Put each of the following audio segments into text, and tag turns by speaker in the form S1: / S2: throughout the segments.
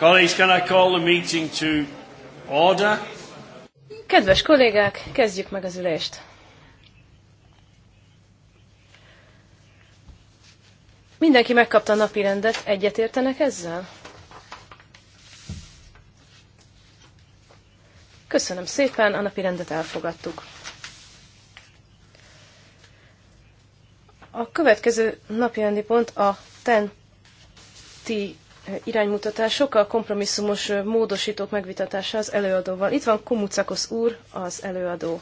S1: Colleagues, can I call the meeting to order?
S2: Kedves kollégák, kezdjük meg az ülést. Mindenki megkapta a napi rendet, egyetértenek ezzel? Köszönöm szépen, a napi rendet elfogadtuk. A következő napi rendi pont a TENTI iránymutatások, a kompromisszumos módosítók megvitatása az előadóval. Itt van Komucakos úr, az előadó.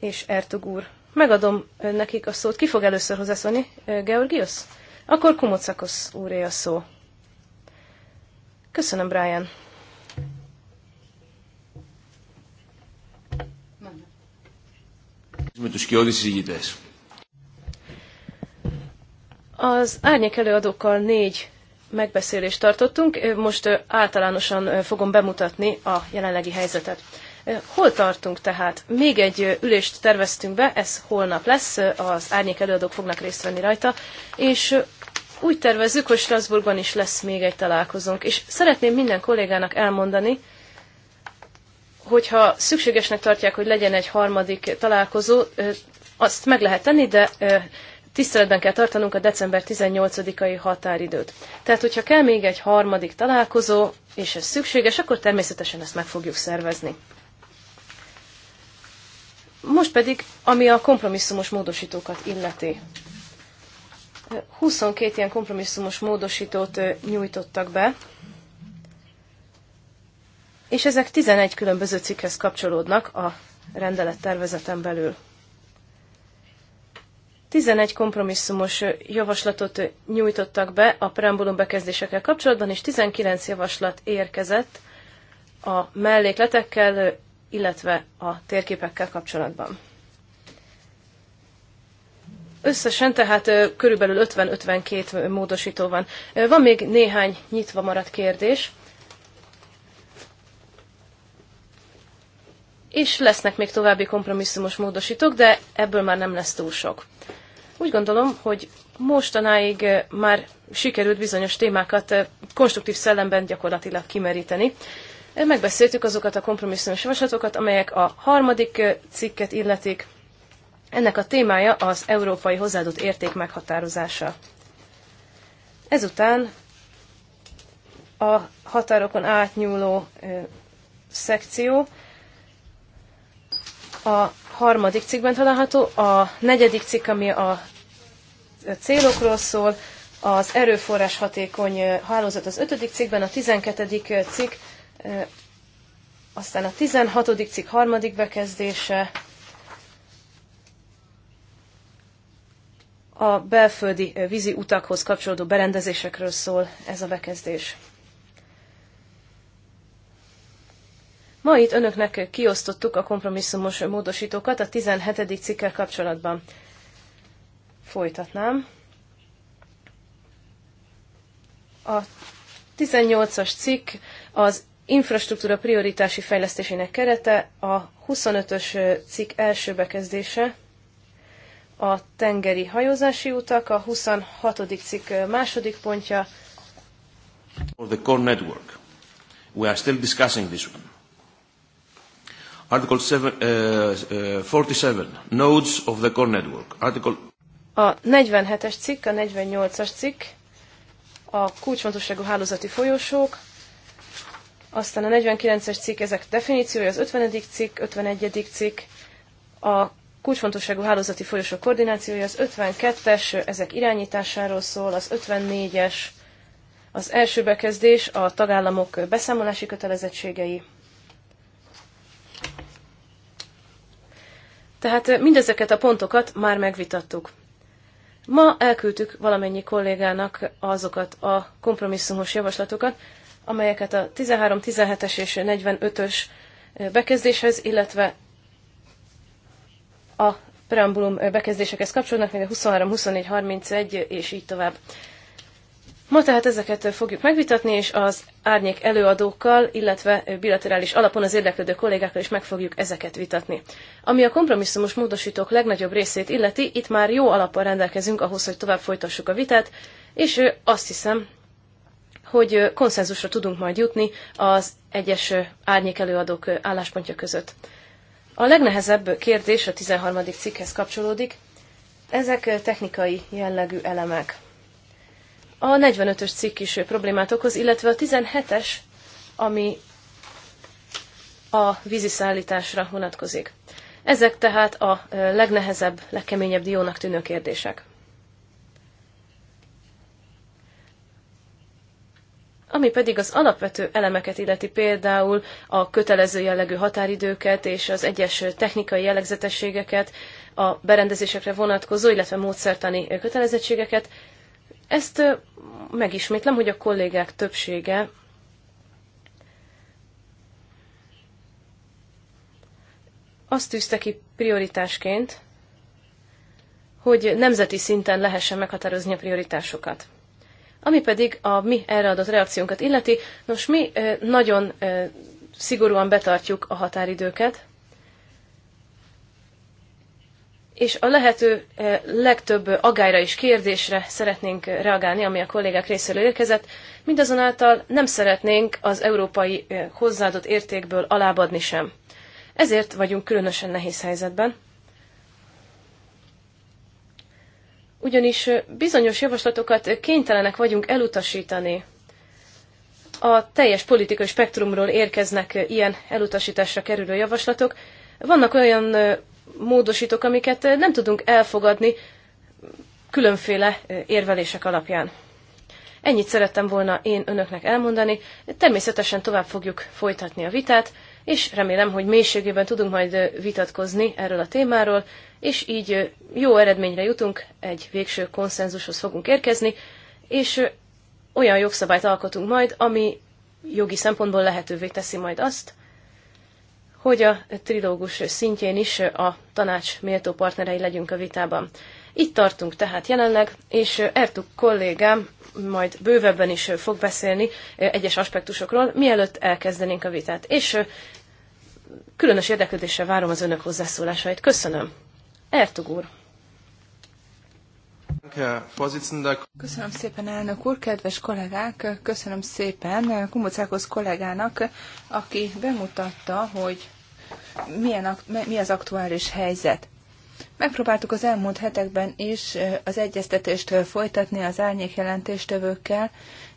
S2: És Ertug úr. Megadom nekik a szót. Ki fog először hozzászólni? Georgios? Akkor Komucakos úré a szó. Köszönöm, Brian.
S1: με τους κοιόδης συζητητές.
S2: Az árnyék előadókkal négy megbeszélést tartottunk, most általánosan fogom bemutatni a jelenlegi helyzetet. Hol tartunk tehát? Még egy ülést terveztünk be, ez holnap lesz, az árnyék előadók fognak részt venni rajta, és úgy tervezzük, hogy Strasbourgban is lesz még egy találkozónk, és szeretném minden kollégának elmondani, hogyha szükségesnek tartják, hogy legyen egy harmadik találkozó, azt meg lehet tenni, de tiszteletben kell tartanunk a december 18-ai határidőt. Tehát, hogyha kell még egy harmadik találkozó, és ez szükséges, akkor természetesen ezt meg fogjuk szervezni. Most pedig, ami a kompromisszumos módosítókat illeti. 22 ilyen kompromisszumos módosítót nyújtottak be, és ezek 11 különböző cikkhez kapcsolódnak a rendelet tervezeten belül. 11 kompromisszumos javaslatot nyújtottak be a preambulum bekezdésekkel kapcsolatban, és 19 javaslat érkezett a mellékletekkel, illetve a térképekkel kapcsolatban. Összesen tehát körülbelül 50-52 módosító van. Van még néhány nyitva maradt kérdés, és lesznek még további kompromisszumos módosítók, de ebből már nem lesz túl sok. Úgy gondolom, hogy mostanáig eh, már sikerült bizonyos témákat eh, konstruktív szellemben gyakorlatilag kimeríteni. Eh, megbeszéltük azokat a kompromisszumos javaslatokat, amelyek a harmadik cikket illetik. Ennek a témája az európai hozzáadott érték meghatározása. Ezután a határokon átnyúló szekció a harmadik cikkben található, a negyedik cikk, ami a célokról szól, az erőforrás hatékony hálózat az ötödik cikkben, a tizenkettedik cikk, aztán a tizenhatodik cikk harmadik bekezdése, a belföldi vízi utakhoz kapcsolódó berendezésekről szól ez a bekezdés. Ma itt önöknek kiosztottuk a kompromisszumos módosítókat a 17. cikkel kapcsolatban. Folytatnám. A 18-as cikk az infrastruktúra prioritási fejlesztésének kerete, a 25-ös cikk első bekezdése, a tengeri hajózási utak, a 26. cikk második pontja.
S1: For the core network. We are still discussing this one. Article 7, uh, uh, 47, Nodes of the Core Network. Article...
S2: A 47-es cikk, a 48-as cikk, a kulcsfontosságú hálózati folyosók, aztán a 49-es cikk, ezek definíciója, az 50. cikk, 51. cikk, a kulcsfontosságú hálózati folyosók koordinációja, az 52-es, ezek irányításáról szól, az 54-es, az első bekezdés, a tagállamok beszámolási kötelezettségei, Tehát eh, mindezeket a pontokat már megvitattuk. Ma elküldtük valamennyi kollégának azokat a kompromisszumos javaslatokat, amelyeket a 13, 17-es és 45-ös eh, bekezdéshez, illetve a preambulum eh, bekezdésekhez kapcsolnak, még a 23, 24, 31 és így tovább. Ma tehát ezeket fogjuk megvitatni, és az árnyék előadókkal, illetve bilaterális alapon az érdeklődő kollégákkal is meg fogjuk ezeket vitatni. Ami a kompromisszumos módosítók legnagyobb részét illeti, itt már jó alappal rendelkezünk ahhoz, hogy tovább folytassuk a vitát, és azt hiszem, hogy konszenzusra tudunk majd jutni az egyes árnyék előadók álláspontja között. A legnehezebb kérdés a 13. cikkhez kapcsolódik. Ezek technikai jellegű elemek. A 45-ös cikk is problémát okoz, illetve a 17-es, ami a víziszállításra vonatkozik. Ezek tehát a legnehezebb, legkeményebb diónak tűnő kérdések. Ami pedig az alapvető elemeket illeti például a kötelező jellegű határidőket és az egyes technikai jellegzetességeket, a berendezésekre vonatkozó, illetve módszertani kötelezettségeket, ezt megismétlem, hogy a kollégák többsége azt tűzte ki prioritásként, hogy nemzeti szinten lehessen meghatározni a prioritásokat. Ami pedig a mi erre adott reakciónkat illeti, nos, mi nagyon szigorúan betartjuk a határidőket, és a lehető eh, legtöbb agályra és kérdésre szeretnénk reagálni, ami a kollégák részéről érkezett. Mindazonáltal nem szeretnénk az európai eh, hozzáadott értékből alábadni sem. Ezért vagyunk különösen nehéz helyzetben. Ugyanis eh, bizonyos javaslatokat kénytelenek vagyunk elutasítani. A teljes politikai spektrumról érkeznek ilyen elutasításra kerülő javaslatok. Vannak olyan módosítok, amiket nem tudunk elfogadni különféle érvelések alapján. Ennyit szerettem volna én önöknek elmondani. Természetesen tovább fogjuk folytatni a vitát, és remélem, hogy mélységében tudunk majd vitatkozni erről a témáról, és így jó eredményre jutunk, egy végső konszenzushoz fogunk érkezni, és olyan jogszabályt alkotunk majd, ami jogi szempontból lehetővé teszi majd azt, hogy a trilógus szintjén is a tanács méltó partnerei legyünk a vitában. Itt tartunk tehát jelenleg, és Ertuk kollégám majd bővebben is fog beszélni egyes aspektusokról, mielőtt elkezdenénk a vitát. És különös érdeklődéssel várom az önök hozzászólásait. Köszönöm. Ertug úr.
S3: Köszönöm
S4: szépen, elnök úr, kedves kollégák, köszönöm szépen Kumbucákos kollégának, aki bemutatta, hogy milyen, mi az aktuális helyzet. Megpróbáltuk az elmúlt hetekben is az egyeztetést folytatni az árnyék jelentéstevőkkel,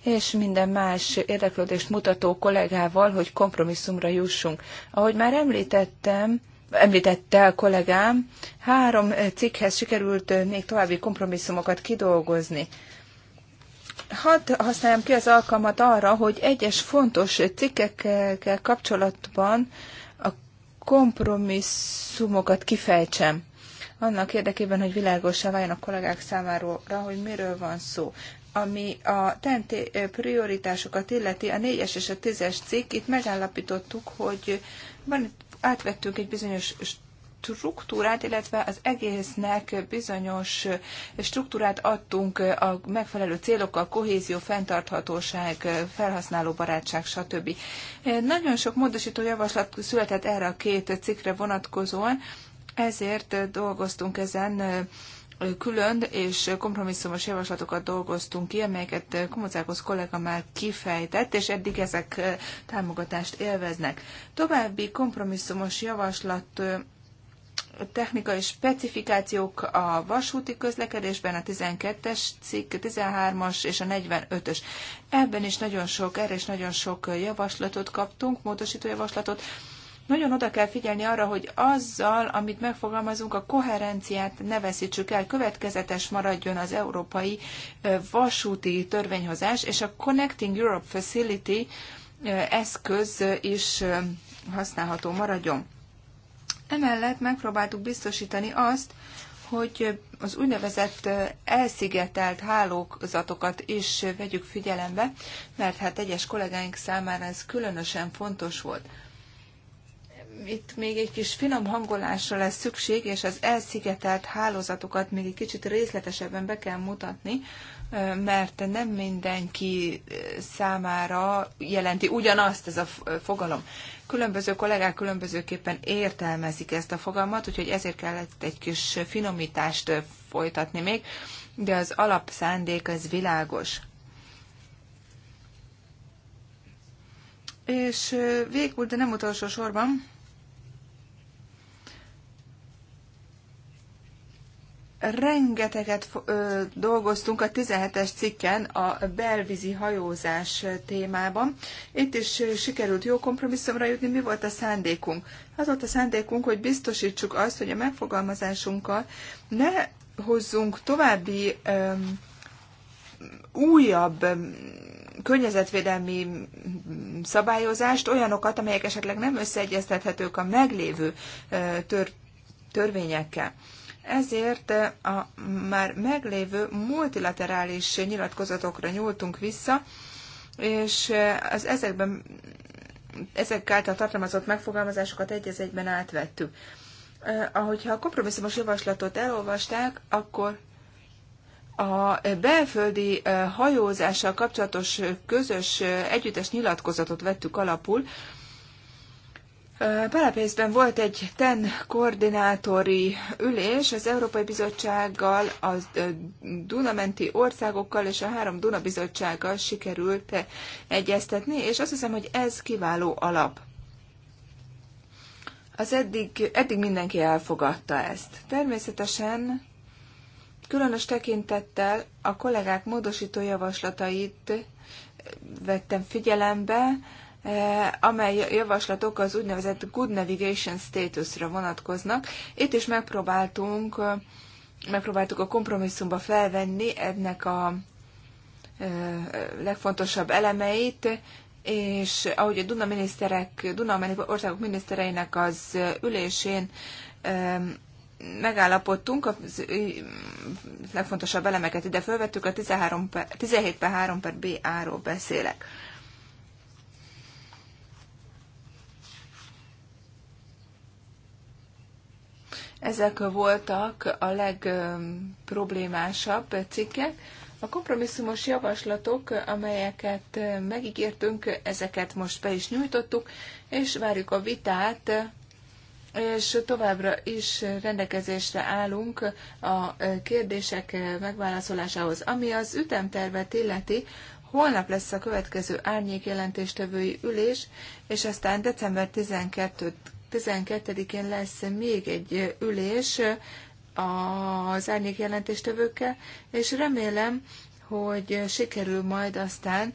S4: és minden más érdeklődést mutató kollégával, hogy kompromisszumra jussunk. Ahogy már említettem, említette a kollégám, három cikkhez sikerült még további kompromisszumokat kidolgozni. Hadd használjam ki az alkalmat arra, hogy egyes fontos cikkekkel kapcsolatban kompromisszumokat kifejtsem annak érdekében, hogy világosá váljon a kollégák számára, hogy miről van szó. Ami a TNT prioritásokat illeti, a 4-es és a 10-es cikk, itt megállapítottuk, hogy van, átvettünk egy bizonyos struktúrát, illetve az egésznek bizonyos struktúrát adtunk a megfelelő célokkal, kohézió, fenntarthatóság, felhasználó barátság, stb. Nagyon sok módosító javaslat született erre a két cikkre vonatkozóan, ezért dolgoztunk ezen külön és kompromisszumos javaslatokat dolgoztunk ki, amelyeket Komocákos kollega már kifejtett, és eddig ezek támogatást élveznek. További kompromisszumos javaslat technikai specifikációk a vasúti közlekedésben, a 12-es cikk, 13-as és a 45-ös. Ebben is nagyon sok, erre is nagyon sok javaslatot kaptunk, módosító javaslatot. Nagyon oda kell figyelni arra, hogy azzal, amit megfogalmazunk, a koherenciát ne veszítsük el, következetes maradjon az európai vasúti törvényhozás, és a Connecting Europe Facility eszköz is használható maradjon. Emellett megpróbáltuk biztosítani azt, hogy az úgynevezett elszigetelt hálózatokat is vegyük figyelembe, mert hát egyes kollégáink számára ez különösen fontos volt. Itt még egy kis finom hangolásra lesz szükség, és az elszigetelt hálózatokat még egy kicsit részletesebben be kell mutatni, mert nem mindenki számára jelenti ugyanazt ez a fogalom. Különböző kollégák különbözőképpen értelmezik ezt a fogalmat, úgyhogy ezért kellett egy kis finomítást folytatni még, de az alapszándék ez világos. És végül, de nem utolsó sorban, rengeteget ö, dolgoztunk a 17-es cikken a belvízi hajózás témában. Itt is sikerült jó kompromisszumra jutni. Mi volt a szándékunk? Az volt a szándékunk, hogy biztosítsuk azt, hogy a megfogalmazásunkkal ne hozzunk további ö, újabb környezetvédelmi szabályozást, olyanokat, amelyek esetleg nem összeegyeztethetők a meglévő tör, törvényekkel. Ezért eh, a már meglévő multilaterális nyilatkozatokra nyúltunk vissza, és eh, az ezekben, ezek által tartalmazott megfogalmazásokat egy az egyben átvettük. Eh, ahogyha a kompromisszumos javaslatot elolvasták, akkor a belföldi hajózással kapcsolatos közös együttes nyilatkozatot vettük alapul, Belapészben volt egy TEN koordinátori ülés az Európai Bizottsággal, a Dunamenti országokkal és a három Duna bizottsággal sikerült egyeztetni, és azt hiszem, hogy ez kiváló alap. Az eddig, eddig mindenki elfogadta ezt. Természetesen különös tekintettel a kollégák módosító javaslatait vettem figyelembe, Eh, amely javaslatok az úgynevezett Good Navigation Statusra vonatkoznak. Itt is megpróbáltunk, eh, megpróbáltuk a kompromisszumba felvenni ennek a eh, legfontosabb elemeit, és ahogy a Duna miniszterek, Duna országok minisztereinek az ülésén megállapodtunk, a legfontosabb elemeket ide felvettük, a 13 per, 17 per 3 per BA-ról beszélek. Ezek voltak a legproblémásabb cikkek. A kompromisszumos javaslatok, amelyeket megígértünk, ezeket most be is nyújtottuk, és várjuk a vitát, és továbbra is rendelkezésre állunk a kérdések megválaszolásához. Ami az ütemtervet illeti, holnap lesz a következő árnyék jelentéstevői ülés, és aztán december 12-én lesz még egy ülés az árnyék jelentéstevőkkel, és remélem, hogy sikerül majd aztán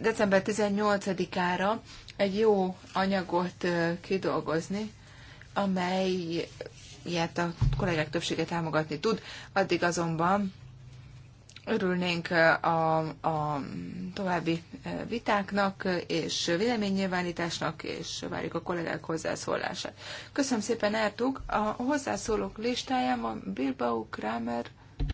S4: december 18-ára egy jó anyagot kidolgozni, amely ilyet a kollégák többsége támogatni tud. Addig azonban Örülnénk a, a további vitáknak és véleménynyilvánításnak, és várjuk a kollégák hozzászólását. Köszönöm szépen, Ertug. A hozzászólók listáján van Bilbao Kramer,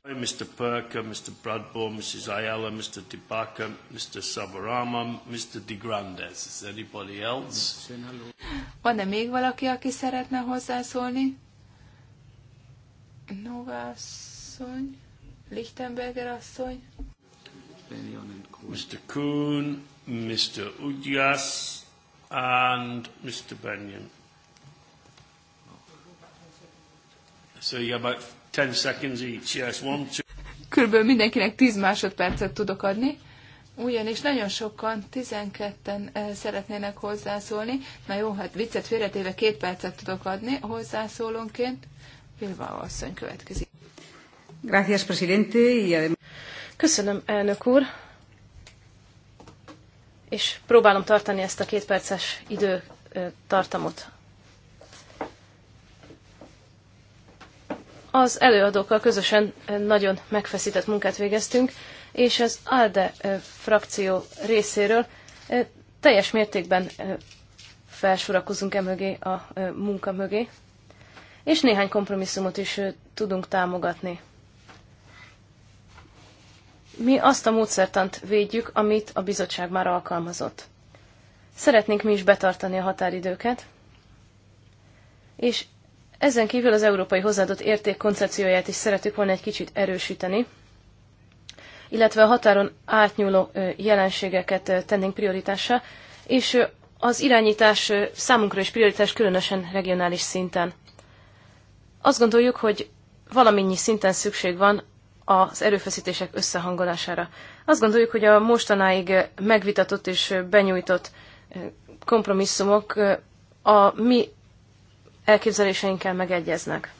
S1: Mr. Perker, Mr. Bradbourne, Mrs. Ayala, Mr. Dibaka, Mr. Savarama, Mr. De Grandes. Is anybody else?
S4: Van-e még valaki, aki szeretne hozzászólni? Novászony. Lichtenberger asszony.
S1: Mr. Kuhn, Mr. Ugyas and Mr. Benyon. So you have about 10 seconds each. Yes, one, two. Körülbelül
S4: mindenkinek 10 másodpercet tudok adni. Ugyanis nagyon sokan, 12-en eh, szeretnének hozzászólni. Na jó, hát viccet félretéve két percet tudok adni hozzászólónként.
S2: Bilbao asszony következik. Gracias, presidente. Y Köszönöm, elnök úr. És próbálom tartani ezt a kétperces időtartamot. Az előadókkal közösen nagyon megfeszített munkát végeztünk, és az ALDE frakció részéről teljes mértékben felsorakozunk emögé a munka mögé, és néhány kompromisszumot is tudunk támogatni. Mi azt a módszertant védjük, amit a bizottság már alkalmazott. Szeretnénk mi is betartani a határidőket, és ezen kívül az európai hozzáadott érték koncepcióját is szeretük volna egy kicsit erősíteni, illetve a határon átnyúló jelenségeket tennénk prioritásra, és az irányítás számunkra is prioritás, különösen regionális szinten. Azt gondoljuk, hogy valamennyi szinten szükség van az erőfeszítések összehangolására. Azt gondoljuk, hogy a mostanáig megvitatott és benyújtott eh, kompromisszumok eh, a mi elképzeléseinkkel megegyeznek.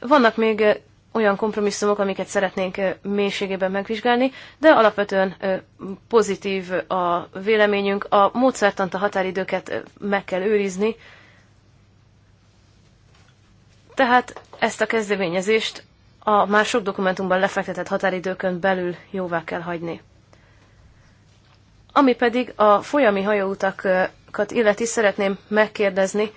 S2: Vannak még eh, olyan kompromisszumok, amiket szeretnénk mélységében megvizsgálni, de alapvetően pozitív a véleményünk. A módszertant, a határidőket meg kell őrizni, tehát ezt a kezdeményezést a már sok dokumentumban lefektetett határidőkön belül jóvá kell hagyni. Ami pedig a folyami hajóutakat illeti, szeretném megkérdezni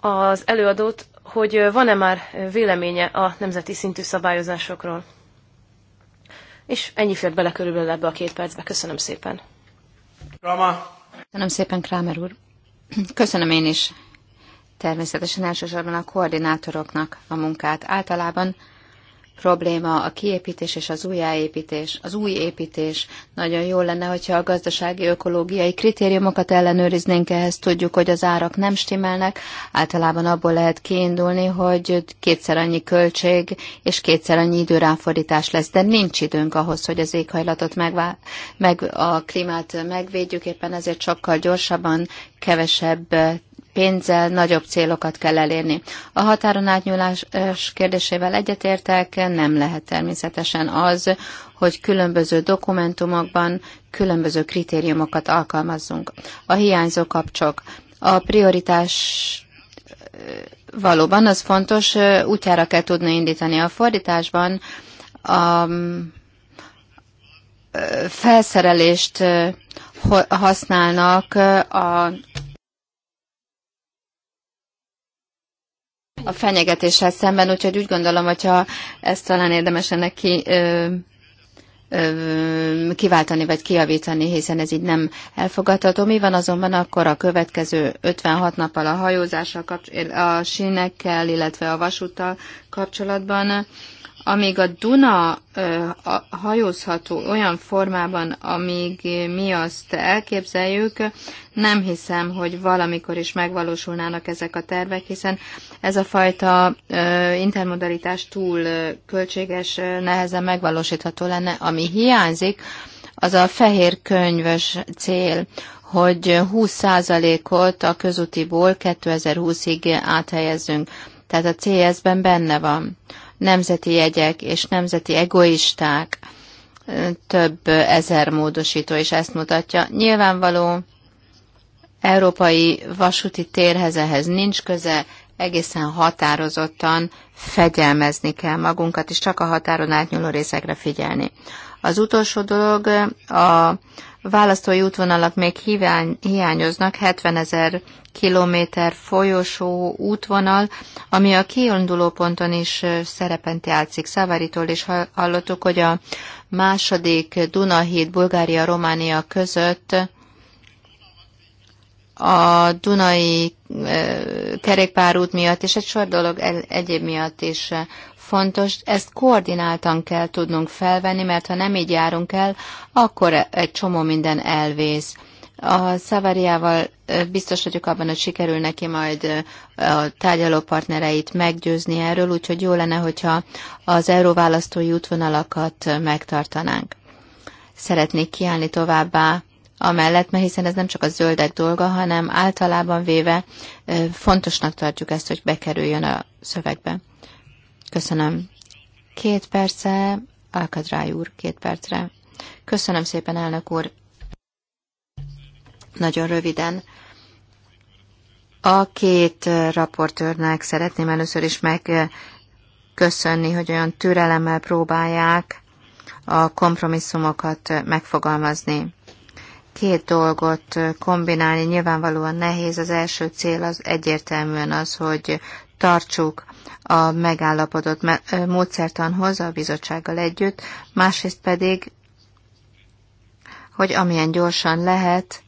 S2: az előadót, hogy van-e már véleménye a nemzeti szintű szabályozásokról. És ennyi fért bele körülbelül ebbe a két percbe. Köszönöm szépen. Köszönöm szépen, Krámer úr. Köszönöm én
S3: is természetesen elsősorban a koordinátoroknak a munkát. Általában probléma a kiépítés és az újjáépítés, az új építés. Nagyon jó lenne, hogyha a gazdasági ökológiai kritériumokat ellenőriznénk, ehhez tudjuk, hogy az árak nem stimelnek. Általában abból lehet kiindulni, hogy kétszer annyi költség és kétszer annyi időráfordítás lesz, de nincs időnk ahhoz, hogy az éghajlatot megvá- meg a klímát megvédjük, éppen ezért sokkal gyorsabban, kevesebb pénzzel nagyobb célokat kell elérni. A határon átnyúlás kérdésével egyetértek, nem lehet természetesen az, hogy különböző dokumentumokban különböző kritériumokat alkalmazzunk. A hiányzó kapcsok, a prioritás valóban az fontos, útjára kell tudni indítani a fordításban, a felszerelést használnak a a fenyegetéssel szemben, úgyhogy úgy gondolom, hogyha ezt talán érdemes ennek ki, ö, ö, kiváltani vagy kiavítani, hiszen ez így nem elfogadható. Mi van azonban akkor a következő 56 nappal a hajózással, a sínekkel, illetve a vasúttal kapcsolatban? amíg a Duna hajózható olyan formában, amíg mi azt elképzeljük, nem hiszem, hogy valamikor is megvalósulnának ezek a tervek, hiszen ez a fajta intermodalitás túl költséges, nehezen megvalósítható lenne. Ami hiányzik, az a fehér könyves cél, hogy 20%-ot a közutiból 2020-ig áthelyezzünk. Tehát a CS-ben benne van nemzeti jegyek és nemzeti egoisták több ezer módosító is ezt mutatja. Nyilvánvaló európai vasúti térhez ehhez nincs köze, egészen határozottan fegyelmezni kell magunkat, és csak a határon átnyúló részekre figyelni. Az utolsó dolog a választói útvonalak még hivány, hiányoznak, 70 ezer kilométer folyosó útvonal, ami a kiinduló ponton is szerepent játszik. Szavaritól is hallottuk, hogy a második Dunahíd Bulgária-Románia között a Dunai kerékpárút miatt, és egy sor dolog egyéb miatt is fontos, ezt koordináltan kell tudnunk felvenni, mert ha nem így járunk el, akkor egy csomó minden elvész. A Szavariával biztos vagyok abban, hogy sikerül neki majd a tárgyaló partnereit meggyőzni erről, úgyhogy jó lenne, hogyha az euróválasztói útvonalakat megtartanánk. Szeretnék kiállni továbbá amellett, mert hiszen ez nem csak a zöldek dolga, hanem általában véve fontosnak tartjuk ezt, hogy bekerüljön a szövegbe. Köszönöm. Két perce, Alkadráj úr, két percre. Köszönöm szépen, elnök úr. Nagyon röviden. A két raportőrnek szeretném először is megköszönni, hogy olyan türelemmel próbálják a kompromisszumokat megfogalmazni. Két dolgot kombinálni nyilvánvalóan nehéz. Az első cél az egyértelműen az, hogy tartsuk a megállapodott módszertanhoz a bizottsággal együtt, másrészt pedig, hogy amilyen gyorsan lehet,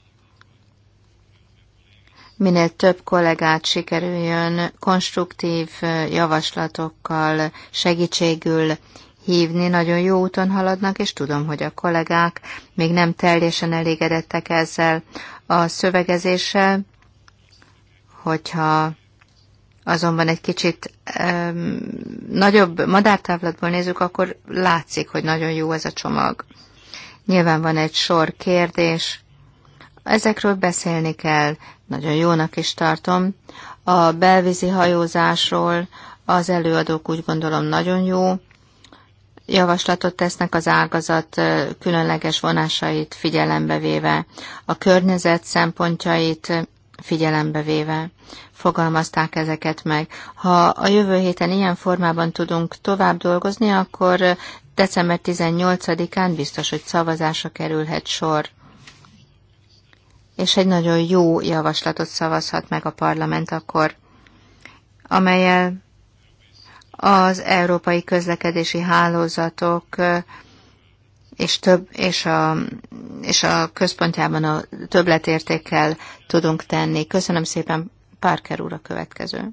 S3: minél több kollégát sikerüljön konstruktív javaslatokkal segítségül hívni, nagyon jó úton haladnak, és tudom, hogy a kollégák még nem teljesen elégedettek ezzel a szövegezéssel, hogyha azonban egy kicsit um, nagyobb madártávlatból nézzük, akkor látszik, hogy nagyon jó ez a csomag. Nyilván van egy sor kérdés, ezekről beszélni kell, nagyon jónak is tartom. A belvízi hajózásról az előadók úgy gondolom nagyon jó javaslatot tesznek az ágazat különleges vonásait figyelembe véve, a környezet szempontjait figyelembe véve fogalmazták ezeket meg. Ha a jövő héten ilyen formában tudunk tovább dolgozni, akkor december 18-án biztos, hogy szavazásra kerülhet sor és egy nagyon jó javaslatot szavazhat meg a parlament akkor, amelyel az európai közlekedési hálózatok és, több, és, a, és a központjában a többletértékkel tudunk tenni. Köszönöm szépen, Parker úr a következő.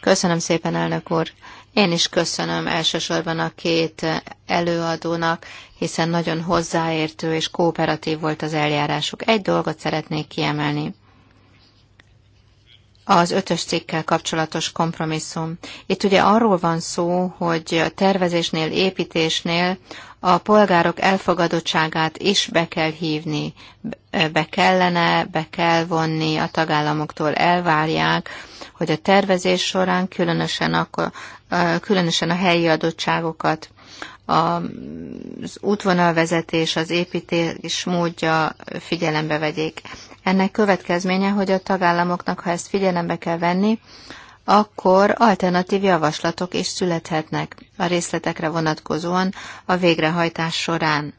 S3: Köszönöm szépen, elnök úr. Én is köszönöm elsősorban a két előadónak, hiszen nagyon hozzáértő és kooperatív volt az eljárásuk. Egy dolgot szeretnék kiemelni az ötös cikkel kapcsolatos kompromisszum. Itt ugye arról van szó, hogy a tervezésnél, építésnél a polgárok elfogadottságát is be kell hívni, be kellene, be kell vonni, a tagállamoktól elvárják, hogy a tervezés során különösen, akkor, különösen a helyi adottságokat az útvonalvezetés, az építés módja figyelembe vegyék. Ennek következménye, hogy a tagállamoknak, ha ezt figyelembe kell venni, akkor alternatív javaslatok is születhetnek a részletekre vonatkozóan a végrehajtás során.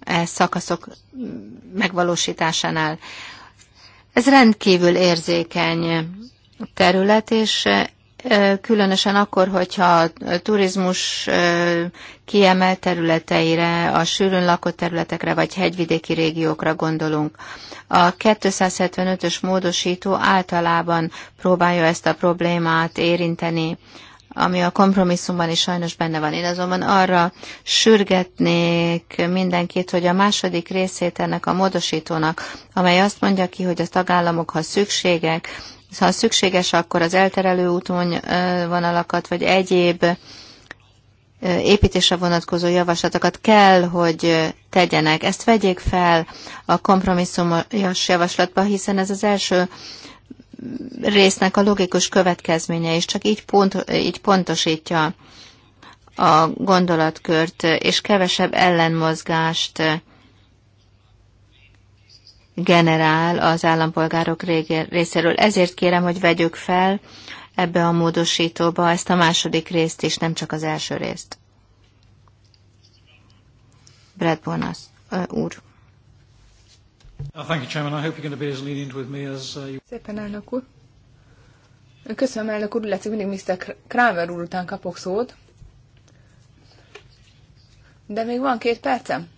S3: Ez szakaszok megvalósításánál. Ez rendkívül érzékeny terület, és Különösen akkor, hogyha a turizmus kiemelt területeire, a sűrűn lakott területekre vagy hegyvidéki régiókra gondolunk. A 275-ös módosító általában próbálja ezt a problémát érinteni, ami a kompromisszumban is sajnos benne van. Én azonban arra sürgetnék mindenkit, hogy a második részét ennek a módosítónak, amely azt mondja ki, hogy a tagállamok, ha szükségek, ha szükséges, akkor az elterelő úton vonalakat, vagy egyéb építésre vonatkozó javaslatokat kell, hogy tegyenek. Ezt vegyék fel a kompromisszumos javaslatba, hiszen ez az első résznek a logikus következménye, és csak így, pont, így pontosítja a gondolatkört, és kevesebb ellenmozgást generál az állampolgárok részéről. Ezért kérem, hogy vegyük fel ebbe a módosítóba ezt a második részt is, nem csak az első részt. Brad Bonas úr.
S1: Szépen
S4: elnök úr. Köszönöm elnök úr, illetve mindig Mr. Kramer úr után kapok szót. De még van két percem.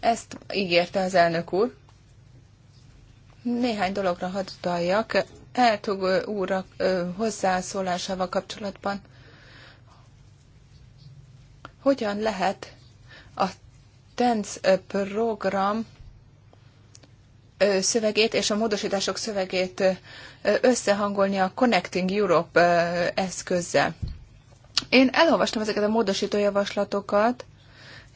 S4: Ezt ígérte az elnök úr. Néhány dologra hadd utaljak. Eltug úr hozzászólásával kapcsolatban. Hogyan lehet a TENC program szövegét és a módosítások szövegét összehangolni a Connecting Europe eszközzel. Én elolvastam ezeket a módosító javaslatokat,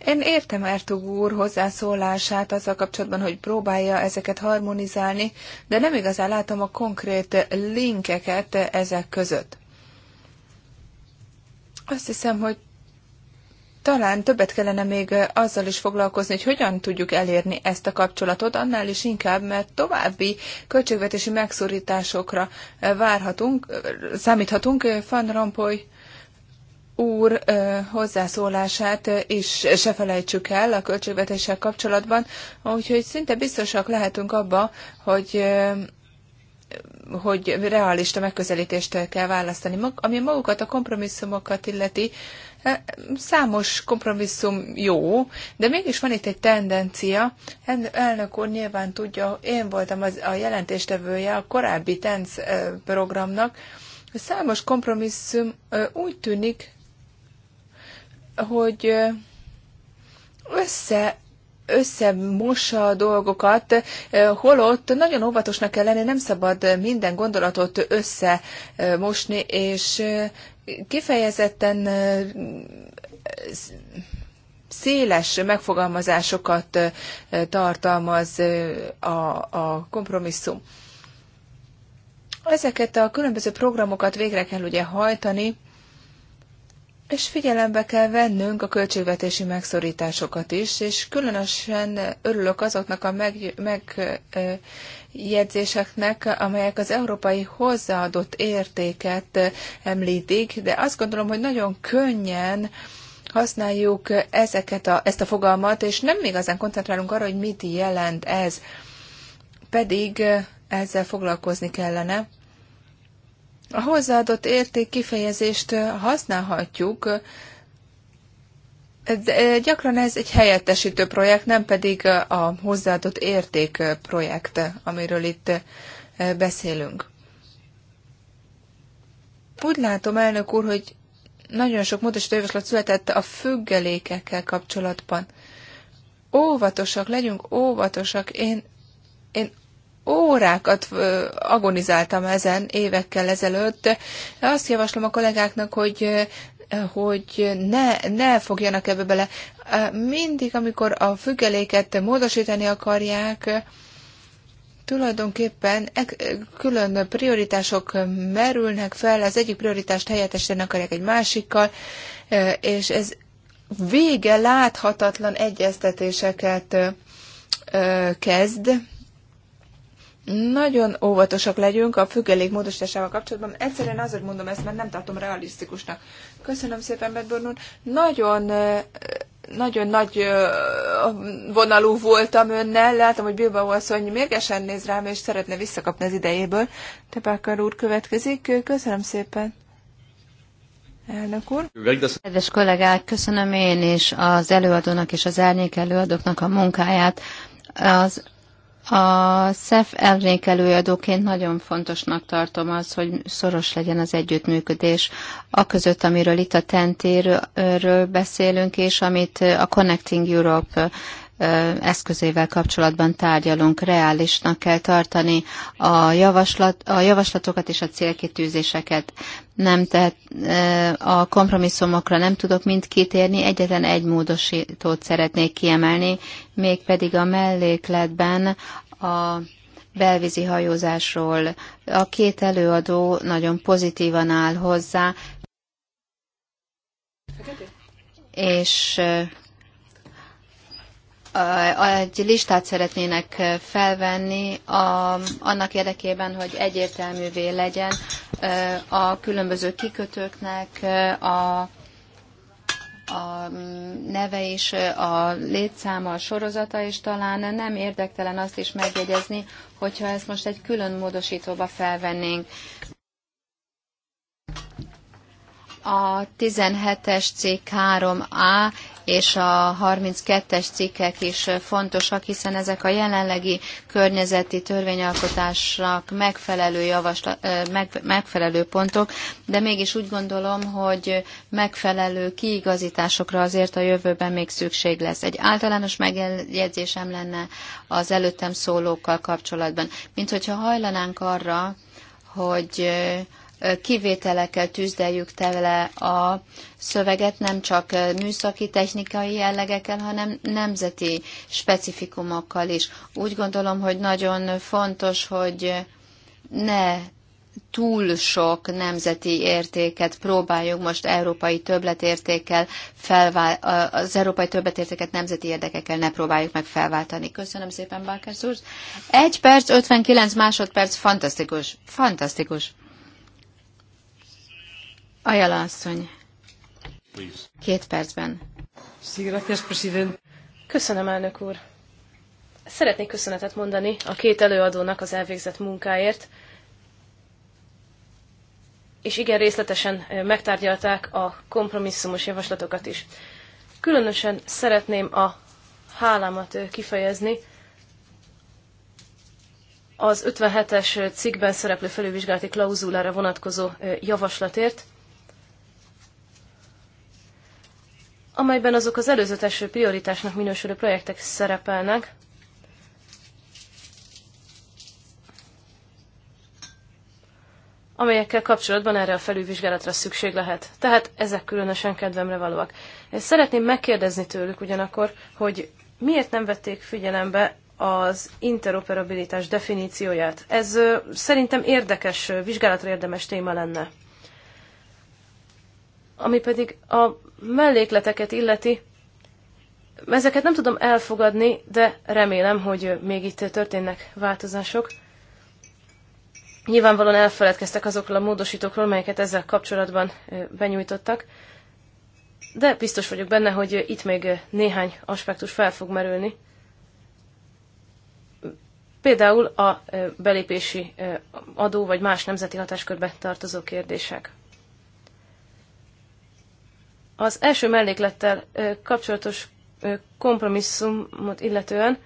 S4: én értem Ertug úr hozzászólását azzal kapcsolatban, hogy próbálja ezeket harmonizálni, de nem igazán látom a konkrét linkeket ezek között. Azt hiszem, hogy talán többet kellene még azzal is foglalkozni, hogy hogyan tudjuk elérni ezt a kapcsolatot, annál is inkább, mert további költségvetési megszorításokra várhatunk, számíthatunk. Van Rompuy úr hozzászólását is se felejtsük el a költségvetéssel kapcsolatban, úgyhogy szinte biztosak lehetünk abba, hogy hogy realista megközelítést kell választani. Ami magukat a kompromisszumokat illeti, számos kompromisszum jó, de mégis van itt egy tendencia. Elnök úr nyilván tudja, én voltam az, a jelentéstevője a korábbi TENC programnak, számos kompromisszum úgy tűnik, hogy össze összemossa a dolgokat, holott nagyon óvatosnak kell lenni, nem szabad minden gondolatot összemosni, és kifejezetten széles megfogalmazásokat tartalmaz a, a kompromisszum. Ezeket a különböző programokat végre kell ugye hajtani, és figyelembe kell vennünk a költségvetési megszorításokat is, és különösen örülök azoknak a meg, megjegyzéseknek, amelyek az európai hozzáadott értéket említik, de azt gondolom, hogy nagyon könnyen használjuk ezeket a, ezt a fogalmat, és nem igazán koncentrálunk arra, hogy mit jelent ez. Pedig ezzel foglalkozni kellene a hozzáadott érték kifejezést használhatjuk, de gyakran ez egy helyettesítő projekt, nem pedig a hozzáadott érték projekt, amiről itt beszélünk. Úgy látom, elnök úr, hogy nagyon sok módosító javaslat született a függelékekkel kapcsolatban. Óvatosak, legyünk óvatosak. Én, én órákat agonizáltam ezen évekkel ezelőtt. Azt javaslom a kollégáknak, hogy hogy ne, ne fogjanak ebbe bele. Mindig, amikor a függeléket módosítani akarják, tulajdonképpen külön prioritások merülnek fel, az egyik prioritást helyettesíteni akarják egy másikkal, és ez vége láthatatlan egyeztetéseket kezd nagyon óvatosak legyünk a függelék módosításával kapcsolatban. Egyszerűen azért mondom ezt, mert nem tartom realisztikusnak. Köszönöm szépen, Bedborn úr. Nagyon, nagyon nagy vonalú voltam önnel. Látom, hogy Bilbao asszony mérgesen néz rám, és szeretne visszakapni az idejéből. Tepákar úr következik.
S3: Köszönöm szépen. Elnök úr. Kedves kollégák, köszönöm én is az előadónak és az árnyék előadóknak a munkáját. Az a SZEF elnékelőadóként nagyon fontosnak tartom az, hogy szoros legyen az együttműködés a között, amiről itt a tent beszélünk, és amit a Connecting Europe eszközével kapcsolatban tárgyalunk. Reálisnak kell tartani a, javaslat, a javaslatokat és a célkitűzéseket. Nem, tehát a kompromisszumokra nem tudok mind kitérni, egyetlen egy módosítót szeretnék kiemelni, mégpedig a mellékletben a belvízi hajózásról. A két előadó nagyon pozitívan áll hozzá, és egy listát szeretnének felvenni a, annak érdekében, hogy egyértelművé legyen a különböző kikötőknek a, a mm, neve is, a létszáma, a sorozata, és talán nem érdektelen azt is megjegyezni, hogyha ezt most egy külön módosítóba felvennénk. A 17-es cikk 3A és a 32-es cikkek is fontosak, hiszen ezek a jelenlegi környezeti törvényalkotásnak megfelelő, javasla, meg, megfelelő pontok, de mégis úgy gondolom, hogy megfelelő kiigazításokra azért a jövőben még szükség lesz. Egy általános megjegyzésem lenne az előttem szólókkal kapcsolatban. Mint hogyha hajlanánk arra, hogy kivételekkel tűzdeljük tele a szöveget, nem csak műszaki, technikai jellegekkel, hanem nemzeti specifikumokkal is. Úgy gondolom, hogy nagyon fontos, hogy ne túl sok nemzeti értéket próbáljuk most európai többletértékkel felvál, az európai többletértéket nemzeti érdekekkel ne próbáljuk meg felváltani. Köszönöm szépen, Bákás úr. Egy perc, 59 másodperc, fantasztikus, fantasztikus.
S2: Ajala asszony. Két percben. Köszönöm, elnök úr. Szeretnék köszönetet mondani a két előadónak az elvégzett munkáért, és igen részletesen megtárgyalták a kompromisszumos javaslatokat is. Különösen szeretném a hálámat kifejezni az 57-es cikkben szereplő felülvizsgálati klauzulára vonatkozó javaslatért, amelyben azok az előzeteső prioritásnak minősülő projektek szerepelnek, amelyekkel kapcsolatban erre a felülvizsgálatra szükség lehet. Tehát ezek különösen kedvemre valóak. Én szeretném megkérdezni tőlük ugyanakkor, hogy miért nem vették figyelembe az interoperabilitás definícióját. Ez szerintem érdekes, vizsgálatra érdemes téma lenne. Ami pedig a mellékleteket illeti, ezeket nem tudom elfogadni, de remélem, hogy még itt történnek változások. Nyilvánvalóan elfeledkeztek azokról a módosítókról, melyeket ezzel kapcsolatban benyújtottak, de biztos vagyok benne, hogy itt még néhány aspektus fel fog merülni. Például a belépési adó vagy más nemzeti hatáskörbe tartozó kérdések. Az első melléklettel kapcsolatos kompromisszumot illetően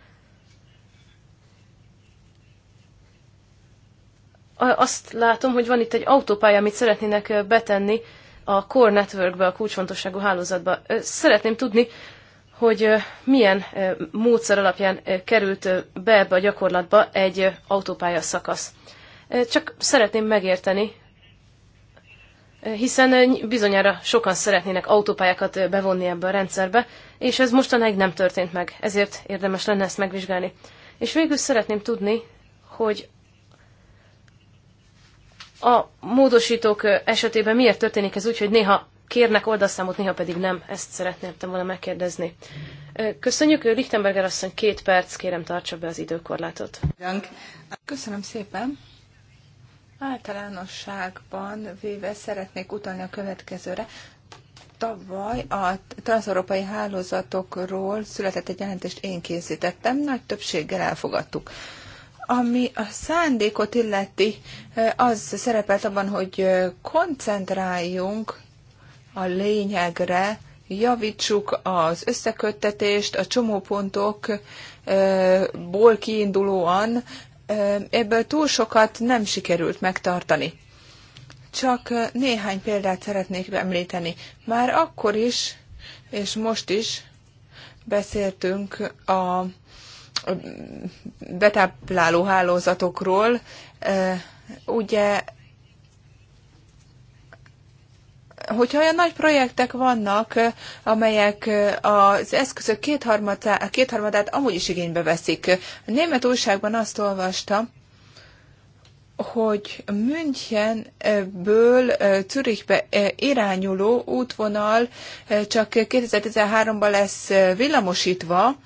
S2: azt látom, hogy van itt egy autópálya, amit szeretnének betenni a Core Networkbe, a kulcsfontosságú hálózatba. Szeretném tudni, hogy milyen módszer alapján került be ebbe a gyakorlatba egy autópálya szakasz. Csak szeretném megérteni, hiszen eh, bizonyára sokan szeretnének autópályákat eh, bevonni ebbe a rendszerbe, és ez mostanáig nem történt meg, ezért érdemes lenne ezt megvizsgálni. És végül szeretném tudni, hogy a módosítók eh, esetében miért történik ez úgy, hogy néha kérnek oldalszámot, néha pedig nem. Ezt szeretném volna megkérdezni. Köszönjük, Lichtenberger asszony, két perc, kérem tartsa be az időkorlátot.
S4: Köszönöm szépen. Általánosságban véve szeretnék utalni a következőre. Tavaly a transzeurópai hálózatokról született egy jelentést, én készítettem, nagy többséggel elfogadtuk. Ami a szándékot illeti, az szerepelt abban, hogy koncentráljunk a lényegre, javítsuk az összeköttetést, a csomópontokból kiindulóan ebből túl sokat nem sikerült megtartani. Csak néhány példát szeretnék említeni. Már akkor is, és most is beszéltünk a betápláló hálózatokról. Ugye hogyha olyan nagy projektek vannak, amelyek az eszközök kétharmadát, kétharmadát amúgy is igénybe veszik. A német újságban azt olvastam, hogy Münchenből Zürichbe irányuló útvonal csak 2013-ban lesz villamosítva,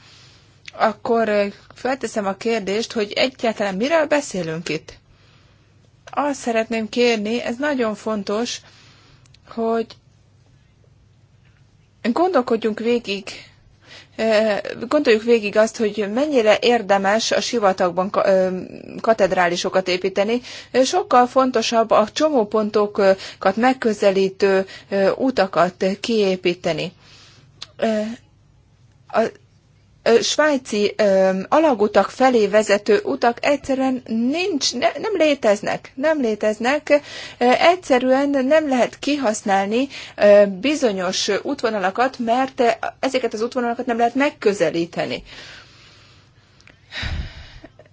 S4: akkor felteszem a kérdést, hogy egyáltalán miről beszélünk itt? Azt szeretném kérni, ez nagyon fontos, hogy gondolkodjunk végig, e, gondoljuk végig azt, hogy mennyire érdemes a sivatagban katedrálisokat építeni. Sokkal fontosabb a csomópontokat megközelítő utakat kiépíteni. E, svájci alagutak felé vezető utak egyszerűen nincs, ne, nem léteznek, nem léteznek, egyszerűen nem lehet kihasználni bizonyos útvonalakat, mert ezeket az útvonalakat nem lehet megközelíteni.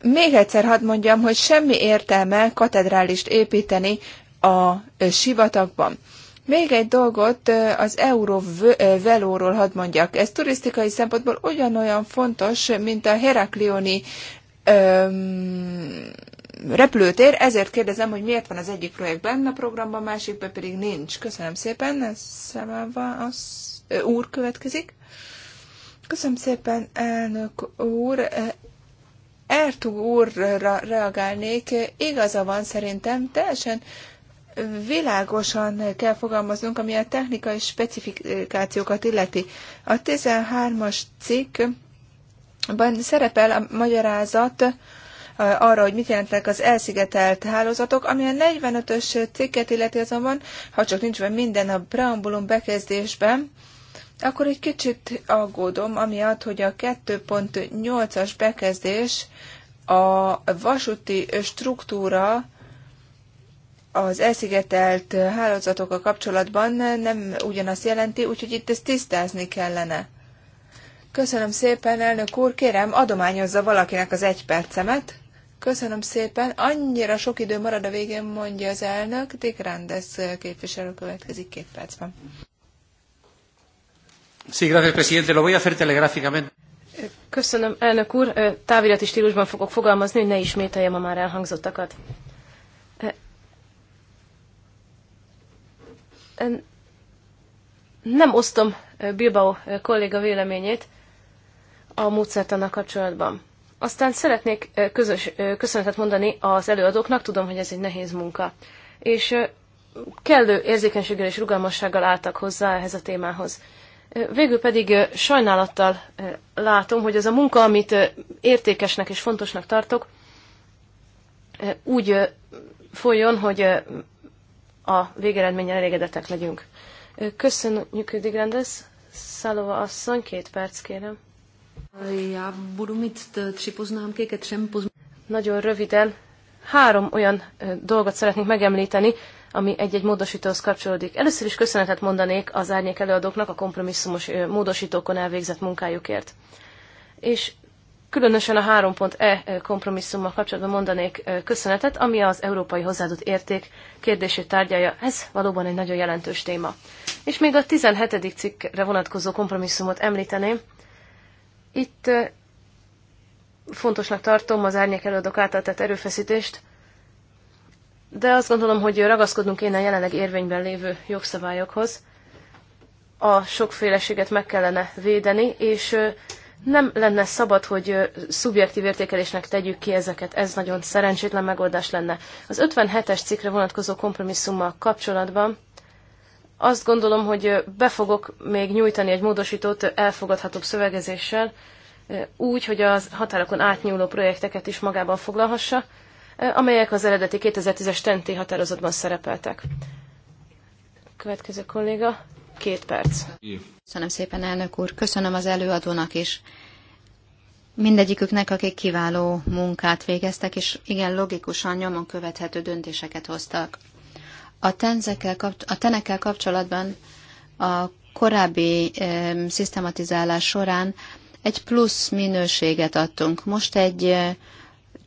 S4: Még egyszer hadd mondjam, hogy semmi értelme katedrálist építeni a sivatagban még egy dolgot az Eurovelóról hadd mondjak. Ez turisztikai szempontból ugyanolyan fontos, mint a Heraklioni öm, repülőtér, ezért kérdezem, hogy miért van az egyik projekt benne a programban, a másikban pedig nincs. Köszönöm szépen, Szemáva az úr következik. Köszönöm szépen, elnök úr. Ertug úrra reagálnék. Igaza van szerintem, teljesen világosan kell fogalmaznunk, ami a technikai specifikációkat illeti. A 13-as cikkben szerepel a magyarázat arra, hogy mit jelentnek az elszigetelt hálózatok, ami a 45-ös cikket illeti azonban, ha csak nincs benne minden a preambulum bekezdésben, akkor egy kicsit aggódom, amiatt, hogy a 2.8-as bekezdés a vasúti struktúra az elszigetelt hálózatokkal kapcsolatban nem ugyanazt jelenti, úgyhogy itt ezt tisztázni kellene. Köszönöm szépen, elnök úr, kérem, adományozza valakinek az egy percemet. Köszönöm szépen, annyira sok idő marad a végén, mondja az elnök. Dick Randes
S2: képviselő következik két percben.
S3: Sí, gracias, presidente. Lo voy a hacer telegráficamente.
S2: Köszönöm, elnök úr. Távirati stílusban fogok fogalmazni, hogy ne ismételjem a már elhangzottakat. nem osztom Bilbao kolléga véleményét a módszertannal kapcsolatban. Aztán szeretnék közös, köszönetet mondani az előadóknak, tudom, hogy ez egy nehéz munka. És kellő érzékenységgel és rugalmassággal álltak hozzá ehhez a témához. Végül pedig sajnálattal látom, hogy az a munka, amit értékesnek és fontosnak tartok, úgy folyjon, hogy a végeredménnyel elégedetek legyünk. Köszönjük, Digrendez. Szalova asszony, két perc kérem. poznámky ke třem Nagyon röviden. Három olyan dolgot szeretnék megemlíteni, ami egy-egy módosítóhoz kapcsolódik. Először is köszönetet mondanék az árnyék előadóknak a kompromisszumos módosítókon elvégzett munkájukért. És különösen a 3.e kompromisszummal kapcsolatban mondanék köszönetet, ami az európai hozzáadott érték kérdését tárgyalja. Ez valóban egy nagyon jelentős téma. És még a 17. cikkre vonatkozó kompromisszumot említeném. Itt fontosnak tartom az árnyék előadók által tett erőfeszítést, de azt gondolom, hogy ragaszkodnunk kéne a jelenleg érvényben lévő jogszabályokhoz. A sokféleséget meg kellene védeni, és nem lenne szabad, hogy szubjektív értékelésnek tegyük ki ezeket, ez nagyon szerencsétlen megoldás lenne. Az 57-es cikkre vonatkozó kompromisszummal kapcsolatban azt gondolom, hogy be fogok még nyújtani egy módosítót elfogadhatóbb szövegezéssel, úgy, hogy a határokon átnyúló projekteket is magában foglalhassa, amelyek az eredeti 2010-es TENTI határozatban szerepeltek. Következő kolléga. Két perc. Köszönöm szépen,
S3: elnök úr. Köszönöm az előadónak is. Mindegyiküknek, akik kiváló munkát végeztek, és igen logikusan nyomon követhető döntéseket hoztak. A, tenzekkel a tenekkel kapcsolatban a korábbi e, szisztematizálás során egy plusz minőséget adtunk. Most egy e,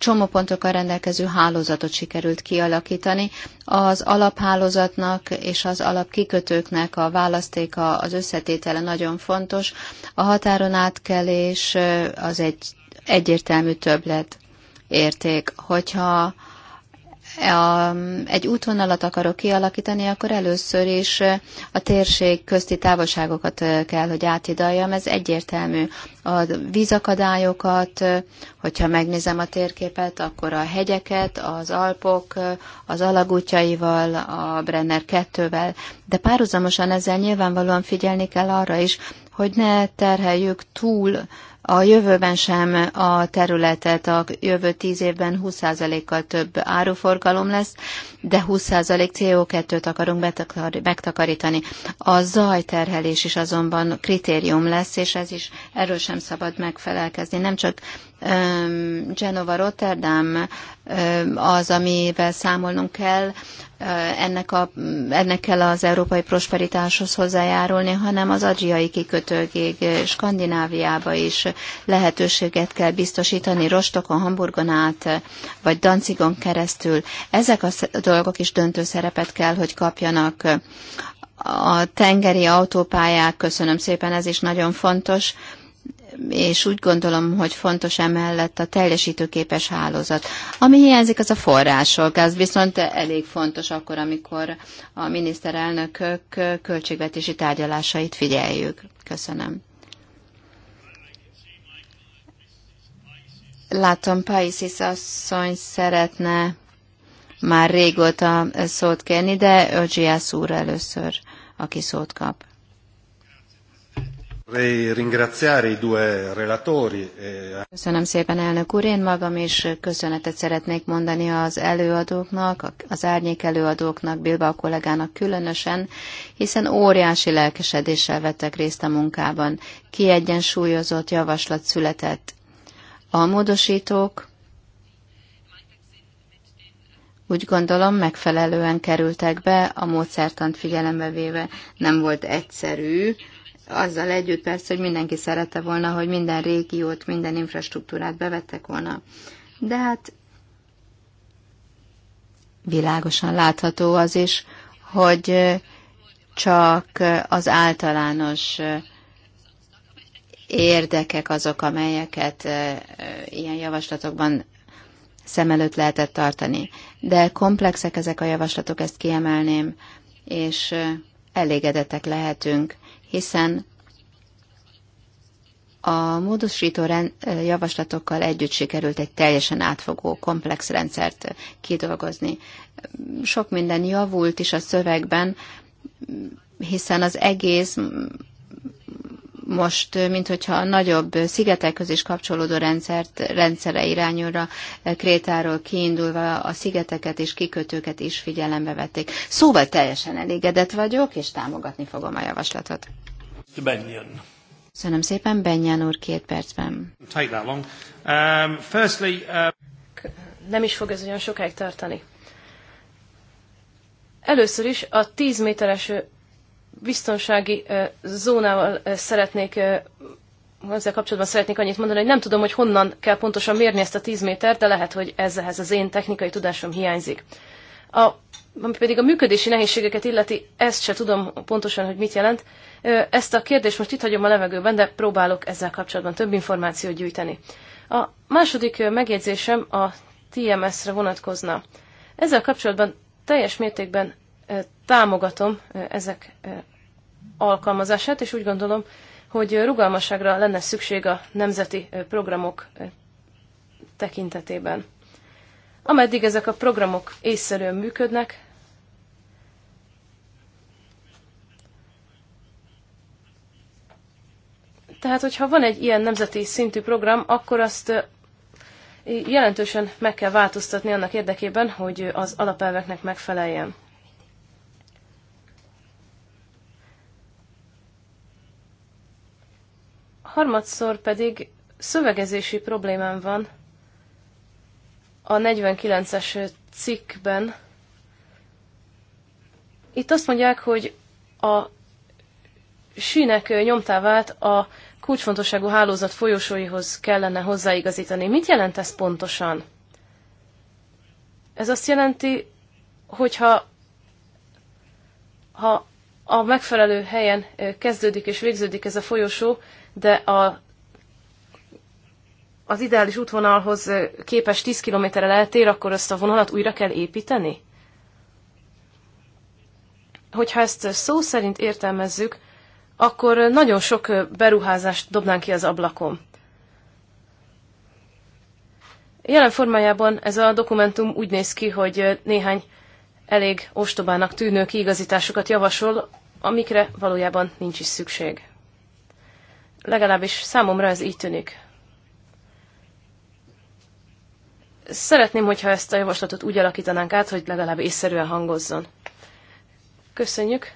S3: csomópontokkal rendelkező hálózatot sikerült kialakítani. Az alaphálózatnak és az alapkikötőknek a választéka, az összetétele nagyon fontos. A határon átkelés az egy egyértelmű többlet érték. Hogyha E, a, egy útvonalat akarok kialakítani, akkor először is e, a térség közti távolságokat e, kell, hogy átidaljam. Ez egyértelmű. A vízakadályokat, hogyha megnézem a térképet, akkor a hegyeket, az Alpok, az alagútjaival, a Brenner 2-vel, de párhuzamosan ezzel nyilvánvalóan figyelni kell arra is, hogy ne terheljük túl a jövőben sem a területet a jövő 10 évben 20%-kal több áruforgalom lesz, de 20% CO2-t akarunk megtakarítani. A zajterhelés is azonban kritérium lesz, és ez is erről sem szabad megfelelkezni. Nem csak Genova Rotterdam az, amivel számolnunk kell, eh, ennek, a, ennek kell az európai prosperitáshoz hozzájárulni, hanem az adriai kikötőgég Skandináviába is lehetőséget kell biztosítani, Rostokon, Hamburgon át, vagy Dancigon keresztül. Ezek a dolgok is döntő szerepet kell, hogy kapjanak a tengeri autópályák, köszönöm szépen, ez is nagyon fontos és úgy gondolom, hogy fontos emellett a teljesítőképes hálózat. Ami hiányzik, az a források. Ez viszont elég fontos akkor, amikor a miniszterelnökök költségvetési tárgyalásait figyeljük. Köszönöm. Látom, Paisis asszony szeretne már régóta szót kérni, de Ögyiász úr először, aki szót kap.
S2: E Köszönöm
S3: szépen, elnök úr. Én magam is köszönetet szeretnék mondani az előadóknak, az árnyék előadóknak, Bilbao kollégának különösen, hiszen óriási lelkesedéssel vettek részt a munkában. Kiegyensúlyozott javaslat született. A módosítók úgy gondolom megfelelően kerültek be, a módszertant figyelembe véve nem volt egyszerű, azzal együtt persze, hogy mindenki szerette volna, hogy minden régiót, minden infrastruktúrát bevettek volna. De hát világosan látható az is, hogy csak az általános érdekek azok, amelyeket ilyen javaslatokban szem előtt lehetett tartani. De komplexek ezek a javaslatok, ezt kiemelném, és elégedettek lehetünk hiszen a módosító javaslatokkal együtt sikerült egy teljesen átfogó, komplex rendszert kidolgozni. Sok minden javult is a szövegben, hiszen az egész most, mint hogyha a nagyobb közé is kapcsolódó rendszert, rendszere irányulra Krétáról kiindulva a szigeteket és kikötőket is figyelembe vették. Szóval teljesen elégedett vagyok, és támogatni fogom a javaslatot. Benjen. Köszönöm szépen, Benyán úr, két percben.
S1: Take that long. Um, firstly, uh,
S2: Nem is fog ez olyan sokáig tartani. Először is a 10 méteres biztonsági zónával szeretnék ezzel kapcsolatban szeretnék annyit mondani, hogy nem tudom, hogy honnan kell pontosan mérni ezt a 10 métert, de lehet, hogy ezhez az én technikai tudásom hiányzik. A, ami pedig a működési nehézségeket illeti, ezt se tudom pontosan, hogy mit jelent. Ezt a kérdést most itt hagyom a levegőben, de próbálok ezzel kapcsolatban több információt gyűjteni. A második megjegyzésem a TMS-re vonatkozna. Ezzel kapcsolatban teljes mértékben támogatom ezek alkalmazását, és úgy gondolom, hogy rugalmasságra lenne szükség a nemzeti programok tekintetében. Ameddig ezek a programok észszerűen működnek, Tehát, hogyha van egy ilyen nemzeti szintű program, akkor azt jelentősen meg kell változtatni annak érdekében, hogy az alapelveknek megfeleljen. harmadszor pedig szövegezési problémám van a 49-es cikkben. Itt azt mondják, hogy a sínek nyomtávát a kulcsfontosságú hálózat folyosóihoz kellene hozzáigazítani. Mit jelent ez pontosan? Ez azt jelenti, hogyha ha a megfelelő helyen kezdődik és végződik ez a folyosó, de a, az ideális útvonalhoz képes 10 kilométerre eltér, akkor ezt a vonalat újra kell építeni? Hogyha ezt szó szerint értelmezzük, akkor nagyon sok beruházást dobnánk ki az ablakon. Jelen formájában ez a dokumentum úgy néz ki, hogy néhány elég ostobának tűnő kiigazításokat javasol, amikre valójában nincs is szükség. Legalábbis számomra ez így tűnik. Szeretném, hogyha ezt a javaslatot úgy alakítanánk át, hogy legalább észszerűen hangozzon. Köszönjük.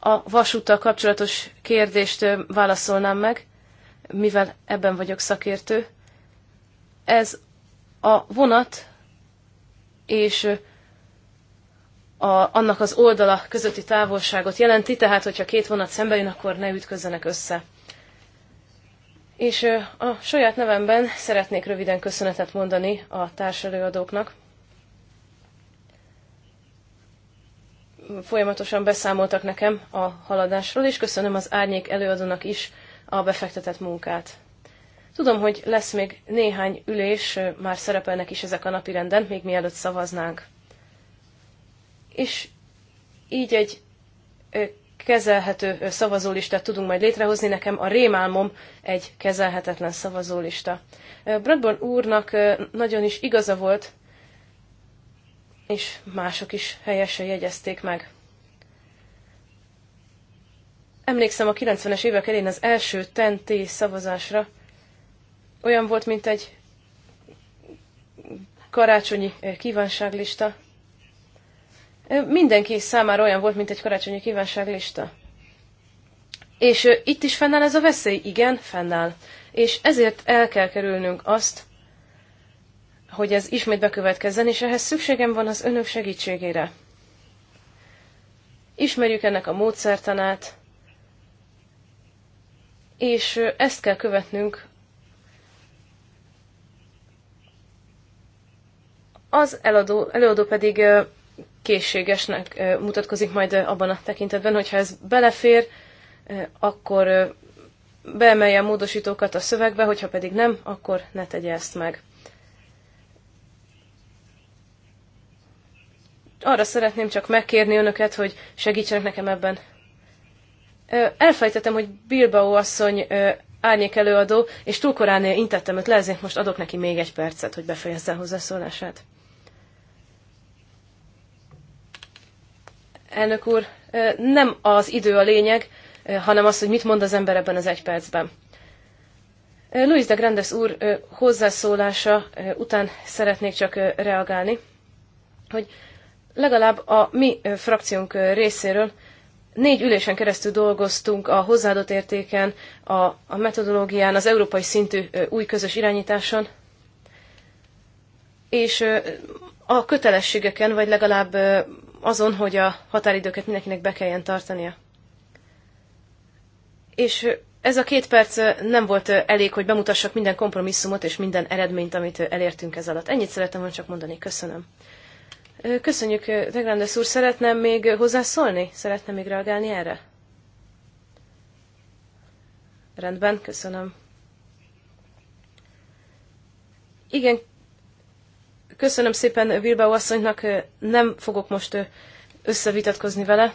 S2: A vasúttal kapcsolatos kérdést válaszolnám meg, mivel ebben vagyok szakértő. Ez a vonat és a, annak az oldala közötti távolságot jelenti, tehát hogyha két vonat szembe jön, akkor ne ütközzenek össze. És a saját nevemben szeretnék röviden köszönetet mondani a társelőadóknak. Folyamatosan beszámoltak nekem a haladásról, és köszönöm az árnyék előadónak is a befektetett munkát. Tudom, hogy lesz még néhány ülés, már szerepelnek is ezek a napirenden, még mielőtt szavaznánk és így egy kezelhető szavazólistát tudunk majd létrehozni. Nekem a rémálmom egy kezelhetetlen szavazólista. Bradburn úrnak nagyon is igaza volt, és mások is helyesen jegyezték meg. Emlékszem a 90-es évek elén az első tenté szavazásra. Olyan volt, mint egy karácsonyi kívánságlista mindenki számára olyan volt, mint egy karácsonyi kívánságlista. És itt is fennáll ez a veszély? Igen, fennáll. És ezért el kell kerülnünk azt, hogy ez ismét bekövetkezzen, és ehhez szükségem van az önök segítségére. Ismerjük ennek a módszertanát, és ezt kell követnünk az eladó, előadó pedig készségesnek mutatkozik majd abban a tekintetben, hogyha ez belefér, akkor beemelje a módosítókat a szövegbe, hogyha pedig nem, akkor ne tegye ezt meg. Arra szeretném csak megkérni önöket, hogy segítsenek nekem ebben. Elfejtettem, hogy Bilbao asszony árnyék előadó, és túl korán intettem őt le, ezért most adok neki még egy percet, hogy befejezze a hozzászólását. Elnök úr, nem az idő a lényeg, hanem az, hogy mit mond az ember ebben az egy percben. Luis de Grandes úr hozzászólása után szeretnék csak reagálni, hogy legalább a mi frakciónk részéről négy ülésen keresztül dolgoztunk a hozzáadott értéken, a, a metodológián, az európai szintű új közös irányításon, és a kötelességeken, vagy legalább azon, hogy a határidőket mindenkinek be kelljen tartania. És ez a két perc nem volt elég, hogy bemutassak minden kompromisszumot és minden eredményt, amit elértünk ez alatt. Ennyit szerettem volna csak mondani. Köszönöm. Köszönjük, Degrandes úr. Szeretném még hozzászólni? Szeretne még reagálni erre? Rendben, köszönöm. Igen, Köszönöm szépen Bilbao asszonynak, nem fogok most összevitatkozni vele.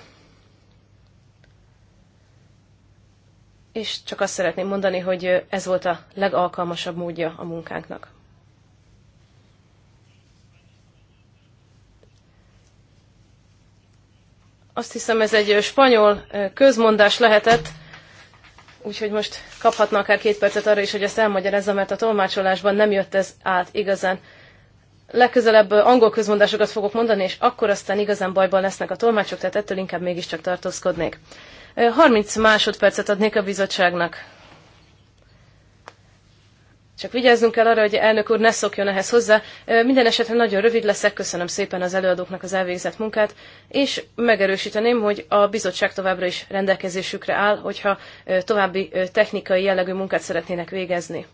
S2: És csak azt szeretném mondani, hogy ez volt a legalkalmasabb módja a munkánknak. Azt hiszem, ez egy spanyol közmondás lehetett, úgyhogy most kaphatna akár két percet arra is, hogy ezt elmagyarázza, mert a tolmácsolásban nem jött ez át igazán legközelebb angol közmondásokat fogok mondani, és akkor aztán igazán bajban lesznek a tolmácsok, tehát ettől inkább mégiscsak tartózkodnék. 30 másodpercet adnék a bizottságnak. Csak vigyázzunk el arra, hogy elnök úr ne szokjon ehhez hozzá. Minden esetre nagyon rövid leszek, köszönöm szépen az előadóknak az elvégzett munkát, és megerősíteném, hogy a bizottság továbbra is rendelkezésükre áll, hogyha további technikai jellegű munkát szeretnének végezni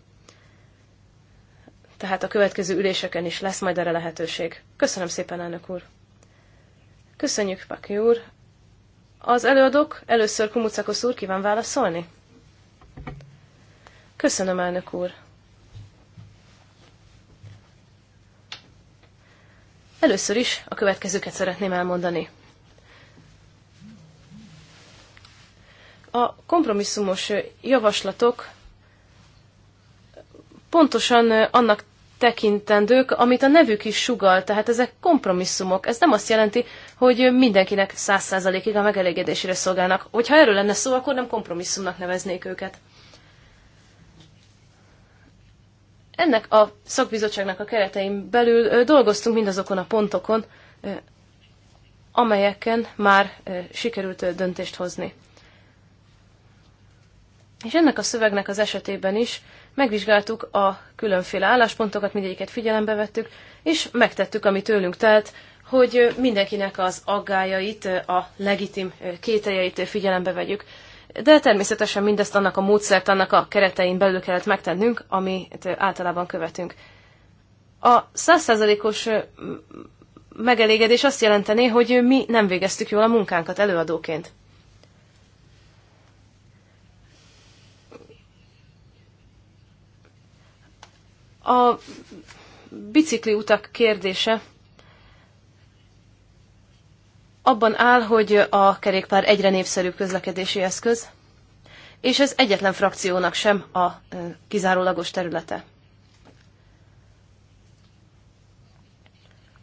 S2: tehát a következő üléseken is lesz majd erre lehetőség. Köszönöm szépen, elnök úr! Köszönjük, Paki úr! Az előadók, először Kumucakos úr kíván válaszolni? Köszönöm, elnök úr! Először is a következőket szeretném elmondani. A kompromisszumos javaslatok pontosan annak tekintendők, amit a nevük is sugal, tehát ezek kompromisszumok. Ez nem azt jelenti, hogy mindenkinek száz százalékig a megelégedésére szolgálnak. Hogyha erről lenne szó, akkor nem kompromisszumnak neveznék őket. Ennek a szakbizottságnak a keretein belül dolgoztunk mindazokon a pontokon, amelyeken már sikerült döntést hozni. És ennek a szövegnek az esetében is megvizsgáltuk a különféle álláspontokat, mindegyiket figyelembe vettük, és megtettük, ami tőlünk telt, hogy mindenkinek az aggájait, a legitim kételjeit figyelembe vegyük. De természetesen mindezt annak a módszert, annak a keretein belül kellett megtennünk, amit általában követünk. A százszerzalékos megelégedés azt jelentené, hogy mi nem végeztük jól a munkánkat előadóként. A bicikli utak kérdése abban áll, hogy a kerékpár egyre népszerűbb közlekedési eszköz, és ez egyetlen frakciónak sem a kizárólagos területe.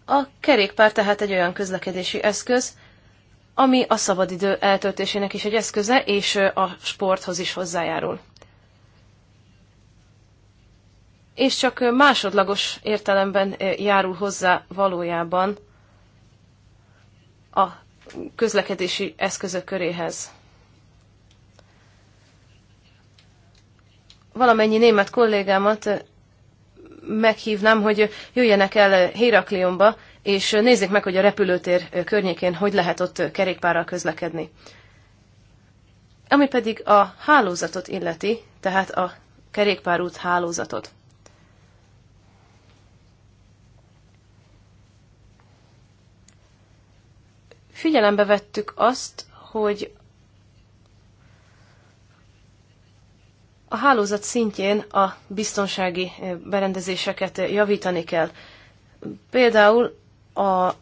S2: A kerékpár tehát egy olyan közlekedési eszköz, ami a szabadidő eltöltésének is egy eszköze, és a sporthoz is hozzájárul és csak másodlagos értelemben járul hozzá valójában a közlekedési eszközök köréhez. Valamennyi német kollégámat meghívnám, hogy jöjjenek el Héraklionba, és nézzék meg, hogy a repülőtér környékén hogy lehet ott kerékpárral közlekedni. Ami pedig a hálózatot illeti, tehát a kerékpárút hálózatot. Figyelembe vettük azt, hogy a hálózat szintjén a biztonsági eh, berendezéseket eh, javítani kell. Például a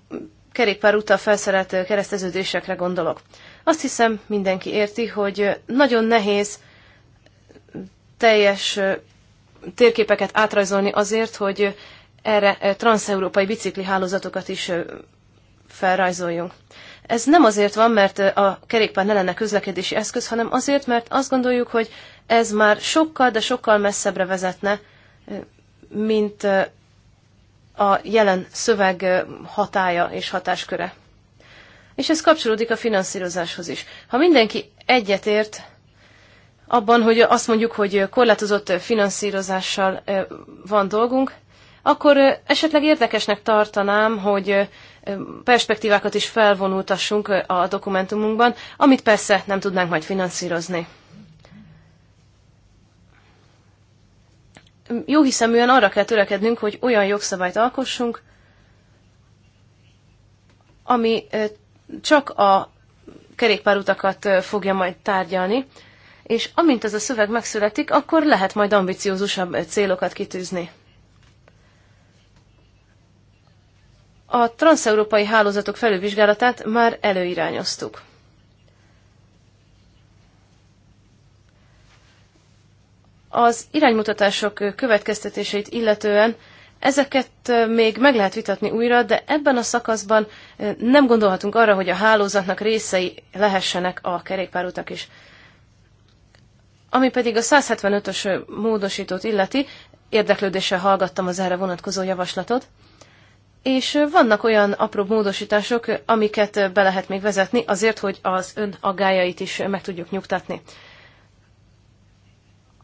S2: utal felszerelt eh, kereszteződésekre gondolok. Azt hiszem, mindenki érti, hogy nagyon nehéz teljes térképeket átrajzolni azért, hogy erre transeurópai bicikli hálózatokat is felrajzoljunk. Ez nem azért van, mert a kerékpár ne lenne közlekedési eszköz, hanem azért, mert azt gondoljuk, hogy ez már sokkal, de sokkal messzebbre vezetne, mint a jelen szöveg hatája és hatásköre. És ez kapcsolódik a finanszírozáshoz is. Ha mindenki egyetért abban, hogy azt mondjuk, hogy korlátozott finanszírozással van dolgunk, akkor esetleg érdekesnek tartanám, hogy perspektívákat is felvonultassunk a dokumentumunkban, amit persze nem tudnánk majd finanszírozni. Jó hiszeműen arra kell törekednünk, hogy olyan jogszabályt alkossunk, ami csak a kerékpárutakat fogja majd tárgyalni, és amint ez a szöveg megszületik, akkor lehet majd ambiciózusabb célokat kitűzni. A transeurópai hálózatok felülvizsgálatát már előirányoztuk. Az iránymutatások következtetéseit illetően ezeket még meg lehet vitatni újra, de ebben a szakaszban nem gondolhatunk arra, hogy a hálózatnak részei lehessenek a kerékpárutak is. Ami pedig a 175-ös módosítót illeti, érdeklődéssel hallgattam az erre vonatkozó javaslatot és vannak olyan apró módosítások, amiket be lehet még vezetni azért, hogy az ön aggájait is meg tudjuk nyugtatni.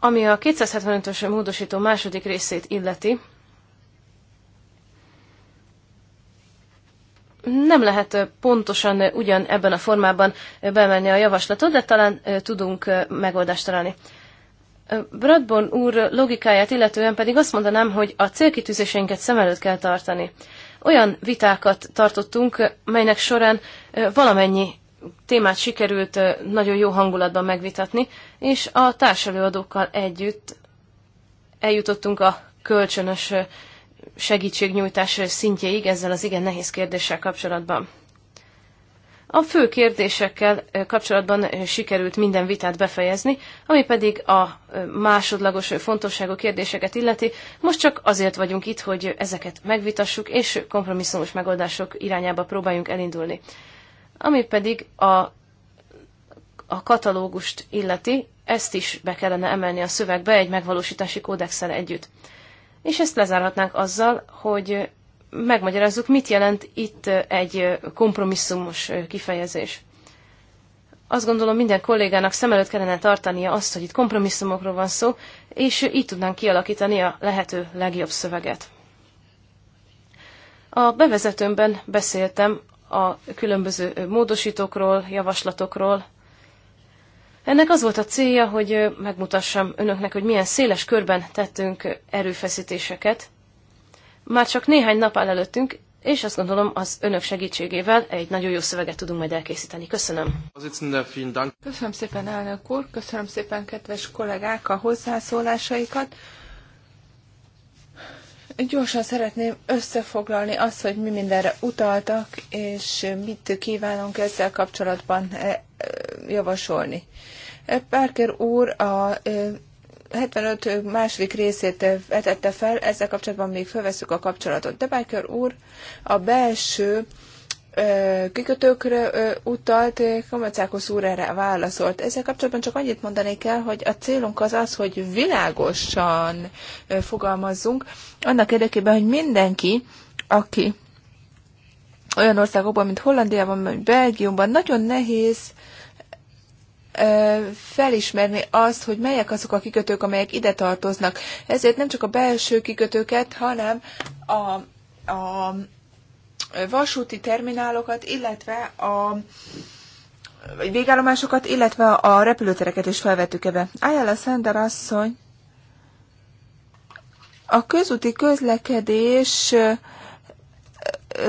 S2: Ami a 275-ös módosító második részét illeti, nem lehet pontosan ugyan ebben a formában bemenni a javaslatot, de talán tudunk megoldást találni. Bradborn úr logikáját illetően pedig azt mondanám, hogy a célkitűzéseinket szem előtt kell tartani olyan vitákat tartottunk, melynek során valamennyi témát sikerült nagyon jó hangulatban megvitatni, és a társelőadókkal együtt eljutottunk a kölcsönös segítségnyújtás szintjéig ezzel az igen nehéz kérdéssel kapcsolatban. A fő kérdésekkel kapcsolatban sikerült minden vitát befejezni, ami pedig a másodlagos fontosságú kérdéseket illeti. Most csak azért vagyunk itt, hogy ezeket megvitassuk, és kompromisszumos megoldások irányába próbáljunk elindulni. Ami pedig a, a katalógust illeti, ezt is be kellene emelni a szövegbe egy megvalósítási kódexsel együtt. És ezt lezárhatnánk azzal, hogy megmagyarázzuk, mit jelent itt egy kompromisszumos kifejezés. Azt gondolom, minden kollégának szem előtt kellene tartania azt, hogy itt kompromisszumokról van szó, és így tudnánk kialakítani a lehető legjobb szöveget. A bevezetőmben beszéltem a különböző módosítókról, javaslatokról. Ennek az volt a célja, hogy megmutassam önöknek, hogy milyen széles körben tettünk erőfeszítéseket, már csak néhány nap áll előttünk, és azt gondolom, az önök segítségével egy nagyon jó szöveget tudunk majd elkészíteni. Köszönöm.
S3: Köszönöm
S4: szépen, elnök úr, köszönöm szépen, kedves kollégák, a hozzászólásaikat. Gyorsan szeretném összefoglalni azt, hogy mi mindenre utaltak, és mit kívánunk ezzel kapcsolatban eh, eh, javasolni. Eh, Parker úr a 75 második részét vetette fel, ezzel kapcsolatban még felveszük a kapcsolatot. De Biker úr a belső kikötőkre utalt, Kamacákos úr erre válaszolt. Ezzel kapcsolatban csak annyit mondani kell, hogy a célunk az az, hogy világosan fogalmazzunk, annak érdekében, hogy mindenki, aki olyan országokban, mint Hollandiában, vagy Belgiumban, nagyon nehéz felismerni azt, hogy melyek azok a kikötők, amelyek ide tartoznak. Ezért nem csak a belső kikötőket, hanem a, a vasúti terminálokat, illetve a végállomásokat, illetve a repülőtereket is felvettük ebbe. a Szender asszony a közúti közlekedés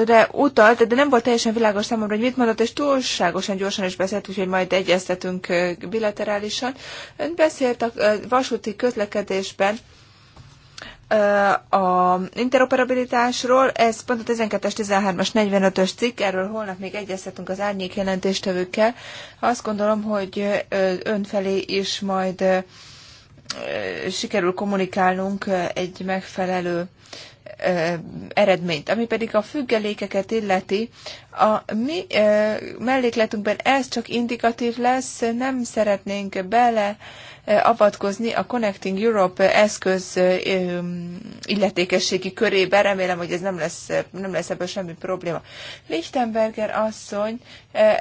S4: re utalt, de nem volt teljesen világos számomra, hogy mit mondott, és túlságosan gyorsan is beszélt, úgyhogy majd egyeztetünk bilaterálisan. Ön beszélt a vasúti közlekedésben a interoperabilitásról, ez pont a 12-es, 13-as, 45-ös cikk, erről holnap még egyeztetünk az árnyék jelentéstevőkkel. Azt gondolom, hogy önfelé is majd sikerül kommunikálnunk egy megfelelő eredményt. Ami pedig a függelékeket illeti, a mi mellékletünkben ez csak indikatív lesz, nem szeretnénk bele avatkozni a Connecting Europe eszköz illetékességi körébe. Remélem, hogy ez nem lesz, nem lesz ebből semmi probléma. Lichtenberger asszony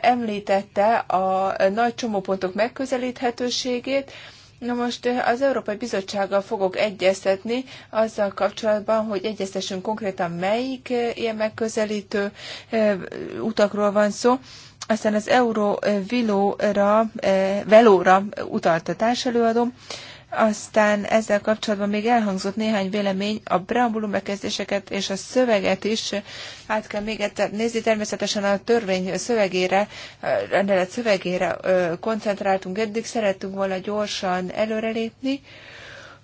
S4: említette a nagy csomópontok megközelíthetőségét, Na most eh, az Európai Bizottsággal fogok egyeztetni azzal kapcsolatban, hogy egyeztessünk konkrétan melyik eh, ilyen megközelítő eh, utakról van szó. Aztán az Euró Velóra utalt a társelőadó. Aztán ezzel kapcsolatban még elhangzott néhány vélemény, a preambulum bekezdéseket és a szöveget is át kell még egyszer nézni. Természetesen a törvény szövegére, rendelet szövegére koncentráltunk eddig, szerettünk volna gyorsan előrelépni,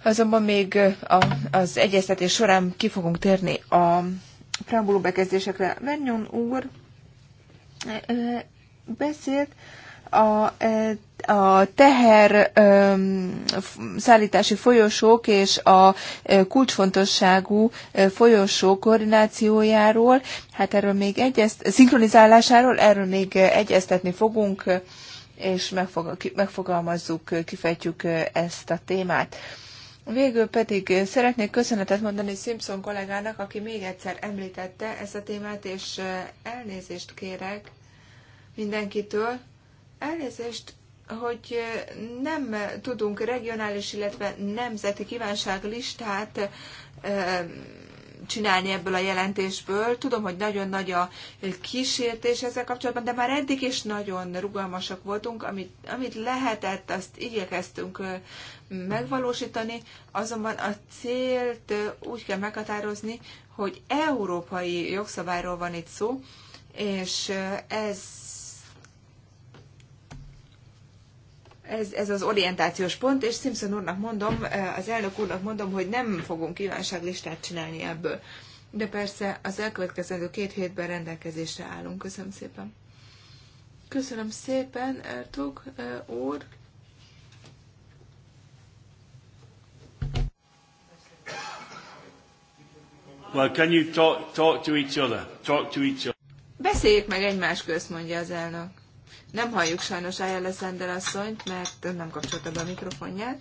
S4: azonban még a, az egyeztetés során ki fogunk térni a preambulum bekezdésekre. Vernyon úr beszélt a a teher szállítási folyosók és a kulcsfontosságú folyosó koordinációjáról, hát erről még egyezt, szinkronizálásáról, erről még egyeztetni fogunk, és megfogalmazzuk, kifejtjük ezt a témát. Végül pedig szeretnék köszönetet mondani Simpson kollégának, aki még egyszer említette ezt a témát, és elnézést kérek mindenkitől. Elnézést hogy nem tudunk regionális, illetve nemzeti kívánságlistát csinálni ebből a jelentésből. Tudom, hogy nagyon nagy a kísértés ezzel kapcsolatban, de már eddig is nagyon rugalmasak voltunk, amit, amit lehetett, azt igyekeztünk megvalósítani, azonban a célt úgy kell meghatározni, hogy európai jogszabályról van itt szó, és ez ez, ez az orientációs pont, és Simpson úrnak mondom, eh, az elnök úrnak mondom, hogy nem fogunk kívánságlistát csinálni ebből. De persze az elkövetkezendő két hétben rendelkezésre állunk. Köszönöm szépen. Köszönöm szépen, Ertug eh, úr.
S1: Well, can you talk, talk to each other? Talk to each other.
S4: Beszéljük meg egymás közt, mondja az elnök. Nem halljuk sajnos Ayala Sender asszonyt, mert nem kapcsolta be a mikrofonját.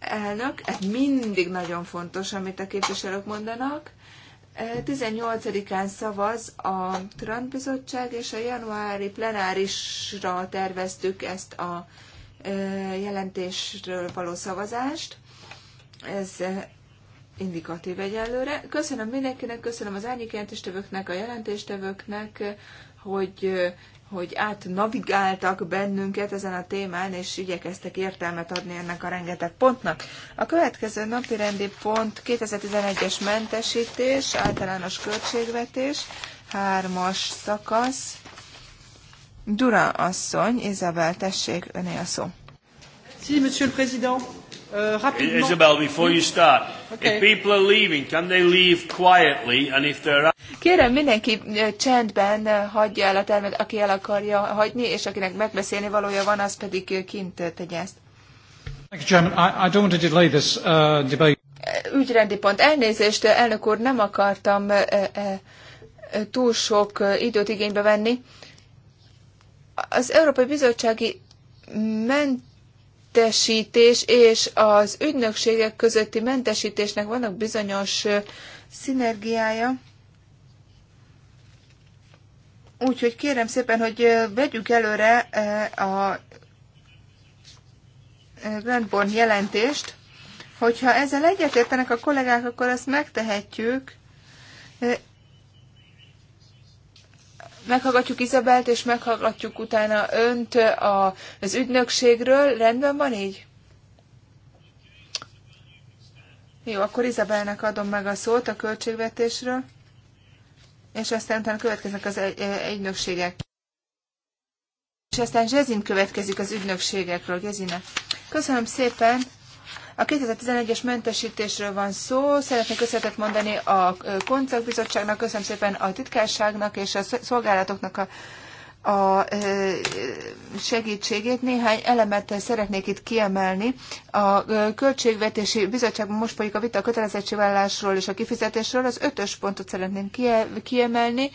S4: Elnök, ez mindig nagyon fontos, amit a képviselők mondanak. 18-án eh, szavaz a Trump Bizottság, és a januári plenárisra terveztük ezt a eh, jelentésről való szavazást. Ez eh, indikatív egyelőre. Köszönöm mindenkinek, köszönöm az jelentéstevőknek, a jelentéstevőknek, hogy hogy átnavigáltak bennünket ezen a témán, és igyekeztek értelmet adni ennek a rengeteg pontnak. A következő napi rendi pont 2011-es mentesítés, általános költségvetés, hármas szakasz. Dura asszony, Izabel, tessék, öné a szó. Sí, monsieur le président.
S1: Uh, Isabel, before you start, okay. if people are leaving, can they leave quietly? And if there are...
S4: Kérem, mindenki eh, csendben eh, hagyja el a termet, aki el akarja hagyni, és akinek megbeszélni valója van, az pedig kint tegye ezt.
S1: Thank you, Chairman. I,
S2: I don't want to delay this uh, debate.
S4: Ügyrendi pont. Elnézést, elnök úr, nem akartam uh, uh, túl sok időt igénybe venni. Az Európai Bizottsági ment mentesítés és az ügynökségek közötti mentesítésnek vannak bizonyos szinergiája. Úgyhogy kérem szépen, hogy vegyük előre a Grandborn jelentést. Hogyha ezzel egyetértenek a kollégák, akkor ezt megtehetjük meghallgatjuk Izabelt, és meghallgatjuk utána önt a, az ügynökségről. Rendben van így? Jó, akkor Izabelnek adom meg a szót a költségvetésről, és aztán utána következnek az e, ügynökségek. És aztán Zsezin következik az ügynökségekről, Gezine. Köszönöm szépen! A 2011-es mentesítésről van szó. Szeretnék köszönetet mondani a koncertbizottságnak, köszönöm szépen a titkárságnak és a szolgálatoknak a a segítségét. Néhány elemet szeretnék itt kiemelni. A Költségvetési Bizottságban most folyik a vita a kötelezettségvállásról és a kifizetésről. Az ötös pontot szeretném kiemelni.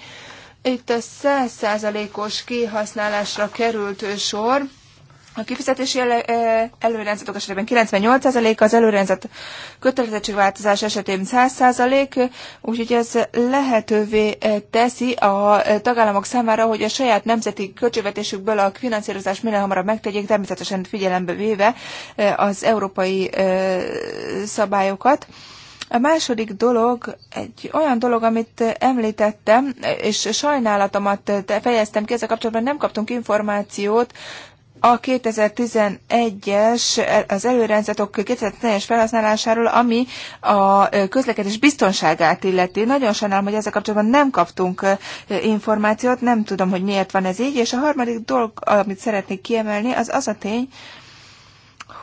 S4: Itt a 100%-os kihasználásra került sor a kifizetési előrendszatok esetében 98%, az előrendszert kötelezettségváltozás esetében 100%, úgyhogy ez lehetővé teszi a tagállamok számára, hogy a saját nemzeti költségvetésükből a finanszírozást minél hamarabb megtegyék, természetesen figyelembe véve az európai szabályokat. A második dolog egy olyan dolog, amit említettem, és sajnálatomat fejeztem ki ezzel kapcsolatban, nem kaptunk információt a 2011-es, az előrendzetok 2011-es felhasználásáról, ami a közlekedés biztonságát illeti. Nagyon sajnálom, hogy ezzel kapcsolatban nem kaptunk információt, nem tudom, hogy miért van ez így, és a harmadik dolog, amit szeretnék kiemelni, az az a tény,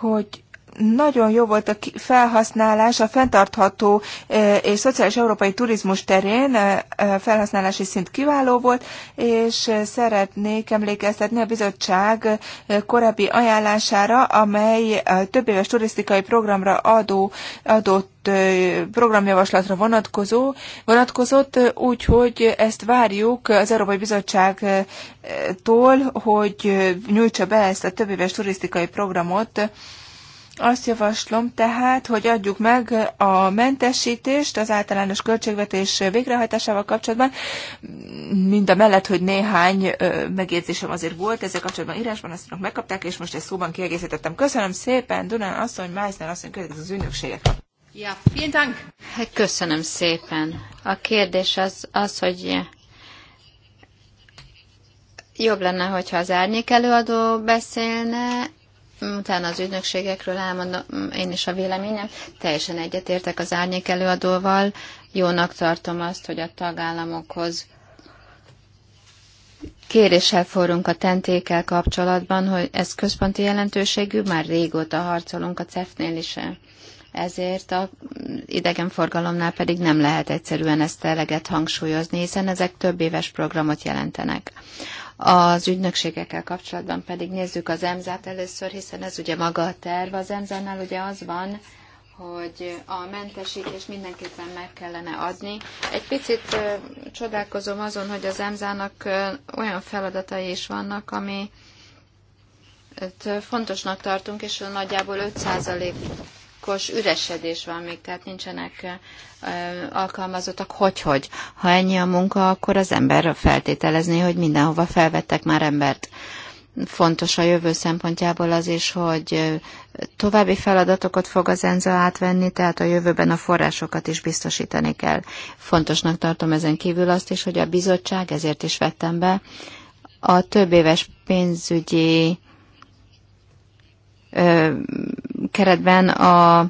S4: hogy nagyon jó volt a felhasználás a fenntartható és szociális európai turizmus terén, felhasználási szint kiváló volt, és szeretnék emlékeztetni a bizottság korábbi ajánlására, amely több éves turisztikai programra adó, adott programjavaslatra vonatkozó, vonatkozott, úgyhogy ezt várjuk az Európai Bizottságtól, hogy nyújtsa be ezt a többéves turisztikai programot, azt javaslom tehát, hogy adjuk meg a mentesítést az általános költségvetés végrehajtásával kapcsolatban, mind a mellett, hogy néhány megjegyzésem azért volt ezzel kapcsolatban írásban, azt mondok, megkapták, és most ezt szóban kiegészítettem. Köszönöm szépen, Dunán asszony, Meissner
S3: asszony, következik az ügynökségekre. Ja, vielen Dank. Hát köszönöm szépen. A kérdés az, az hogy jobb lenne, hogyha az árnyék előadó beszélne, utána az ügynökségekről elmondom én is a véleményem. Teljesen egyetértek az árnyék előadóval. Jónak tartom azt, hogy a tagállamokhoz kéréssel forrunk a tentékkel kapcsolatban, hogy ez központi jelentőségű, már régóta harcolunk a CEF-nél is. Ezért a idegenforgalomnál pedig nem lehet egyszerűen ezt eleget hangsúlyozni, hiszen ezek több éves programot jelentenek. Az ügynökségekkel kapcsolatban pedig nézzük az EMZ-t először, hiszen ez ugye maga a terv. Az EMZ-nál ugye az van, hogy a mentesítést mindenképpen meg kellene adni. Egy picit csodálkozom azon, hogy az EMZ-nak olyan feladatai is vannak, ami fontosnak tartunk, és nagyjából 5% titkos üresedés van még, tehát nincsenek alkalmazottak, hogy, hogy. Ha ennyi a munka, akkor az ember feltételezni, hogy mindenhova felvettek már embert. Fontos a jövő szempontjából az is, hogy további feladatokat fog az ENZA átvenni, tehát a jövőben a forrásokat is biztosítani kell. Fontosnak tartom ezen kívül azt is, hogy a bizottság, ezért is vettem be, a több éves pénzügyi keretben a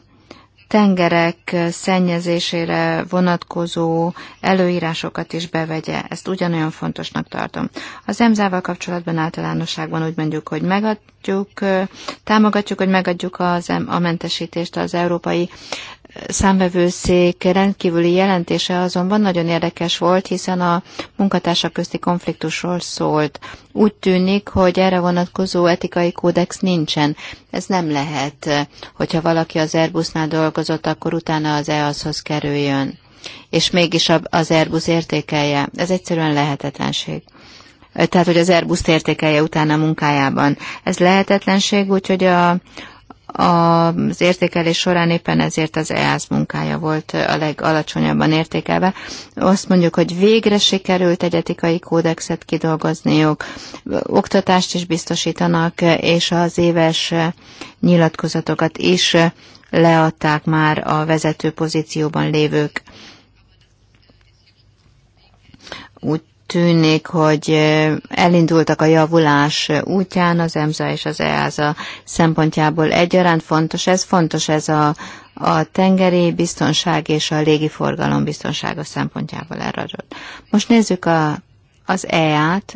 S3: tengerek szennyezésére vonatkozó előírásokat is bevegye. Ezt ugyanolyan fontosnak tartom. Az emzával kapcsolatban általánosságban úgy mondjuk, hogy megadjuk, támogatjuk, hogy megadjuk az, a mentesítést az európai számvevőszék rendkívüli jelentése azonban nagyon érdekes volt, hiszen a munkatársak közti konfliktusról szólt. Úgy tűnik, hogy erre vonatkozó etikai kódex nincsen. Ez nem lehet, hogyha valaki az Airbusnál dolgozott, akkor utána az easz hoz kerüljön, és mégis az Airbus értékelje. Ez egyszerűen lehetetlenség tehát hogy az Airbus értékelje utána a munkájában. Ez lehetetlenség, úgyhogy a, az értékelés során éppen ezért az EAS munkája volt a legalacsonyabban értékelve. Azt mondjuk, hogy végre sikerült egy etikai kódexet kidolgozniuk, oktatást is biztosítanak, és az éves nyilatkozatokat is leadták már a vezető pozícióban lévők. Úgy tűnik, hogy elindultak a javulás útján az EMSA és az EASA szempontjából egyaránt fontos. Ez fontos ez a, a tengeri biztonság és a légiforgalom biztonsága szempontjából erről. Most nézzük a, az EA-t,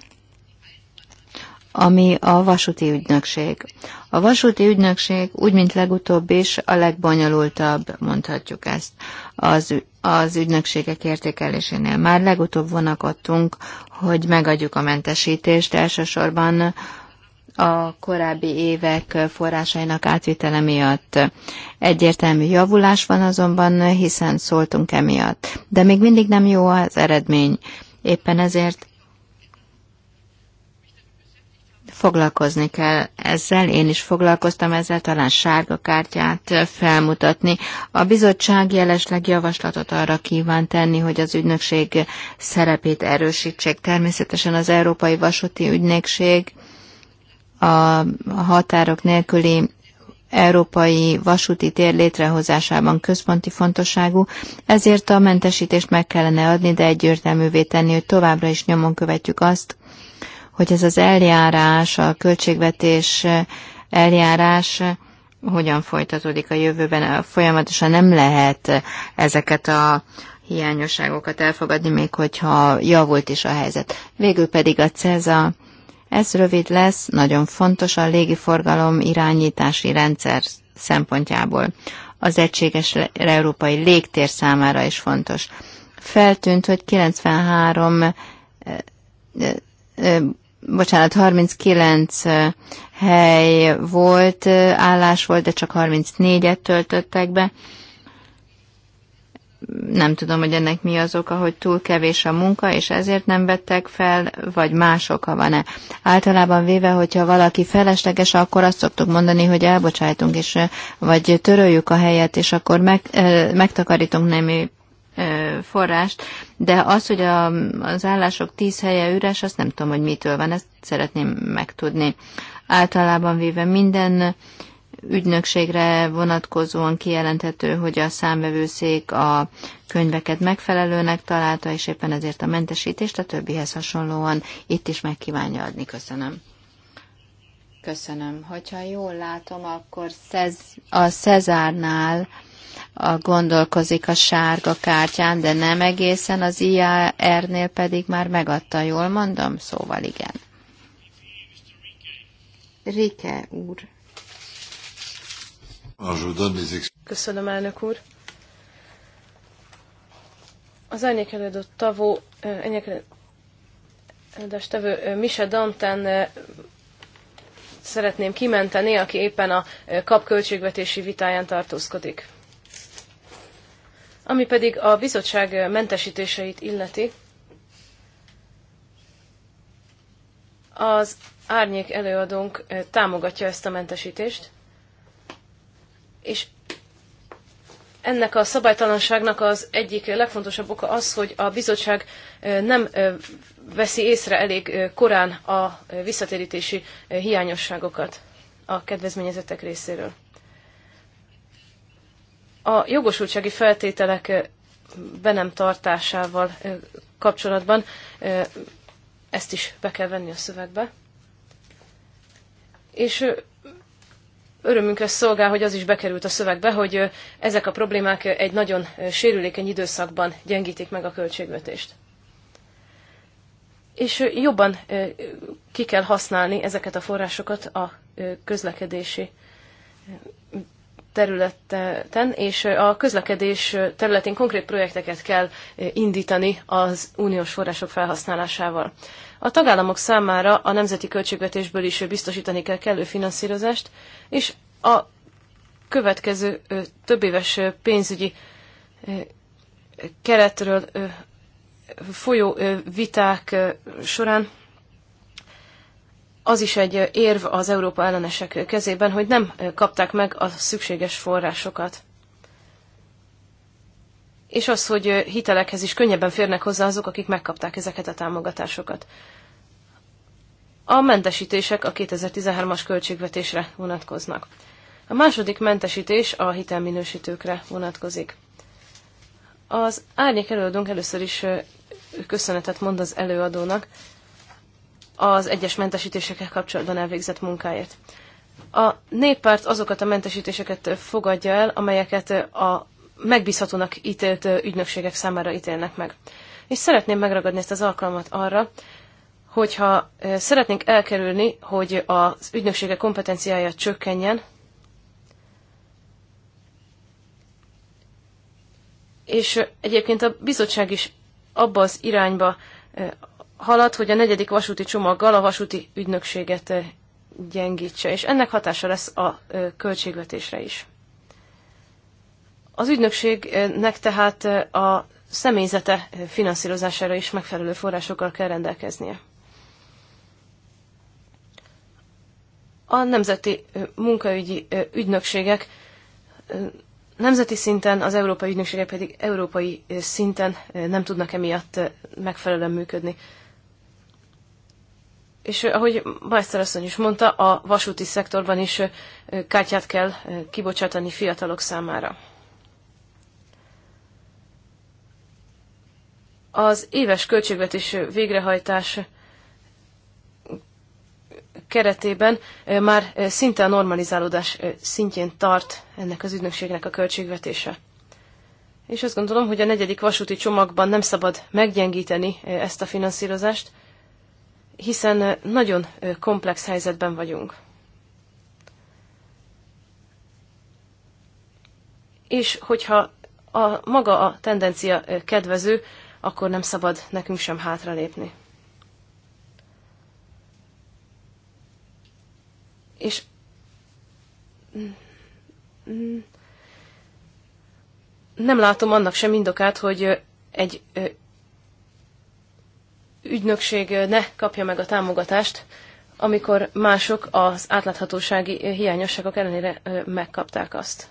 S3: ami a vasúti ügynökség. A vasúti ügynökség úgy, mint legutóbb is, a legbonyolultabb, mondhatjuk ezt, az, az ügynökségek értékelésénél. Már legutóbb vonakodtunk, hogy megadjuk a mentesítést, elsősorban a korábbi évek forrásainak átvitele miatt. Egyértelmű javulás van azonban, hiszen szóltunk emiatt. De még mindig nem jó az eredmény. Éppen ezért foglalkozni kell ezzel, én is foglalkoztam ezzel, talán sárga kártyát felmutatni. A bizottság jelesleg javaslatot arra kíván tenni, hogy az ügynökség szerepét erősítsék. Természetesen az Európai Vasúti Ügynökség a határok nélküli európai vasúti tér létrehozásában központi fontosságú, ezért a mentesítést meg kellene adni, de egyértelművé tenni, hogy továbbra is nyomon követjük azt, hogy ez az eljárás, a költségvetés eljárás hogyan folytatódik a jövőben. Folyamatosan nem lehet ezeket a hiányosságokat elfogadni, még hogyha javult is a helyzet. Végül pedig a CEZA, ez rövid lesz, nagyon fontos a légiforgalom irányítási rendszer szempontjából. Az egységes európai légtér számára is fontos. Feltűnt, hogy 93 bocsánat, 39 hely volt, állás volt, de csak 34-et töltöttek be. Nem tudom, hogy ennek mi az oka, hogy túl kevés a munka, és ezért nem vettek fel, vagy más oka van-e. Általában véve, hogyha valaki felesleges, akkor azt szoktuk mondani, hogy elbocsájtunk, és, vagy töröljük a helyet, és akkor meg, megtakarítunk némi forrást, de az, hogy a, az állások tíz helye üres, azt nem tudom, hogy mitől van, ezt szeretném megtudni. Általában véve minden ügynökségre vonatkozóan kijelenthető, hogy a számvevőszék a könyveket megfelelőnek találta, és éppen ezért a mentesítést a többihez hasonlóan itt is megkívánja adni. Köszönöm. Köszönöm. Hogyha jól látom, akkor Cez- a Cezárnál a gondolkozik a sárga kártyán, de nem egészen, az IAR-nél pedig már megadta, jól mondom? Szóval igen.
S2: Rike úr. Ah, Köszönöm, elnök úr. Az elnyékelődött tavó, elnyékelődött eh, tevő eh, Mise Danten eh, szeretném kimenteni, aki éppen a kap költségvetési vitáján tartózkodik. Ami pedig a bizottság mentesítéseit illeti, az árnyék előadónk támogatja ezt a mentesítést, és ennek a szabálytalanságnak az egyik legfontosabb oka az, hogy a bizottság nem veszi észre elég korán a visszatérítési hiányosságokat a kedvezményezettek részéről. A jogosultsági feltételek be nem tartásával kapcsolatban ezt is be kell venni a szövegbe. És örömünkre szolgál, hogy az is bekerült a szövegbe, hogy ezek a problémák egy nagyon sérülékeny időszakban gyengítik meg a költségvetést és jobban ki kell használni ezeket a forrásokat a közlekedési területen, és a közlekedés területén konkrét projekteket kell indítani az uniós források felhasználásával. A tagállamok számára a nemzeti költségvetésből is biztosítani kell kellő finanszírozást, és a következő többéves pénzügyi keretről folyó viták során az is egy érv az Európa ellenesek kezében, hogy nem kapták meg a szükséges forrásokat. És az, hogy hitelekhez is könnyebben férnek hozzá azok, akik megkapták ezeket a támogatásokat. A mentesítések a 2013-as költségvetésre vonatkoznak. A második mentesítés a hitelminősítőkre vonatkozik. Az árnyék előadónk először is köszönetet mond az előadónak az egyes mentesítésekkel kapcsolatban elvégzett munkáért. A néppárt azokat a mentesítéseket fogadja el, amelyeket a megbízhatónak ítélt ügynökségek számára ítélnek meg. És szeretném megragadni ezt az alkalmat arra, hogyha szeretnénk elkerülni, hogy az ügynöksége kompetenciája csökkenjen, és egyébként a bizottság is abba az irányba halad, hogy a negyedik vasúti csomaggal a vasúti ügynökséget gyengítse, és ennek hatása lesz a költségvetésre is. Az ügynökségnek tehát a személyzete finanszírozására is megfelelő forrásokkal kell rendelkeznie. A nemzeti munkaügyi ügynökségek nemzeti szinten, az európai ügynökségek pedig európai szinten nem tudnak emiatt megfelelően működni. És ahogy Bajszter asszony is mondta, a vasúti szektorban is kártyát kell kibocsátani fiatalok számára. Az éves költségvetés végrehajtás keretében már szinte a normalizálódás szintjén tart ennek az ügynökségnek a költségvetése. És azt gondolom, hogy a negyedik vasúti csomagban nem szabad meggyengíteni ezt a finanszírozást, hiszen nagyon komplex helyzetben vagyunk. És hogyha a maga a tendencia kedvező, akkor nem szabad nekünk sem hátralépni. nem látom annak sem indokát, hogy egy ügynökség ne kapja meg a támogatást, amikor mások az átláthatósági hiányosságok ellenére megkapták azt.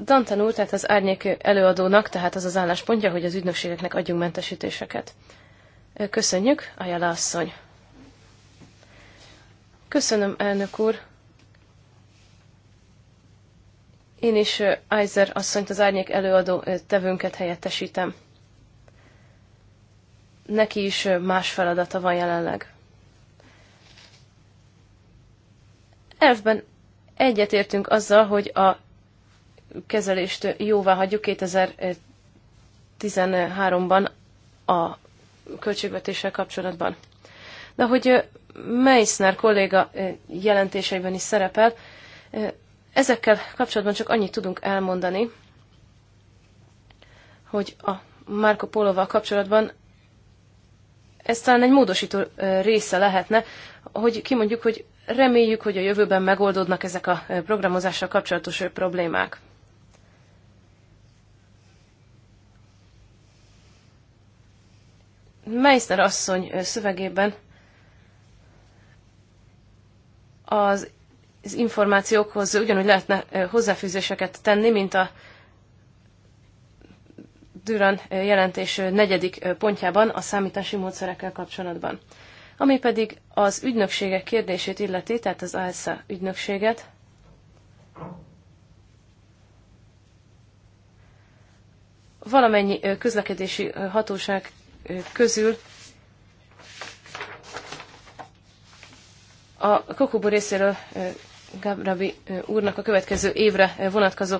S2: Dantan úr, tehát az árnyék előadónak, tehát az az álláspontja, hogy az ügynökségeknek adjunk mentesítéseket. Köszönjük, Ajala asszony! Köszönöm, elnök úr. Én is Eiser asszonyt az árnyék előadó tevőnket helyettesítem. Neki is más feladata van jelenleg. Elfben egyetértünk azzal, hogy a kezelést jóvá hagyjuk 2013-ban a költségvetéssel kapcsolatban. De hogy Meissner kolléga jelentéseiben is szerepel. Ezekkel kapcsolatban csak annyit tudunk elmondani, hogy a Marco Polova kapcsolatban ez talán egy módosító része lehetne, hogy kimondjuk, hogy reméljük, hogy a jövőben megoldódnak ezek a programozással kapcsolatos problémák. Meissner asszony szövegében az az információkhoz ugyanúgy lehetne hozzáfűzéseket tenni, mint a Duran jelentés negyedik pontjában a számítási módszerekkel kapcsolatban. Ami pedig az ügynökségek kérdését illeti, tehát az ASZA ügynökséget, valamennyi közlekedési hatóság közül A Kokubu részéről Gabrabi úrnak a következő évre vonatkozó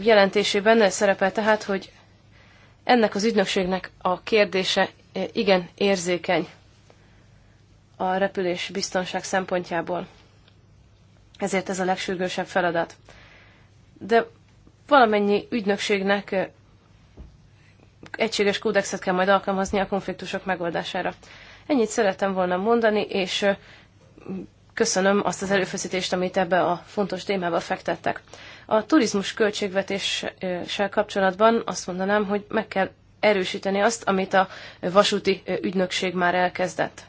S2: jelentésében szerepel tehát, hogy ennek az ügynökségnek a kérdése igen érzékeny a repülés biztonság szempontjából. Ezért ez a legsürgősebb feladat. De valamennyi ügynökségnek egységes kódexet kell majd alkalmazni a konfliktusok megoldására. Ennyit szerettem volna mondani, és köszönöm azt az erőfeszítést, amit ebbe a fontos témába fektettek. A turizmus költségvetéssel kapcsolatban azt mondanám, hogy meg kell erősíteni azt, amit a vasúti ügynökség már elkezdett.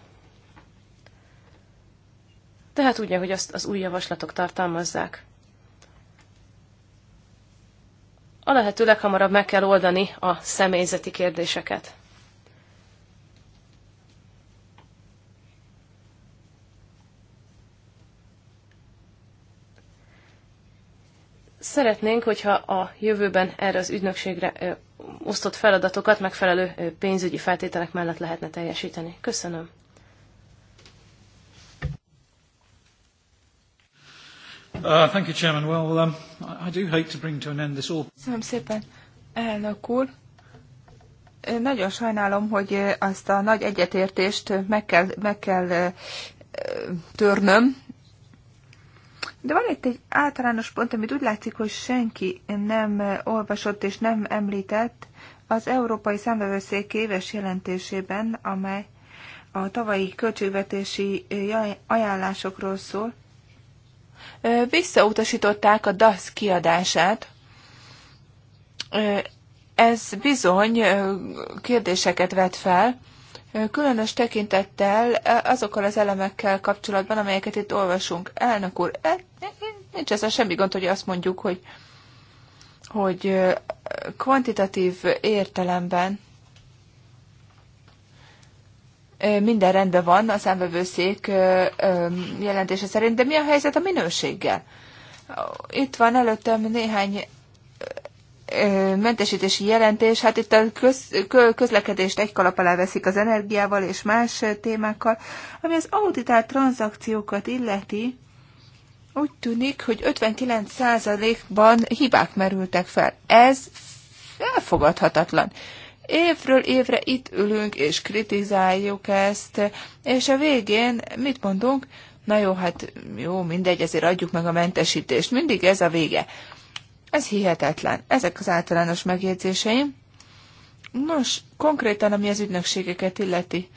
S2: Tehát úgy, hogy azt az új javaslatok tartalmazzák. A lehető leghamarabb meg kell oldani a személyzeti kérdéseket. Szeretnénk, hogyha a jövőben erre az ügynökségre osztott feladatokat megfelelő pénzügyi feltételek mellett lehetne teljesíteni. Köszönöm.
S1: Uh, thank you, Chairman. Well, um, I do hate to bring to an end this
S2: Köszönöm szépen,
S4: elnök úr. Nagyon sajnálom, hogy azt a nagy egyetértést meg kell, meg kell törnöm, de van itt egy általános pont, amit úgy látszik, hogy senki nem olvasott és nem említett az Európai Számbevőszék éves jelentésében, amely a tavalyi költségvetési ajánlásokról szól. Visszautasították a DASZ kiadását. Ez bizony kérdéseket vet fel különös tekintettel e, azokkal az elemekkel kapcsolatban, amelyeket itt olvasunk. Elnök úr, e, nincs ezzel semmi gond, hogy azt mondjuk, hogy, hogy e, kvantitatív értelemben minden rendben van a számvevőszék jelentése szerint, de mi a helyzet a minőséggel? Itt van előttem néhány mentesítési jelentés, hát itt a köz, kö, közlekedést egy kalap alá veszik az energiával és más témákkal, ami az auditált tranzakciókat illeti, úgy tűnik, hogy 59%-ban hibák merültek fel. Ez elfogadhatatlan. Évről évre itt ülünk és kritizáljuk ezt, és a végén mit mondunk? Na jó, hát jó, mindegy, ezért adjuk meg a mentesítést. Mindig ez a vége. Ez hihetetlen. Ezek az általános megjegyzéseim. Nos, konkrétan, ami az ügynökségeket illeti.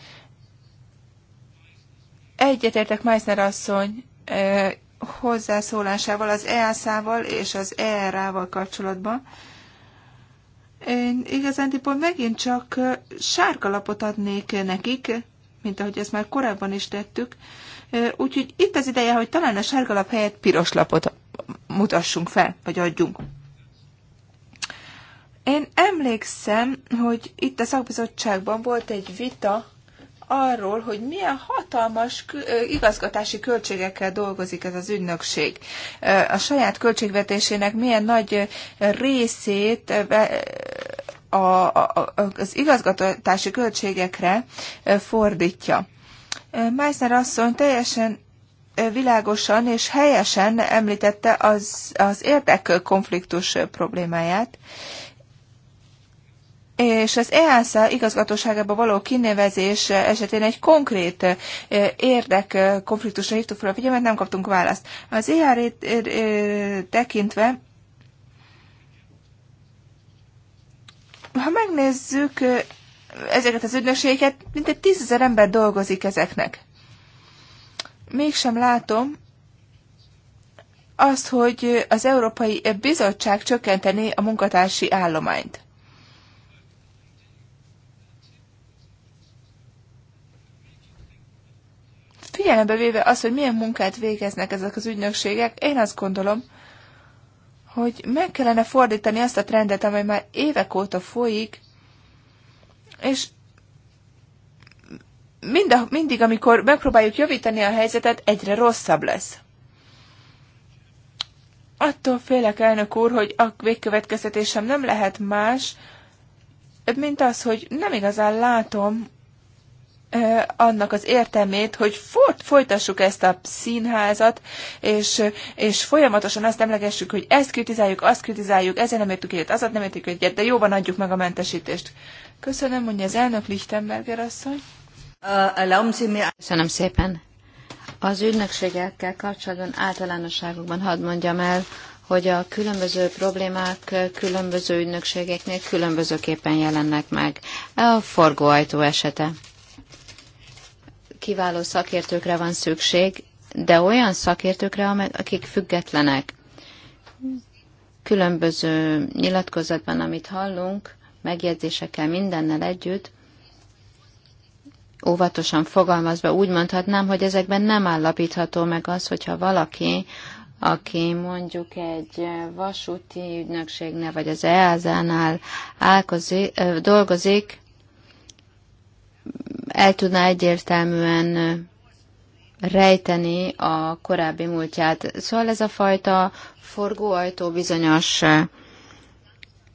S4: Egyetértek Meissner asszony eh, hozzászólásával, az EASZ-val és az ERA-val kapcsolatban. Én igazándiból megint csak sárkalapot adnék nekik, mint ahogy ezt már korábban is tettük. Úgyhogy itt az ideje, hogy talán a sárgalap helyett piros lapot mutassunk fel, vagy adjunk. Én emlékszem, hogy itt a szakbizottságban volt egy vita arról, hogy milyen hatalmas igazgatási költségekkel dolgozik ez az ügynökség. A saját költségvetésének milyen nagy részét a, az igazgatási költségekre fordítja. Meissner asszony teljesen világosan és helyesen említette az, az érdekkonfliktus problémáját, és az EASA igazgatóságába való kinevezés esetén egy konkrét érdek konfliktusra hívtuk fel a figyelmet, nem kaptunk választ. Az EAR tekintve, ha megnézzük ezeket az ügynökségeket, mintegy tízezer ember dolgozik ezeknek mégsem látom azt, hogy az Európai Bizottság csökkentené a munkatársi állományt. Figyelembe véve azt, hogy milyen munkát végeznek ezek az ügynökségek, én azt gondolom, hogy meg kellene fordítani azt a trendet, amely már évek óta folyik, és mind a, mindig, amikor megpróbáljuk javítani a helyzetet, egyre rosszabb lesz. Attól félek, elnök úr, hogy a végkövetkeztetésem nem lehet más, mint az, hogy nem igazán látom annak az értelmét, hogy folytassuk ezt a színházat, és, és folyamatosan azt emlegessük, hogy ezt kritizáljuk, azt kritizáljuk, ezért nem értük egyet, azat nem értük egyet, de jóban adjuk meg a mentesítést. Köszönöm, mondja az elnök Lichtenberger asszony.
S3: Köszönöm szépen. Az ügynökségekkel kapcsolatban általánosságokban hadd mondjam el, hogy a különböző problémák különböző ügynökségeknél különbözőképpen jelennek meg. A forgóajtó esete. Kiváló szakértőkre van szükség, de olyan szakértőkre, akik függetlenek. Különböző nyilatkozatban, amit hallunk, megjegyzésekkel mindennel együtt, óvatosan fogalmazva úgy mondhatnám, hogy ezekben nem állapítható meg az, hogyha valaki, aki mondjuk egy vasúti ügynökségnél vagy az EASA-nál dolgozik, el tudná egyértelműen rejteni a korábbi múltját. Szóval ez a fajta forgóajtó bizonyos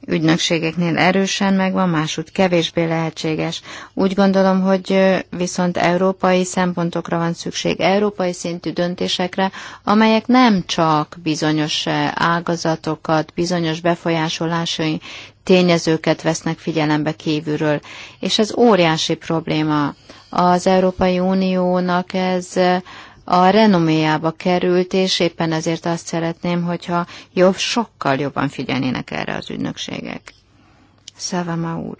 S3: ügynökségeknél erősen megvan, máshogy kevésbé lehetséges. Úgy gondolom, hogy viszont európai szempontokra van szükség, európai szintű döntésekre, amelyek nem csak bizonyos ágazatokat, bizonyos befolyásolásai tényezőket vesznek figyelembe kívülről. És ez óriási probléma. Az Európai Uniónak ez a renoméjába került, és éppen ezért azt szeretném, hogyha jobb, sokkal jobban figyelnének erre az ügynökségek. Szavama úr.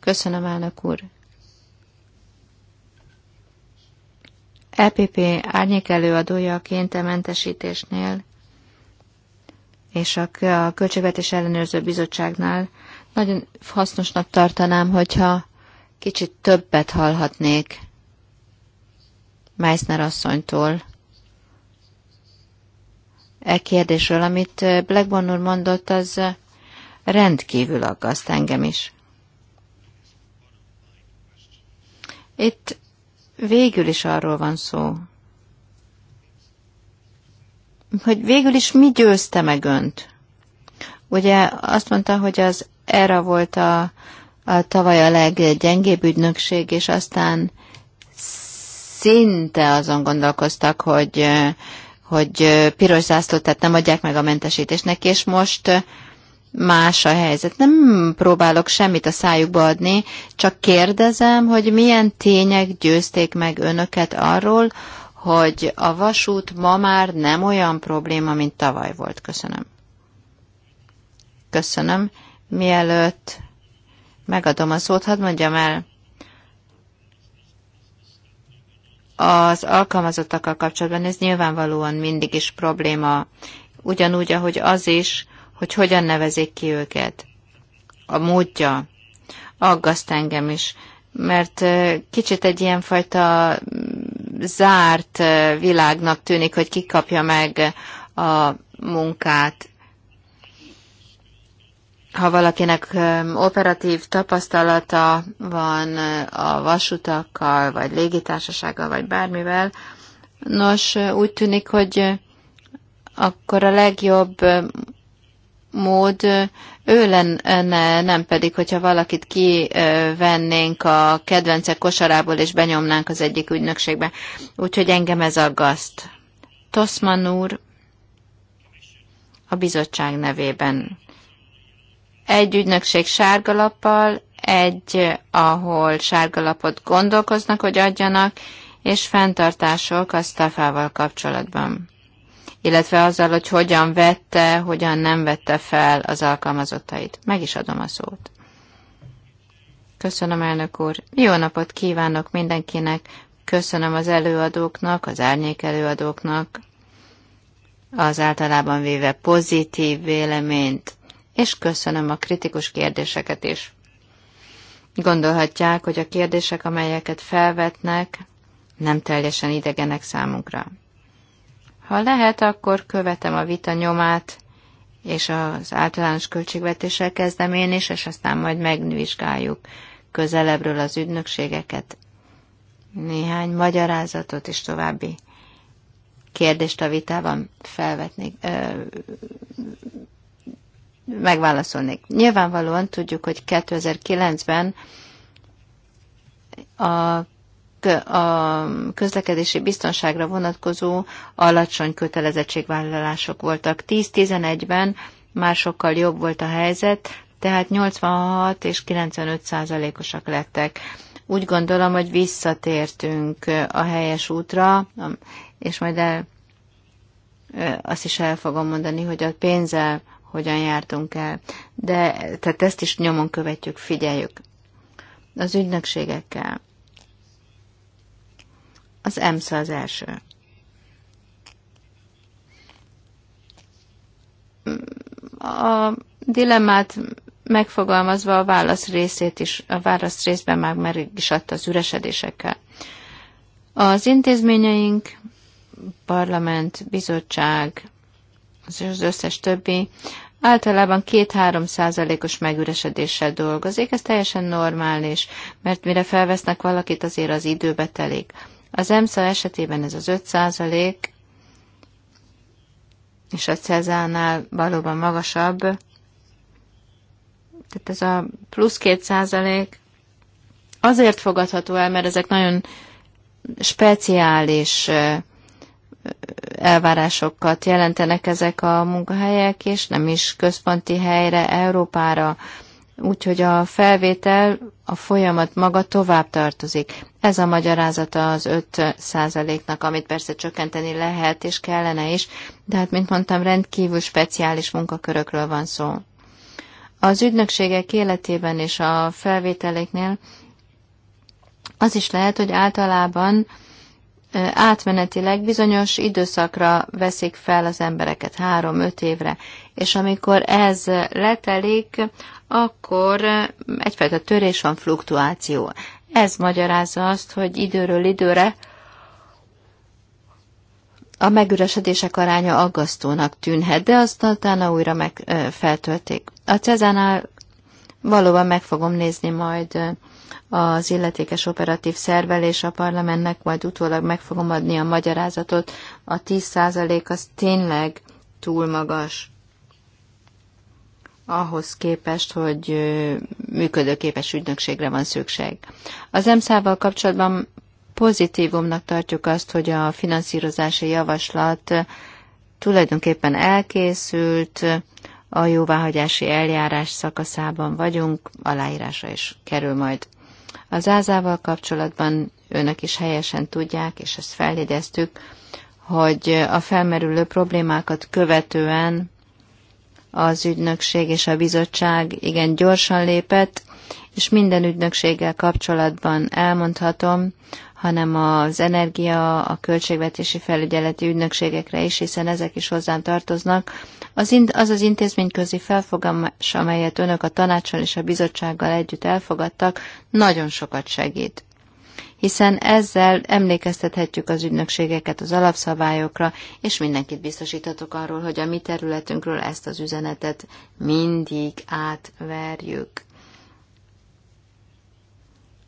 S3: Köszönöm, elnök úr. EPP árnyék előadójaként a mentesítésnél és a Költségvetés Ellenőrző Bizottságnál nagyon hasznosnak tartanám, hogyha kicsit többet hallhatnék Meissner asszonytól e kérdésről, amit Blackburn úr mondott, az rendkívül aggaszt engem is. Itt végül is arról van szó, hogy végül is mi győzte meg önt. Ugye azt mondta, hogy az ERA volt a, a tavaly a leggyengébb ügynökség, és aztán szinte azon gondolkoztak, hogy, hogy piros zászlót, tehát nem adják meg a mentesítést neki, és most más a helyzet. Nem próbálok semmit a szájukba adni, csak kérdezem, hogy milyen tények győzték meg önöket arról, hogy a vasút ma már nem olyan probléma, mint tavaly volt. Köszönöm. Köszönöm. Mielőtt megadom a szót, hadd mondjam el, Az alkalmazottakkal kapcsolatban ez nyilvánvalóan mindig is probléma, ugyanúgy, ahogy az is, hogy hogyan nevezik ki őket. A módja aggaszt engem is, mert kicsit egy ilyenfajta mm, zárt világnak tűnik, hogy ki kapja meg a munkát ha valakinek operatív tapasztalata van a vasutakkal, vagy légitársasággal, vagy bármivel, nos, úgy tűnik, hogy akkor a legjobb mód ő lenne, nem pedig, hogyha valakit kivennénk a kedvence kosarából, és benyomnánk az egyik ügynökségbe. Úgyhogy engem ez aggaszt. Toszman úr a bizottság nevében egy ügynökség sárgalappal, egy, ahol sárgalapot gondolkoznak, hogy adjanak, és fenntartások a staffával kapcsolatban. Illetve azzal, hogy hogyan vette, hogyan nem vette fel az alkalmazottait. Meg is adom a szót. Köszönöm, elnök úr. Jó napot kívánok mindenkinek. Köszönöm az előadóknak, az árnyék előadóknak az általában véve pozitív véleményt és köszönöm a kritikus kérdéseket is. Gondolhatják, hogy a kérdések, amelyeket felvetnek, nem teljesen idegenek számunkra. Ha lehet, akkor követem a vita nyomát, és az általános költségvetéssel kezdem én is, és aztán majd megvizsgáljuk közelebbről az ügynökségeket, néhány magyarázatot és további kérdést a vitában felvetnék. ö, megválaszolnék. Nyilvánvalóan tudjuk, hogy 2009-ben a a közlekedési biztonságra vonatkozó alacsony kötelezettségvállalások voltak. 10-11-ben már sokkal jobb volt a helyzet, tehát 86 és 95 százalékosak lettek. Úgy gondolom, hogy visszatértünk a helyes útra, és majd el, azt is el fogom mondani, hogy a pénzzel hogyan jártunk el. De tehát ezt is nyomon követjük, figyeljük. Az ügynökségekkel. Az EMSZA az első. A dilemmát megfogalmazva a válasz részét is, a válasz részben már meg is adta az üresedésekkel. Az intézményeink, parlament, bizottság, az összes többi általában 2-3 százalékos megüresedéssel dolgozik, ez teljesen normális, mert mire felvesznek valakit, azért az időbe telik. Az EMSZA esetében ez az 5 százalék, és a Cezánál valóban magasabb, tehát ez a plusz 2 százalék azért fogadható el, mert ezek nagyon speciális elvárásokat jelentenek ezek a munkahelyek, és nem is központi helyre, Európára. Úgyhogy a felvétel, a folyamat maga tovább tartozik. Ez a magyarázata az 5%-nak, amit persze csökkenteni lehet és kellene is, de hát, mint mondtam, rendkívül speciális munkakörökről van szó. Az ügynökségek életében és a felvételeknél az is lehet, hogy általában átmenetileg bizonyos időszakra veszik fel az embereket három-öt évre, és amikor ez letelik, akkor egyfajta törés van, fluktuáció. Ez magyarázza azt, hogy időről időre a megüresedések aránya aggasztónak tűnhet, de azt utána újra meg feltöltik. A Cezánál valóban meg fogom nézni majd az illetékes operatív szervel és a parlamentnek majd utólag meg fogom adni a magyarázatot. A 10% az tényleg túl magas ahhoz képest, hogy működőképes ügynökségre van szükség. Az EMSZ-val kapcsolatban pozitívumnak tartjuk azt, hogy a finanszírozási javaslat tulajdonképpen elkészült, a jóváhagyási eljárás szakaszában vagyunk, aláírása is kerül majd. Az ázával kapcsolatban önök is helyesen tudják, és ezt feljegyeztük, hogy a felmerülő problémákat követően az ügynökség és a bizottság igen gyorsan lépett, és minden ügynökséggel kapcsolatban elmondhatom, hanem az energia, a költségvetési felügyeleti ügynökségekre is, hiszen ezek is hozzám tartoznak. Az, in, az az intézményközi felfogás, amelyet önök a tanácson és a bizottsággal együtt elfogadtak, nagyon sokat segít hiszen ezzel emlékeztethetjük az ügynökségeket az alapszabályokra, és mindenkit biztosítatok arról, hogy a mi területünkről ezt az üzenetet mindig átverjük.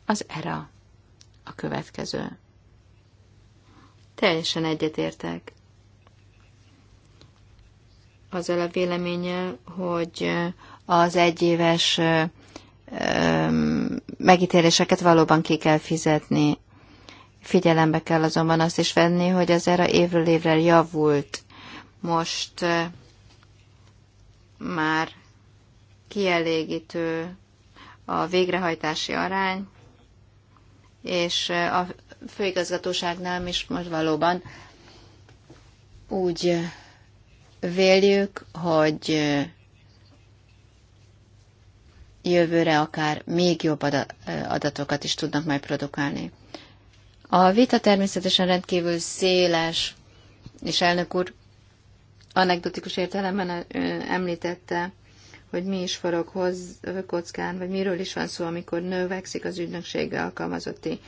S3: Az ERA a következő. Teljesen egyetértek. Azzal a véleménnyel, hogy az egyéves megítéléseket valóban ki kell fizetni. Figyelembe kell azonban azt is venni, hogy az erre évről évre javult. Most már kielégítő a végrehajtási arány, és a főigazgatóságnál is most valóban úgy véljük, hogy jövőre akár még jobb adatokat is tudnak majd produkálni. A vita természetesen rendkívül széles, és elnök úr anekdotikus értelemben említette hogy mi is forog hoz, kockán, vagy miről is van szó, amikor növekszik az ügynöksége alkalmazotti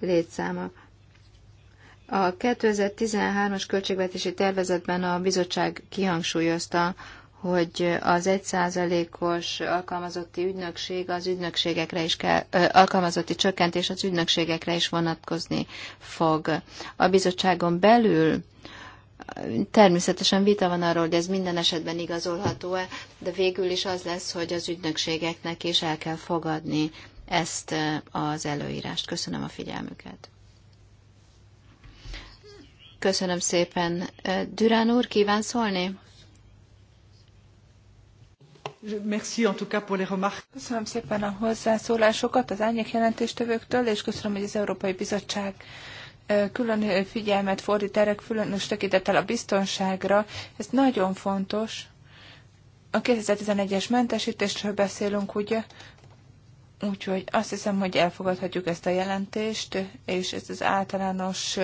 S3: létszáma. A 2013-as költségvetési tervezetben a bizottság kihangsúlyozta, hogy az egyszázalékos alkalmazotti ügynökség az ügynökségekre is kell, alkalmazotti csökkentés az ügynökségekre is vonatkozni fog. A bizottságon belül Természetesen vita van arról, hogy ez minden esetben igazolható-e, de végül is az lesz, hogy az ügynökségeknek is el kell fogadni ezt eh, az előírást. Köszönöm a figyelmüket. Köszönöm szépen. Eh, Durán úr, kíván szólni?
S4: Köszönöm szépen a hozzászólásokat az árnyék jelentéstevőktől, és köszönöm, hogy az Európai Bizottság külön figyelmet fordít erre, különös tekintettel a biztonságra. Ez nagyon fontos. A 2011-es mentesítésről beszélünk, ugye? Úgyhogy azt hiszem, hogy elfogadhatjuk ezt a jelentést, és ezt az általános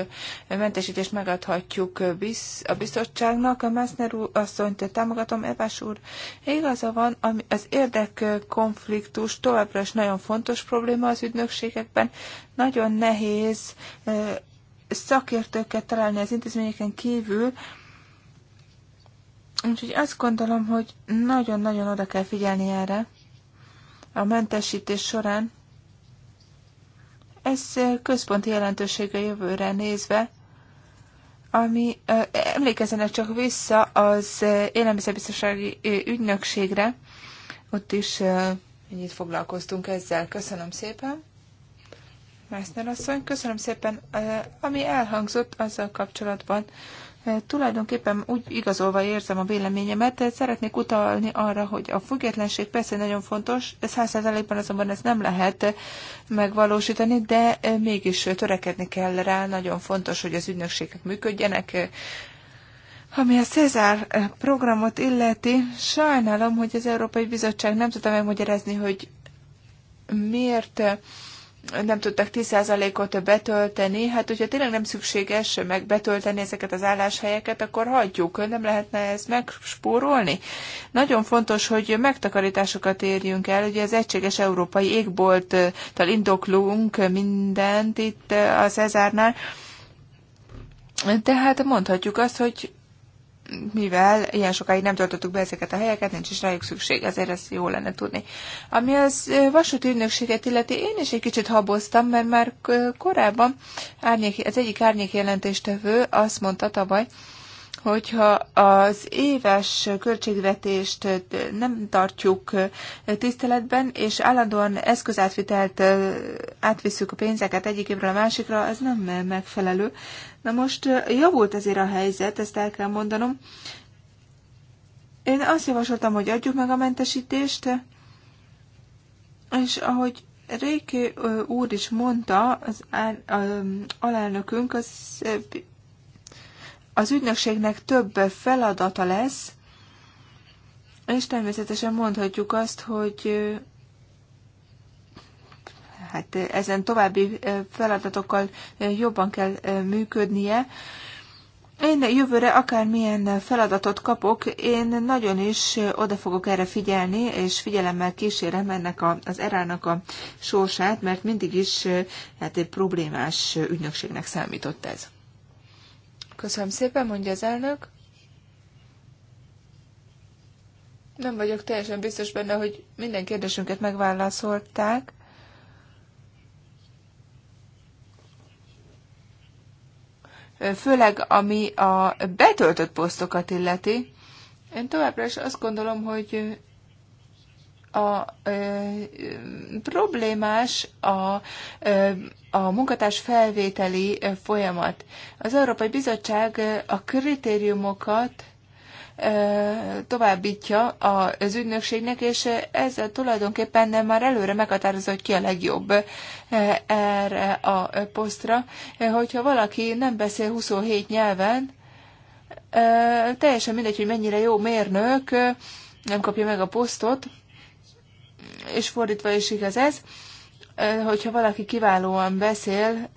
S4: mentesítést megadhatjuk a bizottságnak. A Messner úr asszonyt támogatom, Evás úr igaza van, ami az érdekkonfliktus továbbra is nagyon fontos probléma az ügynökségekben. Nagyon nehéz szakértőket találni az intézményeken kívül, úgyhogy azt gondolom, hogy nagyon-nagyon oda kell figyelni erre a mentesítés során. Ez központi jelentősége jövőre nézve, ami emlékezzenek csak vissza az élelmiszerbiztonsági ügynökségre, ott is ennyit foglalkoztunk ezzel. Köszönöm szépen! Mászner asszony, köszönöm szépen. Ami elhangzott azzal kapcsolatban, Tulajdonképpen úgy igazolva érzem a véleményemet, szeretnék utalni arra, hogy a függetlenség persze nagyon fontos, 100%-ban azonban ez nem lehet megvalósítani, de mégis törekedni kell rá, nagyon fontos, hogy az ügynökségek működjenek. Ami a Cezár programot illeti, sajnálom, hogy az Európai Bizottság nem tudta megmagyarázni, hogy miért nem tudtak 10%-ot betölteni, hát hogyha tényleg nem szükséges meg betölteni ezeket az álláshelyeket, akkor hagyjuk, nem lehetne ezt megspórolni. Nagyon fontos, hogy megtakarításokat érjünk el, ugye az egységes európai égbolttal indoklunk mindent itt a Cezárnál, tehát mondhatjuk azt, hogy mivel ilyen sokáig nem töltöttük be ezeket a helyeket, nincs is rájuk szükség, azért ezt jó lenne tudni. Ami az vasúti ügynökséget illeti, én is egy kicsit haboztam, mert már korábban árnyék, az egyik árnyék jelentéstevő azt mondta tavaly, hogyha az éves költségvetést nem tartjuk tiszteletben, és állandóan eszközátvitelt átvisszük a pénzeket egyik évről a másikra, ez nem megfelelő. Na most javult ezért a helyzet, ezt el kell mondanom. Én azt javasoltam, hogy adjuk meg a mentesítést, és ahogy Réki úr is mondta, az alelnökünk, az, az ügynökségnek több feladata lesz, és természetesen mondhatjuk azt, hogy hát eh, ezen további eh, feladatokkal eh, jobban kell működnie. Én jövőre akármilyen feladatot kapok, én nagyon is oda fogok erre figyelni, és figyelemmel kísérem ennek a, az erának a sorsát, mert mindig is hát egy problémás ügynökségnek számított ez. Köszönöm szépen, mondja az elnök. Nem vagyok teljesen biztos benne, hogy minden kérdésünket megválaszolták. főleg ami a betöltött posztokat illeti. Én továbbra is azt gondolom, hogy a ö, problémás a, ö, a munkatárs felvételi folyamat. Az Európai Bizottság a kritériumokat továbbítja az ügynökségnek, és ezzel tulajdonképpen már előre meghatározza, hogy ki a legjobb erre a posztra. Hogyha valaki nem beszél 27 nyelven, teljesen mindegy, hogy mennyire jó mérnök, nem kapja meg a posztot, és fordítva is igaz ez hogyha valaki kiválóan beszél,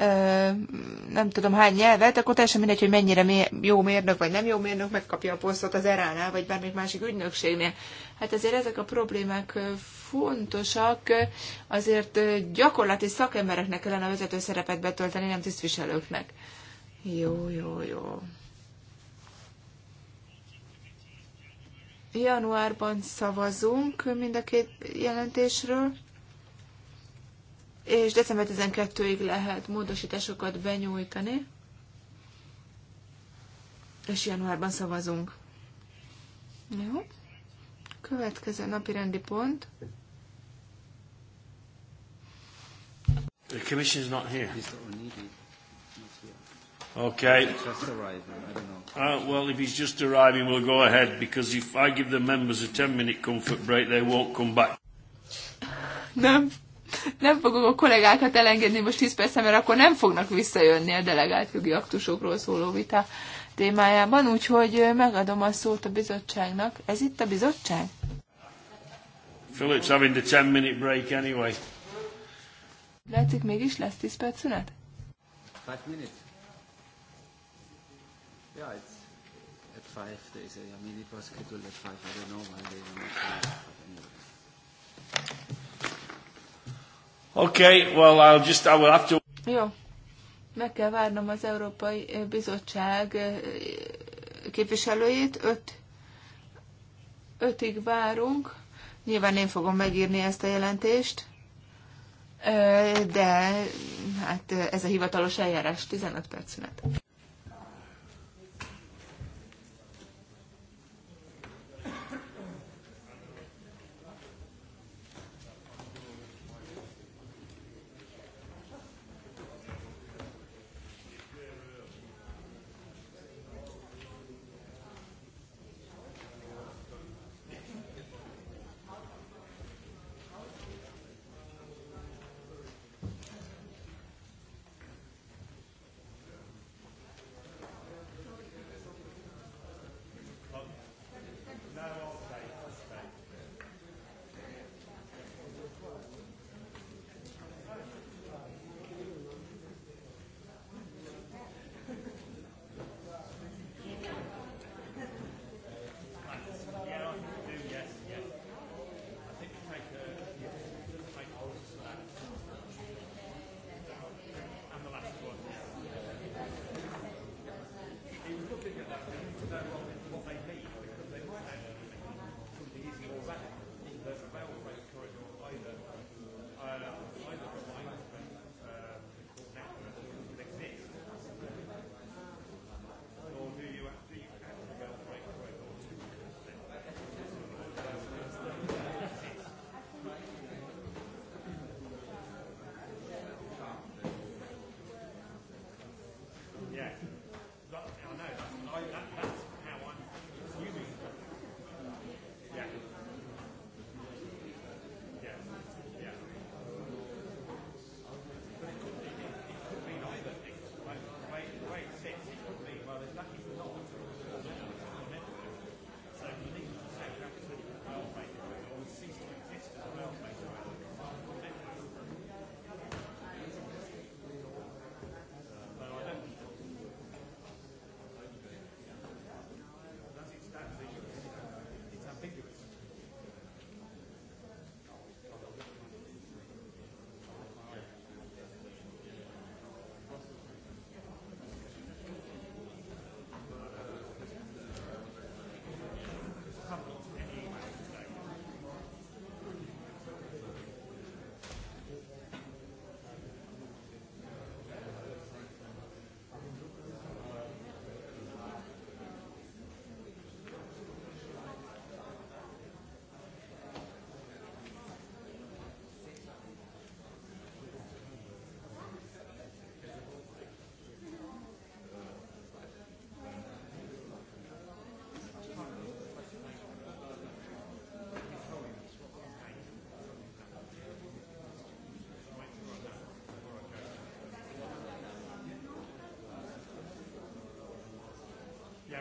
S4: nem tudom hány nyelvet, akkor teljesen mindegy, hogy mennyire jó mérnök vagy nem jó mérnök, megkapja a posztot az eránál, vagy bármelyik másik ügynökségnél. Hát azért ezek a problémák fontosak, azért gyakorlati szakembereknek kellene a vezető szerepet betölteni, nem tisztviselőknek. Jó, jó, jó. Januárban szavazunk mind a két jelentésről és december 12-ig lehet módosításokat benyújtani, és januárban szavazunk. Jó. Következő napi rendi pont.
S1: The commission is not here. Okay. Just arriving. I don't know. Uh, well, if he's just arriving, we'll go ahead because if I give the members a 10-minute comfort break, they won't come back.
S4: Nem nem fogok a kollégákat elengedni most 10 percre, mert akkor nem fognak visszajönni a delegált jogi aktusokról szóló vita témájában, úgyhogy megadom a szót a bizottságnak. Ez itt a bizottság?
S1: Philip's having the 10 minute break anyway.
S4: Látszik, mégis lesz 10 perc szünet?
S3: 5 minutes. Yeah, it's at 5 they say. I mean, it was scheduled at 5. I don't know why they have not
S1: Okay, well, I'll just, I will have to...
S4: Jó. Meg kell várnom az Európai Bizottság eh, képviselőjét. Öt, ötig várunk. Nyilván én fogom megírni ezt a jelentést, eh, de hát eh, ez a hivatalos eljárás 15 perc szünet.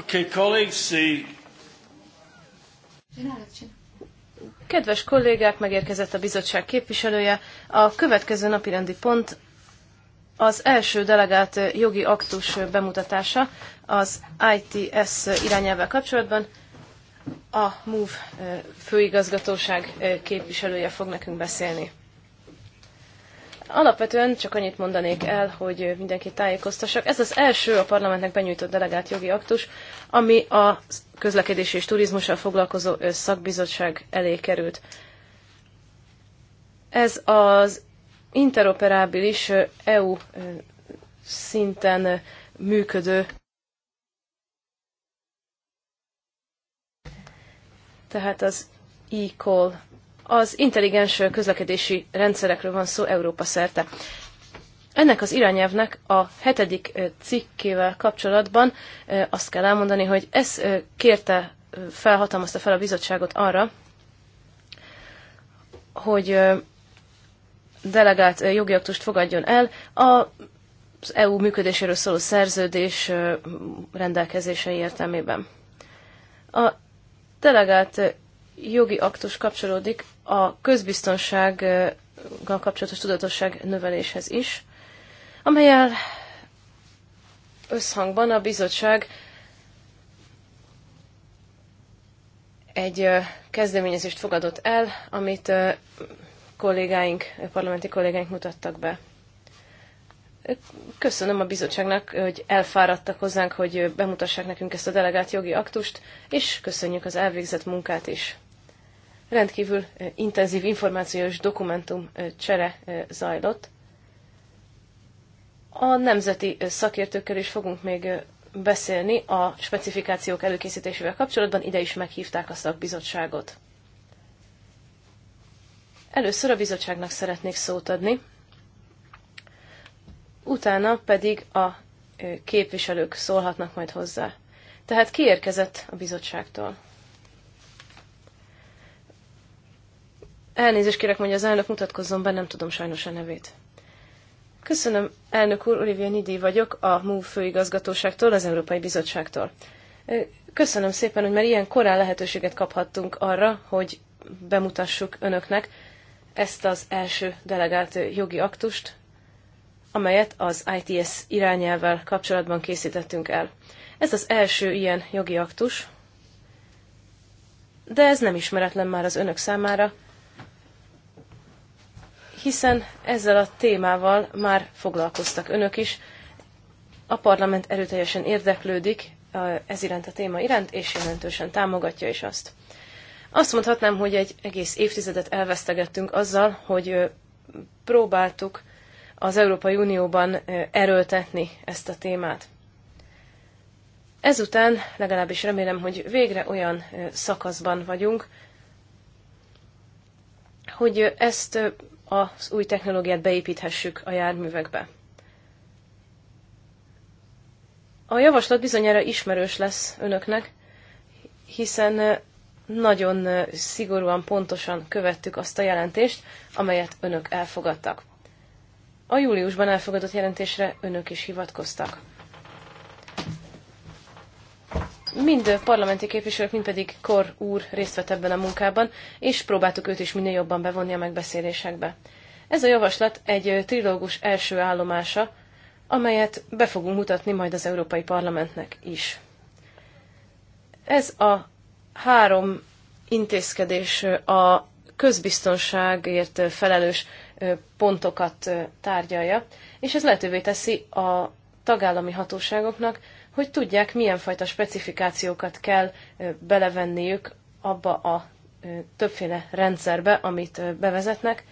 S1: Okay, colleagues, see.
S2: Kedves kollégák, megérkezett a bizottság képviselője. A következő napirendi pont az első delegált jogi aktus bemutatása az ITS irányelvvel kapcsolatban. A MOVE eh, főigazgatóság eh, képviselője fog nekünk beszélni. Alapvetően csak annyit mondanék el, hogy mindenkit tájékoztassak. Ez az első a parlamentnek benyújtott delegált jogi aktus, ami a közlekedés és turizmussal foglalkozó szakbizottság elé került. Ez az interoperábilis EU szinten működő tehát az e-call. Az intelligens közlekedési rendszerekről van szó Európa szerte. Ennek az irányelvnek a hetedik cikkével kapcsolatban azt kell elmondani, hogy ez kérte, felhatalmazta fel a bizottságot arra, hogy delegált jogi aktust fogadjon el az EU működéséről szóló szerződés rendelkezései értelmében. A delegált jogi aktus kapcsolódik a közbiztonsággal kapcsolatos tudatosság növeléshez is, amelyel összhangban a bizottság egy kezdeményezést fogadott el, amit kollégáink, parlamenti kollégáink mutattak be. Köszönöm a bizottságnak, hogy elfáradtak hozzánk, hogy bemutassák nekünk ezt a delegált jogi aktust, és köszönjük az elvégzett munkát is. Rendkívül intenzív információs dokumentum csere zajlott, a nemzeti szakértőkkel is fogunk még beszélni a specifikációk előkészítésével kapcsolatban, ide is meghívták a szakbizottságot. Először a bizottságnak szeretnék szót adni, utána pedig a képviselők szólhatnak majd hozzá. Tehát kiérkezett a bizottságtól. Elnézést kérek, mondja az elnök, mutatkozzon be, nem tudom sajnos a nevét. Köszönöm, elnök úr, Olivia Nidi vagyok, a MÚV főigazgatóságtól, az Európai Bizottságtól. Köszönöm szépen, hogy már ilyen korán lehetőséget kaphattunk arra, hogy bemutassuk önöknek ezt az első delegált jogi aktust, amelyet az ITS irányelvvel kapcsolatban készítettünk el. Ez az első ilyen jogi aktus, de ez nem ismeretlen már az önök számára, hiszen ezzel a témával már foglalkoztak önök is. A parlament erőteljesen érdeklődik ez iránt a téma iránt, és jelentősen támogatja is azt. Azt mondhatnám, hogy egy egész évtizedet elvesztegettünk azzal, hogy próbáltuk az Európai Unióban erőltetni ezt a témát. Ezután legalábbis remélem, hogy végre olyan szakaszban vagyunk, hogy ezt az új technológiát beépíthessük a járművekbe. A javaslat bizonyára ismerős lesz önöknek, hiszen nagyon szigorúan, pontosan követtük azt a jelentést, amelyet önök elfogadtak. A júliusban elfogadott jelentésre önök is hivatkoztak mind parlamenti képviselők, mind pedig Kor úr részt vett ebben a munkában, és próbáltuk őt is minél jobban bevonni a megbeszélésekbe. Ez a javaslat egy trilógus első állomása, amelyet be fogunk mutatni majd az Európai Parlamentnek is. Ez a három intézkedés a közbiztonságért felelős pontokat tárgyalja, és ez lehetővé teszi a tagállami hatóságoknak, hogy tudják, milyen fajta specifikációkat kell belevenniük abba a többféle rendszerbe, amit bevezetnek,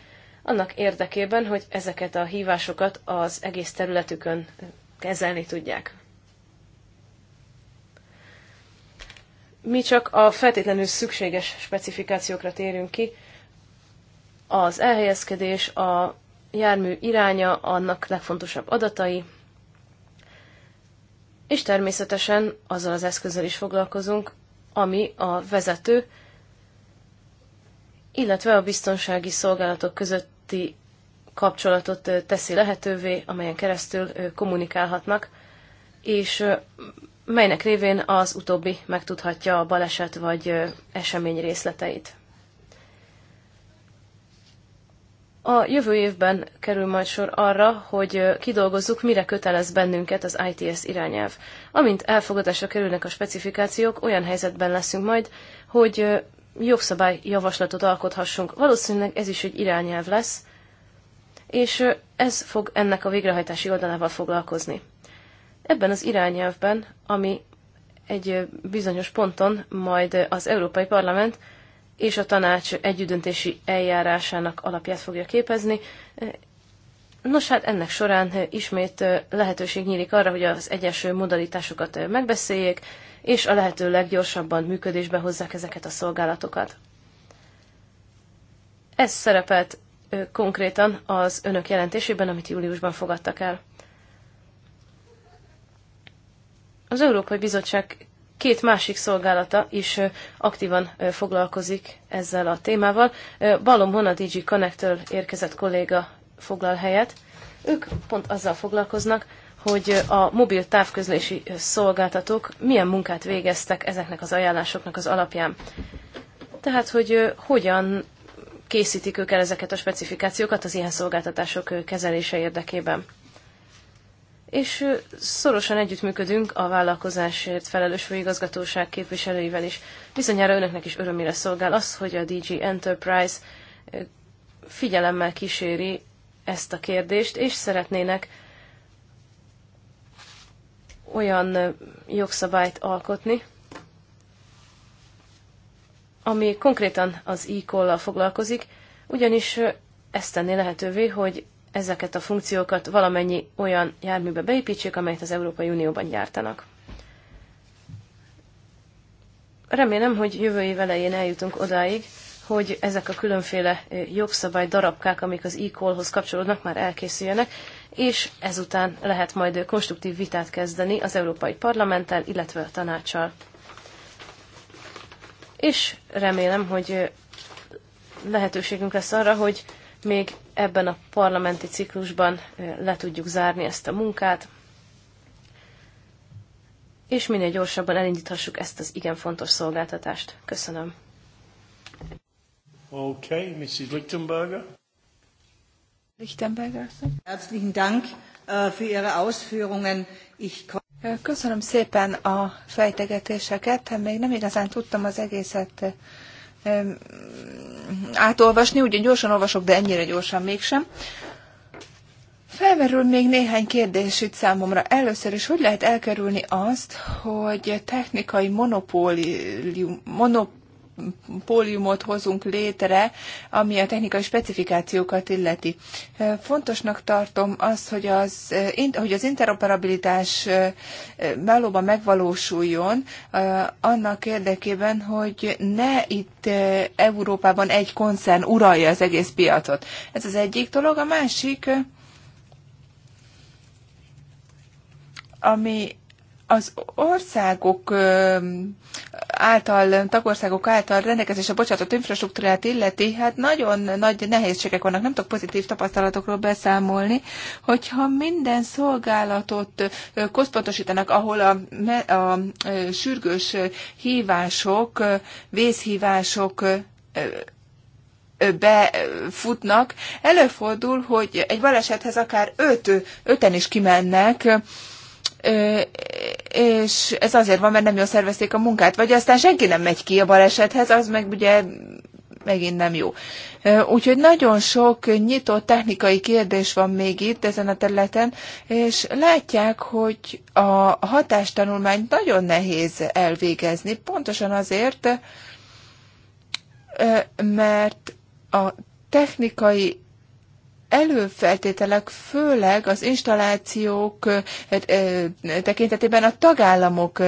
S2: annak érdekében, hogy ezeket a hívásokat az egész területükön kezelni tudják. Mi csak a feltétlenül szükséges specifikációkra térünk ki. Az elhelyezkedés, a jármű iránya, annak legfontosabb adatai, és természetesen azzal az eszközzel is foglalkozunk, ami a vezető, illetve a biztonsági szolgálatok közötti kapcsolatot teszi lehetővé, amelyen keresztül kommunikálhatnak, és melynek révén az utóbbi megtudhatja a baleset vagy esemény részleteit. A jövő évben kerül majd sor arra, hogy kidolgozzuk, mire kötelez bennünket az ITS irányelv. Amint elfogadásra kerülnek a specifikációk, olyan helyzetben leszünk majd, hogy jogszabály javaslatot alkothassunk. Valószínűleg ez is egy irányelv lesz, és ez fog ennek a végrehajtási oldalával foglalkozni. Ebben az irányelvben, ami egy bizonyos ponton majd az Európai Parlament és a tanács együttdöntési eljárásának alapját fogja képezni. Nos, hát ennek során ismét lehetőség nyílik arra, hogy az egyes modalitásokat megbeszéljék, és a lehető leggyorsabban működésbe hozzák ezeket a szolgálatokat. Ez szerepelt konkrétan az önök jelentésében, amit júliusban fogadtak el. Az Európai Bizottság két másik szolgálata is aktívan foglalkozik ezzel a témával. Balom Hona DG Connect-től érkezett kolléga foglal helyet. Ők pont azzal foglalkoznak, hogy a mobil távközlési szolgáltatók milyen munkát végeztek ezeknek az ajánlásoknak az alapján. Tehát, hogy hogyan készítik ők el ezeket a specifikációkat az ilyen szolgáltatások kezelése érdekében és szorosan együttműködünk a vállalkozásért felelős főigazgatóság képviselőivel is. Bizonyára önöknek is örömére szolgál az, hogy a DG Enterprise figyelemmel kíséri ezt a kérdést, és szeretnének olyan jogszabályt alkotni, ami konkrétan az e foglalkozik, ugyanis ezt tenni lehetővé, hogy ezeket a funkciókat valamennyi olyan járműbe beépítsék, amelyet az Európai Unióban gyártanak. Remélem, hogy jövő év elején eljutunk odáig, hogy ezek a különféle jogszabály darabkák, amik az e-callhoz kapcsolódnak, már elkészüljenek, és ezután lehet majd konstruktív vitát kezdeni az Európai Parlamenttel, illetve a tanácssal. És remélem, hogy lehetőségünk lesz arra, hogy még ebben a parlamenti ciklusban le tudjuk zárni ezt a munkát, és minél gyorsabban elindíthassuk ezt az igen fontos szolgáltatást. Köszönöm.
S1: Okay, Mrs. Lichtenberger.
S2: Lichtenberger. Herzlichen Dank
S4: äh, für Ihre Ausführungen. Ich Köszönöm szépen a fejtegetéseket, még nem igazán tudtam az egészet átolvasni, ugye gyorsan olvasok, de ennyire gyorsan mégsem. Felmerül még néhány kérdés itt számomra. Először is, hogy lehet elkerülni azt, hogy technikai monopólium, monop póliumot hozunk létre, ami a technikai specifikációkat illeti. Fontosnak tartom azt, hogy az, hogy az interoperabilitás valóban megvalósuljon, annak érdekében, hogy ne itt Európában egy koncern uralja az egész piacot. Ez az egyik dolog. A másik, ami az országok által, tagországok által rendelkezésre bocsátott infrastruktúrát illeti, hát nagyon nagy nehézségek vannak. Nem tudok pozitív tapasztalatokról beszámolni, hogyha minden szolgálatot központosítanak, ahol a, a, a sürgős hívások, vészhívások befutnak, előfordul, hogy egy balesethez akár öt, öten is kimennek, és ez azért van, mert nem jól szervezték a munkát, vagy aztán senki nem megy ki a balesethez, az meg ugye megint nem jó. Úgyhogy nagyon sok nyitott technikai kérdés van még itt ezen a területen, és látják, hogy a hatástanulmányt nagyon nehéz elvégezni, pontosan azért, mert a technikai előfeltételek főleg az installációk tekintetében a tagállamok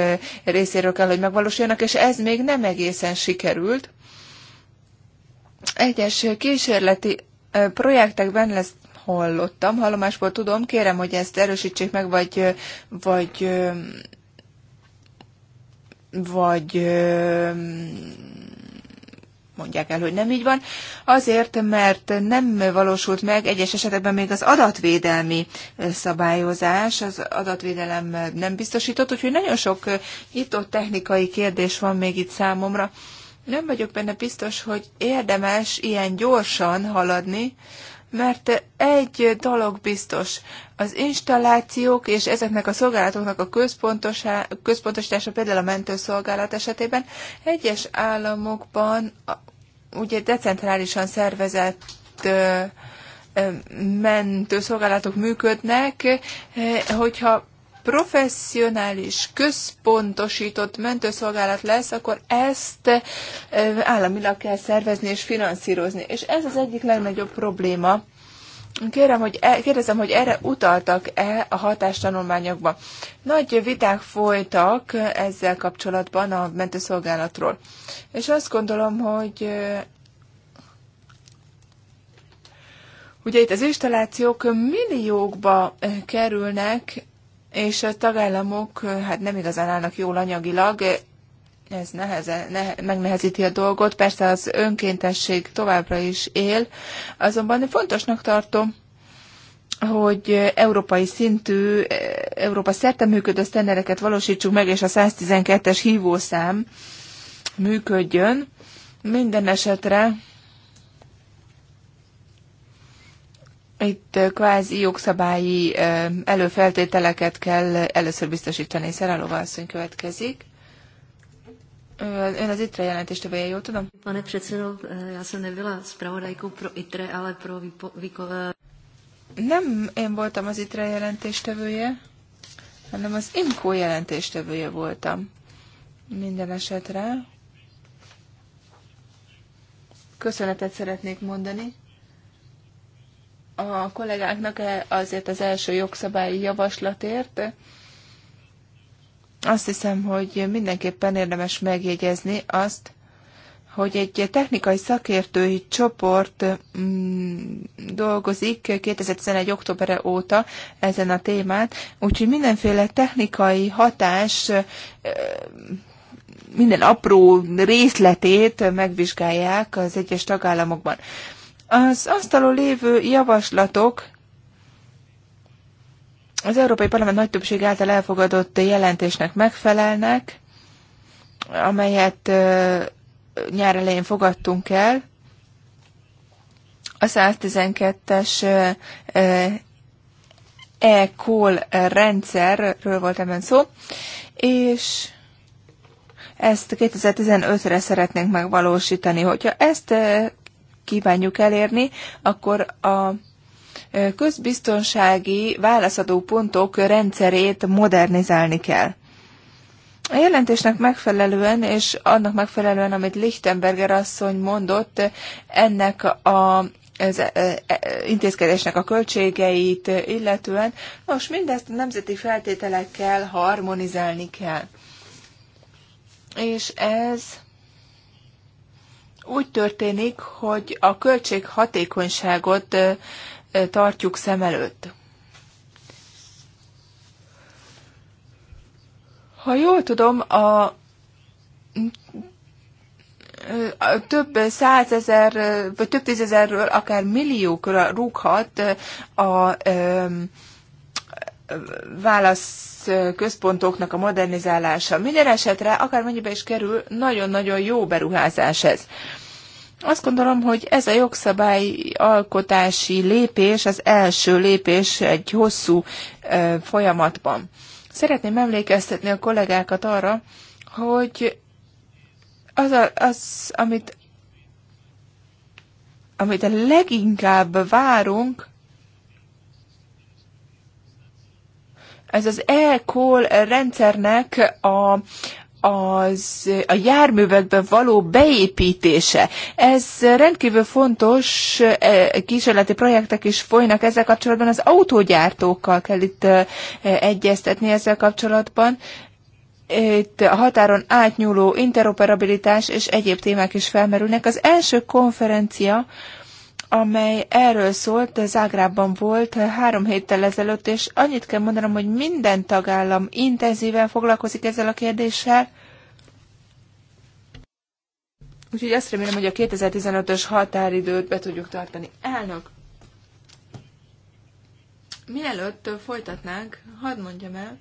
S4: részéről kell, hogy megvalósuljanak, és ez még nem egészen sikerült. Egyes kísérleti projektekben lesz hallottam, hallomásból tudom, kérem, hogy ezt erősítsék meg, vagy, vagy, vagy mondják el, hogy nem így van, azért, mert nem valósult meg egyes esetekben még az adatvédelmi szabályozás, az adatvédelem nem biztosított, úgyhogy nagyon sok nyitott technikai kérdés van még itt számomra. Nem vagyok benne biztos, hogy érdemes ilyen gyorsan haladni, mert egy dolog biztos, az installációk és ezeknek a szolgálatoknak a központosítása, például a mentőszolgálat esetében, egyes államokban ugye decentrálisan szervezett mentőszolgálatok működnek, hogyha professzionális, központosított mentőszolgálat lesz, akkor ezt államilag kell szervezni és finanszírozni. És ez az egyik legnagyobb probléma Kérem, hogy e, kérdezem, hogy erre utaltak-e a hatástanulmányokban. Nagy viták folytak ezzel kapcsolatban a mentőszolgálatról. És azt gondolom, hogy ugye itt az installációk milliókba kerülnek, és a tagállamok hát nem igazán állnak jól anyagilag, ez neheze, nehe, megnehezíti a dolgot. Persze az önkéntesség továbbra is él, azonban fontosnak tartom, hogy európai szintű, Európa szerte működő sztendereket valósítsuk meg, és a 112-es hívószám működjön. Minden esetre itt kvázi jogszabályi előfeltételeket kell először biztosítani. Szerelova asszony következik. Ön az ITRE jelentéstevője, jól tudom? Pane předsedo, já jsem nebyla spravodajkou pro ITRE, ale pro výpo, Nem én voltam az ITRE jelentéstevője, hanem az IMCO jelentéstevője voltam. Minden esetre köszönetet szeretnék mondani a kollégáknak e- azért az első jogszabályi javaslatért, azt hiszem, hogy mindenképpen érdemes megjegyezni azt, hogy egy technikai szakértői csoport mm, dolgozik 2011. októberre óta ezen a témát, úgyhogy mindenféle technikai hatás minden apró részletét megvizsgálják az egyes tagállamokban. Az asztalon lévő javaslatok az Európai Parlament nagy többség által elfogadott jelentésnek megfelelnek, amelyet nyár elején fogadtunk el. A 112-es e-call rendszerről volt ebben szó, és ezt 2015-re szeretnénk megvalósítani. Hogyha ezt kívánjuk elérni, akkor a közbiztonsági válaszadó pontok rendszerét modernizálni kell. A jelentésnek megfelelően, és annak megfelelően, amit Lichtenberger asszony mondott, ennek a az e, e, intézkedésnek a költségeit illetően. most mindezt a nemzeti feltételekkel harmonizálni kell. És ez úgy történik, hogy a költséghatékonyságot tartjuk szem előtt. Ha jól tudom, a több százezer, vagy több tízezerről, akár milliókra rúghat a válasz központoknak a modernizálása. Minden esetre, akármennyibe is kerül, nagyon-nagyon jó beruházás ez. Azt gondolom, hogy ez a jogszabály alkotási lépés az első lépés egy hosszú folyamatban. Szeretném emlékeztetni a kollégákat arra, hogy az, a, az amit, amit a leginkább várunk, ez az e-call rendszernek a, az, a járművekbe való beépítése. Ez rendkívül fontos e, kísérleti projektek is folynak ezzel kapcsolatban, az autógyártókkal kell itt e, egyeztetni ezzel kapcsolatban. Itt a határon átnyúló interoperabilitás és egyéb témák is felmerülnek. Az első konferencia, amely erről szólt, Zágrában volt három héttel ezelőtt, és annyit kell mondanom, hogy minden tagállam intenzíven foglalkozik ezzel a kérdéssel, Úgyhogy azt remélem, hogy a 2015-ös határidőt be tudjuk tartani. Elnök, mielőtt folytatnánk, hadd mondjam el,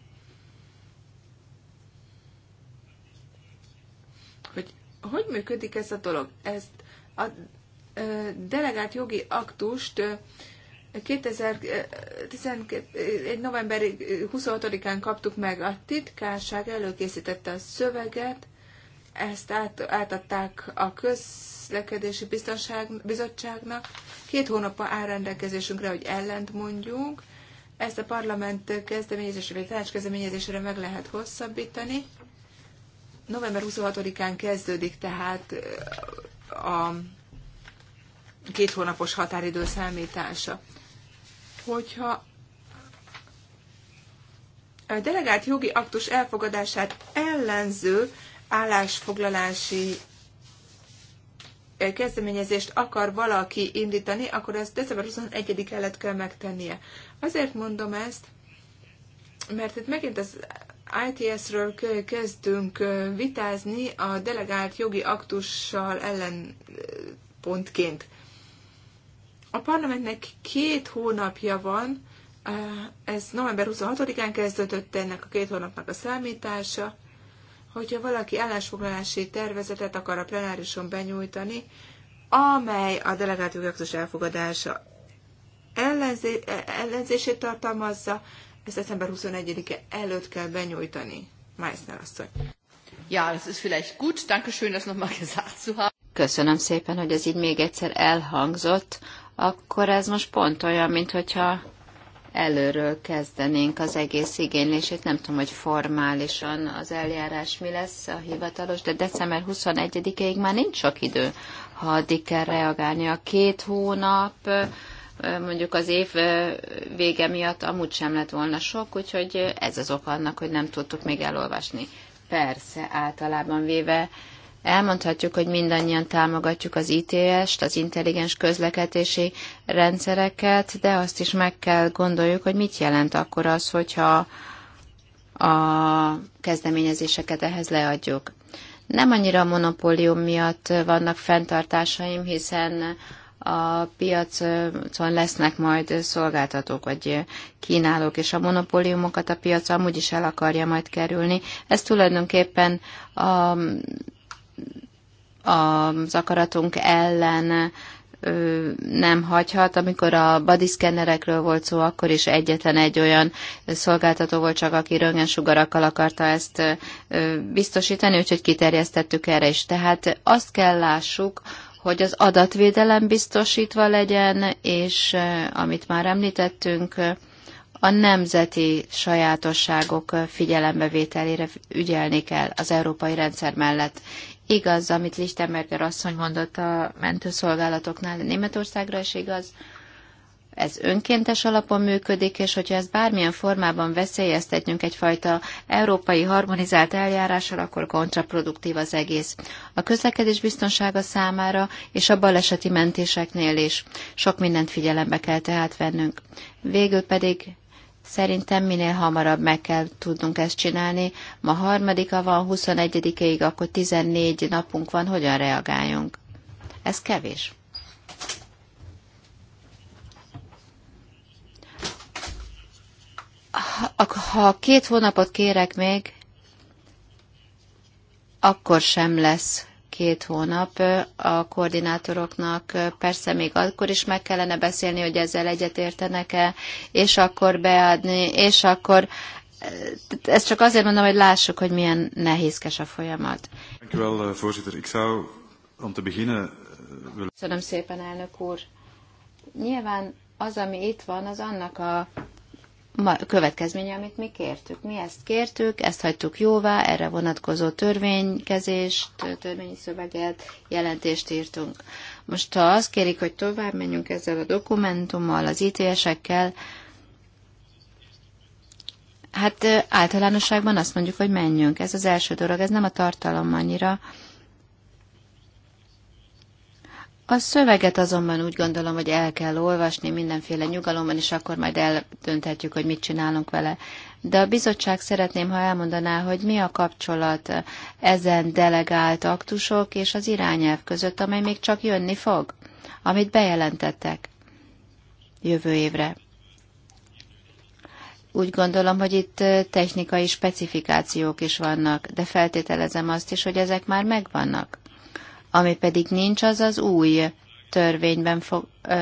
S4: hogy hogy működik ez a dolog. Ezt a delegált jogi aktust 2011. november 26-án kaptuk meg, a titkárság előkészítette a szöveget, ezt át, átadták a közlekedési biztonság, bizottságnak. Két hónappal áll rendelkezésünkre, hogy ellent mondjunk. Ezt a parlament kezdeményezésre, vagy tanács kezdeményezésre meg lehet hosszabbítani. November 26-án kezdődik tehát a két hónapos határidő számítása. Hogyha a delegált jogi aktus elfogadását ellenző állásfoglalási eh, kezdeményezést akar valaki indítani, akkor ezt december 21 előtt kell megtennie. Azért mondom ezt, mert itt megint az ITS-ről kezdünk eh, vitázni a delegált jogi aktussal ellen eh, pontként. A parlamentnek két hónapja van, eh, ez november 26-án kezdődött ennek a két hónapnak a számítása, hogyha valaki állásfoglalási tervezetet akar a plenárison benyújtani, amely a delegáció aktus elfogadása ellenzését tartalmazza, ezt december 21-e előtt kell benyújtani. Meissner asszony. Ja, das ist
S3: vielleicht gut. Danke schön, das nochmal gesagt zu haben. Köszönöm szépen, hogy ez így még egyszer elhangzott akkor ez most pont olyan, mint hogyha előről kezdenénk az egész igénylését. Nem tudom, hogy formálisan az eljárás mi lesz a hivatalos, de december 21-ig már nincs sok idő, ha addig kell reagálni. A két hónap, mondjuk az év vége miatt amúgy sem lett volna sok, úgyhogy ez az ok annak, hogy nem tudtuk még elolvasni. Persze, általában véve Elmondhatjuk, hogy mindannyian támogatjuk az ITS-t, az intelligens közlekedési rendszereket, de azt is meg kell gondoljuk, hogy mit jelent akkor az, hogyha a kezdeményezéseket ehhez leadjuk. Nem annyira a monopólium miatt vannak fenntartásaim, hiszen a piacon lesznek majd szolgáltatók vagy kínálók, és a monopóliumokat a piac amúgy is el akarja majd kerülni. Ez tulajdonképpen a az akaratunk ellen nem hagyhat. Amikor a scannerekről volt szó, akkor is egyetlen egy olyan szolgáltató volt csak, aki sugarakkal akarta ezt biztosítani, úgyhogy kiterjesztettük erre is. Tehát azt kell lássuk, hogy az adatvédelem biztosítva legyen, és amit már említettünk, a nemzeti sajátosságok figyelembevételére ügyelni kell az európai rendszer mellett. Igaz, amit Lichtenberger asszony mondott a mentőszolgálatoknál, Németországra is igaz. Ez önkéntes alapon működik, és hogyha ezt bármilyen formában veszélyeztetjünk egyfajta európai harmonizált eljárással, akkor kontraproduktív az egész. A közlekedés biztonsága számára és a baleseti mentéseknél is. Sok mindent figyelembe kell tehát vennünk. Végül pedig Szerintem minél hamarabb meg kell tudnunk ezt csinálni. Ma harmadika van, 21-ig, akkor 14 napunk van, hogyan reagáljunk? Ez kevés. Ha, ha két hónapot kérek még, akkor sem lesz két hónap a koordinátoroknak persze még akkor is meg kellene beszélni, hogy ezzel egyetértenek-e, és akkor beadni, és akkor eh, ezt csak azért mondom, hogy lássuk, hogy milyen nehézkes a folyamat. Eh, eh, Köszönöm szépen, elnök úr. Nyilván az, ami itt van, az annak a következménye, amit mi kértük. Mi ezt kértük, ezt hagytuk jóvá, erre vonatkozó törvénykezést, törvényi szöveget, jelentést írtunk. Most ha azt kérik, hogy tovább menjünk ezzel a dokumentummal, az ítélésekkel, hát általánosságban azt mondjuk, hogy menjünk. Ez az első dolog, ez nem a tartalom annyira, a szöveget azonban úgy gondolom, hogy el kell olvasni mindenféle nyugalomban, és akkor majd eldönthetjük, hogy mit csinálunk vele. De a bizottság szeretném, ha elmondaná, hogy mi a kapcsolat ezen delegált aktusok és az irányelv között, amely még csak jönni fog, amit bejelentettek jövő évre. Úgy gondolom, hogy itt technikai specifikációk is vannak, de feltételezem azt is, hogy ezek már megvannak. Ami pedig nincs, az az új törvényben fog, ö,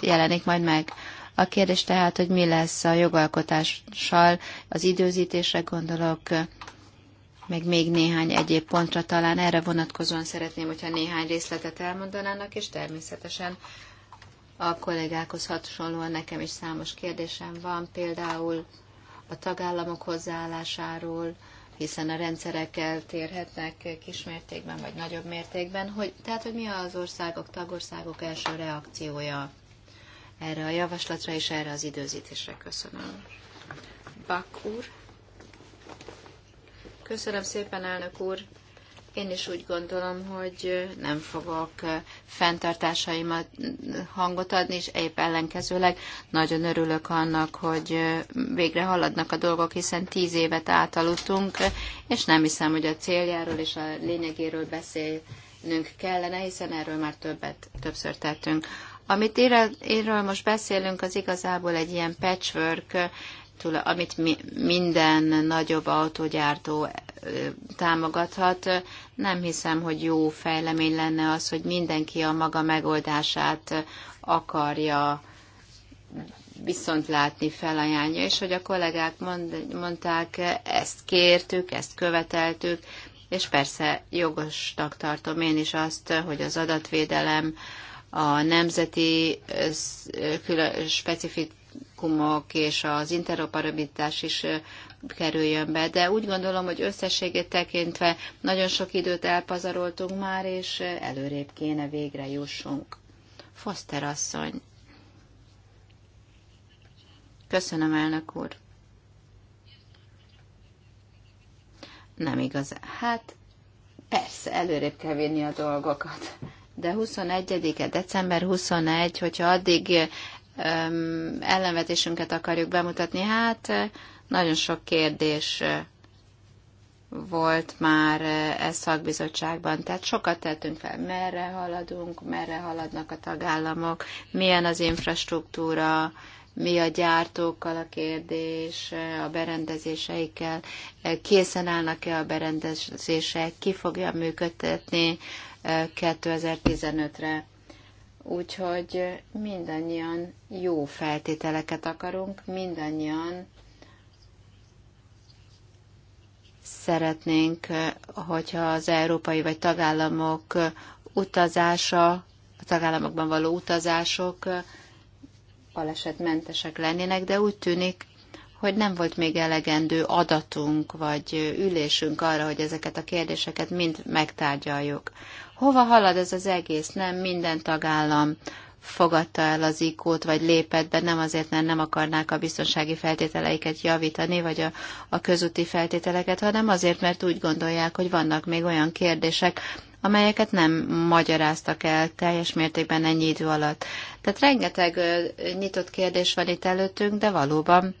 S3: jelenik majd meg. A kérdés tehát, hogy mi lesz a jogalkotással, az időzítésre gondolok, meg még néhány egyéb pontra talán erre vonatkozóan szeretném, hogyha néhány részletet elmondanának, és természetesen a kollégákhoz hasonlóan nekem is számos kérdésem van, például a tagállamok hozzáállásáról, hiszen a rendszerek eltérhetnek kismértékben vagy nagyobb mértékben, hogy, tehát hogy mi az országok, tagországok első reakciója erre a javaslatra és erre az időzítésre. Köszönöm. Bak úr. Köszönöm szépen, elnök úr. Én is úgy gondolom, hogy nem fogok eh, fenntartásaimat eh, hangot adni, és épp ellenkezőleg nagyon örülök annak, hogy eh, végre haladnak a dolgok, hiszen tíz évet átaludtunk, és nem hiszem, hogy a céljáról és a lényegéről beszélnünk kellene, hiszen erről már többet, többször tettünk. Amit erről most beszélünk, az igazából egy ilyen patchwork amit minden nagyobb autógyártó támogathat. Nem hiszem, hogy jó fejlemény lenne az, hogy mindenki a maga megoldását akarja viszont látni felajánlja, és hogy a kollégák mond, mondták, ezt kértük, ezt követeltük, és persze jogosnak tartom én is azt, hogy az adatvédelem, a nemzeti specifikus vákumok és az interoperabilitás is kerüljön be. De úgy gondolom, hogy összességét tekintve nagyon sok időt elpazaroltunk már, és előrébb kéne végre jussunk. Foster asszony. Köszönöm, elnök úr. Nem igaz. Hát persze, előrébb kell vinni a dolgokat. De 21-e, december 21, hogyha addig ellenvetésünket akarjuk bemutatni. Hát nagyon sok kérdés volt már ez szakbizottságban, tehát sokat tettünk fel, merre haladunk, merre haladnak a tagállamok, milyen az infrastruktúra, mi a gyártókkal a kérdés, a berendezéseikkel, készen állnak-e a berendezések, ki fogja működtetni 2015-re Úgyhogy mindannyian jó feltételeket akarunk, mindannyian szeretnénk, hogyha az európai vagy tagállamok utazása, a tagállamokban való utazások balesetmentesek lennének, de úgy tűnik, hogy nem volt még elegendő adatunk vagy ülésünk arra, hogy ezeket a kérdéseket mind megtárgyaljuk. Hova halad ez az egész? Nem minden tagállam fogadta el az ikót, vagy lépett be, nem azért, mert nem akarnák a biztonsági feltételeiket javítani, vagy a, a közúti feltételeket, hanem azért, mert úgy gondolják, hogy vannak még olyan kérdések, amelyeket nem magyaráztak el teljes mértékben ennyi idő alatt. Tehát rengeteg nyitott kérdés van itt előttünk, de valóban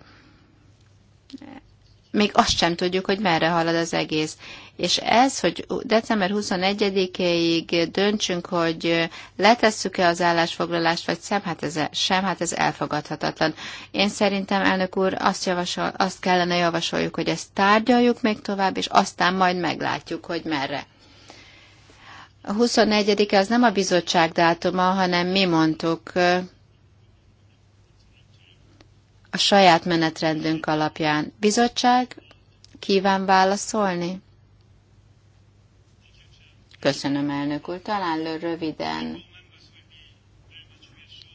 S3: még azt sem tudjuk, hogy merre halad az egész. És ez, hogy december 21 éig döntsünk, hogy letesszük-e az állásfoglalást, vagy sem hát, ez, sem, hát ez elfogadhatatlan. Én szerintem, elnök úr, azt, javasol, azt kellene javasoljuk, hogy ezt tárgyaljuk még tovább, és aztán majd meglátjuk, hogy merre. A 24-e az nem a bizottság dátuma, hanem mi mondtuk, a saját menetrendünk alapján. Bizottság, kíván válaszolni? Köszönöm, elnök úr. Talán röviden.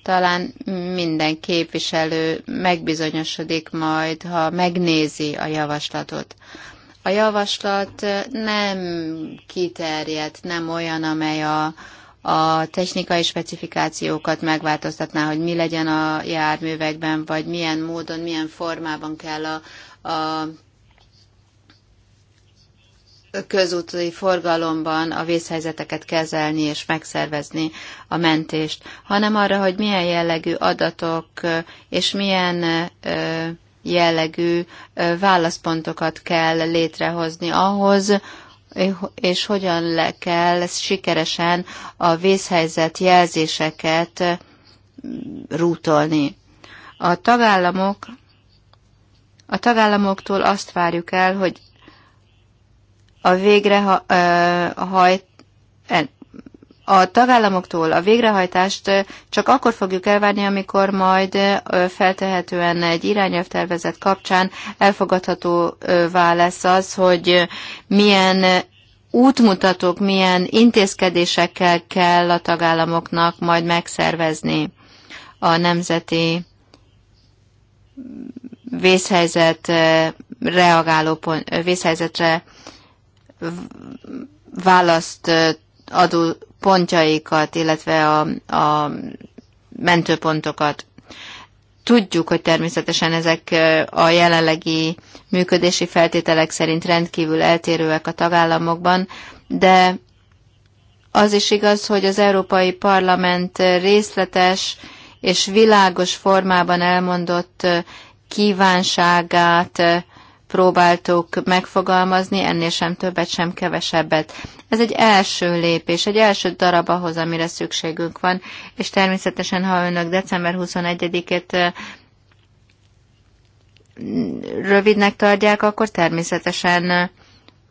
S3: Talán minden képviselő megbizonyosodik majd, ha megnézi a javaslatot. A javaslat nem kiterjedt, nem olyan, amely a, a technikai specifikációkat megváltoztatná, hogy mi legyen a járművekben, vagy milyen módon, milyen formában kell a, a közúti forgalomban a vészhelyzeteket kezelni és megszervezni a mentést, hanem arra, hogy milyen jellegű adatok és milyen jellegű válaszpontokat kell létrehozni ahhoz, és hogyan le kell sikeresen a vészhelyzet jelzéseket rútolni. A tagállamok a tagállamoktól azt várjuk el, hogy a végrehajt a tagállamoktól a végrehajtást csak akkor fogjuk elvárni, amikor majd feltehetően egy irányelvtervezet kapcsán elfogadhatóvá lesz az, hogy milyen útmutatók, milyen intézkedésekkel kell a tagállamoknak majd megszervezni a nemzeti vészhelyzet reagáló pont, vészhelyzetre választ adó pontjaikat, illetve a, a mentőpontokat. Tudjuk, hogy természetesen ezek a jelenlegi működési feltételek szerint rendkívül eltérőek a tagállamokban, de az is igaz, hogy az Európai Parlament részletes és világos formában elmondott kívánságát próbáltuk megfogalmazni, ennél sem többet, sem kevesebbet. Ez egy első lépés, egy első darab ahhoz, amire szükségünk van, és természetesen, ha önök december 21-ét rövidnek tartják, akkor természetesen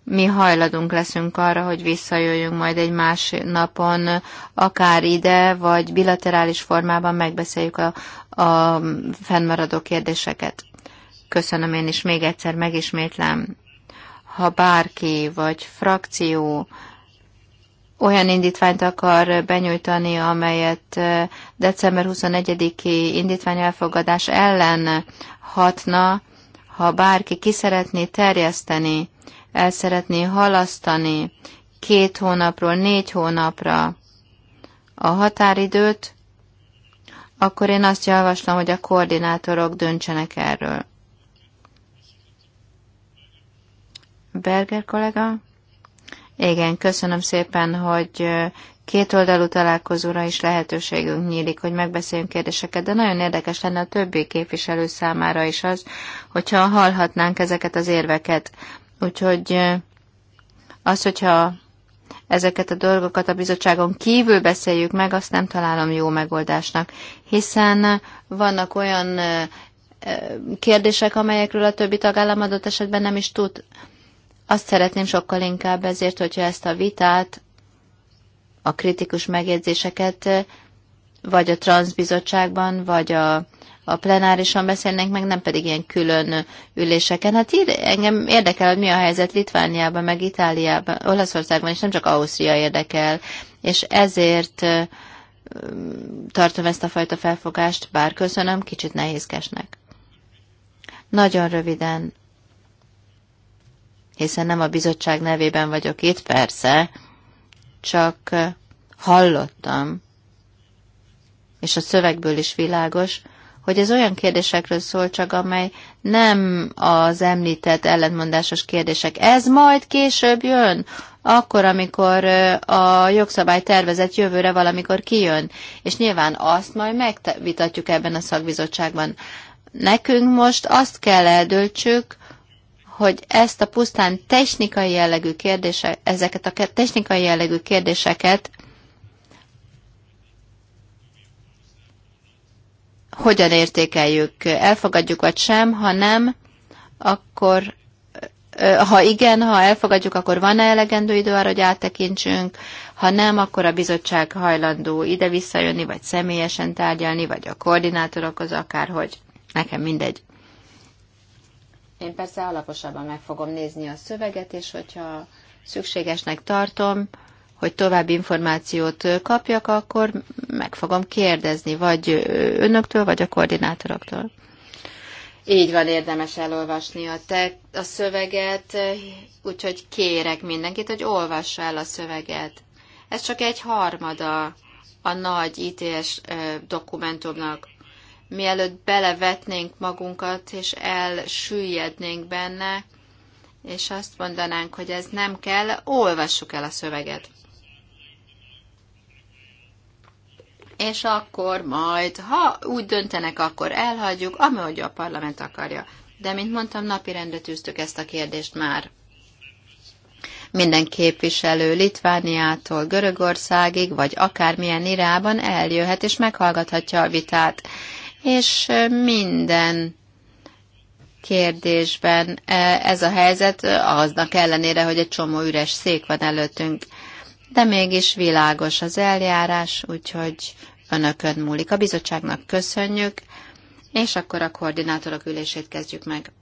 S3: mi hajladunk leszünk arra, hogy visszajöjjünk majd egy más napon, akár ide, vagy bilaterális formában megbeszéljük a, a fennmaradó kérdéseket. Köszönöm én is még egyszer megismétlem. Ha bárki vagy frakció olyan indítványt akar benyújtani, amelyet december 21-i indítvány elfogadás ellen hatna, ha bárki ki szeretné terjeszteni, el szeretné halasztani két hónapról négy hónapra a határidőt, akkor én azt javaslom, hogy a koordinátorok döntsenek erről. Berger kollega. Igen, köszönöm szépen, hogy kétoldalú találkozóra is lehetőségünk nyílik, hogy megbeszéljünk kérdéseket, de nagyon érdekes lenne a többi képviselő számára is az, hogyha hallhatnánk ezeket az érveket. Úgyhogy az, hogyha ezeket a dolgokat a bizottságon kívül beszéljük meg, azt nem találom jó megoldásnak, hiszen vannak olyan kérdések, amelyekről a többi tagállam adott esetben nem is tud. Azt szeretném sokkal inkább ezért, hogyha ezt a vitát, a kritikus megjegyzéseket eh, vagy a transzbizottságban, vagy a, a plenárisan beszélnénk, meg nem pedig ilyen külön üléseken. Hát ír, engem érdekel, hogy mi a helyzet Litvániában, meg Itáliában, Olaszországban, és nem csak Ausztria érdekel. És ezért eh, tartom ezt a fajta felfogást, bár köszönöm, kicsit nehézkesnek. Nagyon röviden hiszen nem a bizottság nevében vagyok itt, persze, csak hallottam, és a szövegből is világos, hogy ez olyan kérdésekről szól csak, amely nem az említett ellentmondásos kérdések. Ez majd később jön, akkor, amikor a jogszabály tervezett jövőre valamikor kijön, és nyilván azt majd megvitatjuk ebben a szakbizottságban. Nekünk most azt kell eldöltsük, hogy ezt a pusztán technikai jellegű kérdése, ezeket a technikai jellegű kérdéseket hogyan értékeljük, elfogadjuk vagy sem, ha nem, akkor ha igen, ha elfogadjuk, akkor van-e elegendő idő arra, hogy áttekintsünk, ha nem, akkor a bizottság hajlandó ide visszajönni, vagy személyesen tárgyalni, vagy a koordinátorokhoz, akárhogy. Nekem mindegy. Én persze alaposabban meg fogom nézni a szöveget, és hogyha szükségesnek tartom, hogy további információt kapjak, akkor meg fogom kérdezni, vagy önöktől, vagy a koordinátoroktól. Így van, érdemes elolvasni a, te, a szöveget, úgyhogy kérek mindenkit, hogy olvassa el a szöveget. Ez csak egy harmada a nagy ITS dokumentumnak mielőtt belevetnénk magunkat, és elsüllyednénk benne, és azt mondanánk, hogy ez nem kell, olvassuk el a szöveget. És akkor majd, ha úgy döntenek, akkor elhagyjuk, amely a parlament akarja. De, mint mondtam, rendre tűztük ezt a kérdést már. Minden képviselő Litvániától Görögországig, vagy akármilyen irában eljöhet és meghallgathatja a vitát és minden kérdésben ez a helyzet aznak ellenére, hogy egy csomó üres szék van előttünk. De mégis világos az eljárás, úgyhogy önökön múlik. A bizottságnak köszönjük, és akkor a koordinátorok ülését kezdjük meg.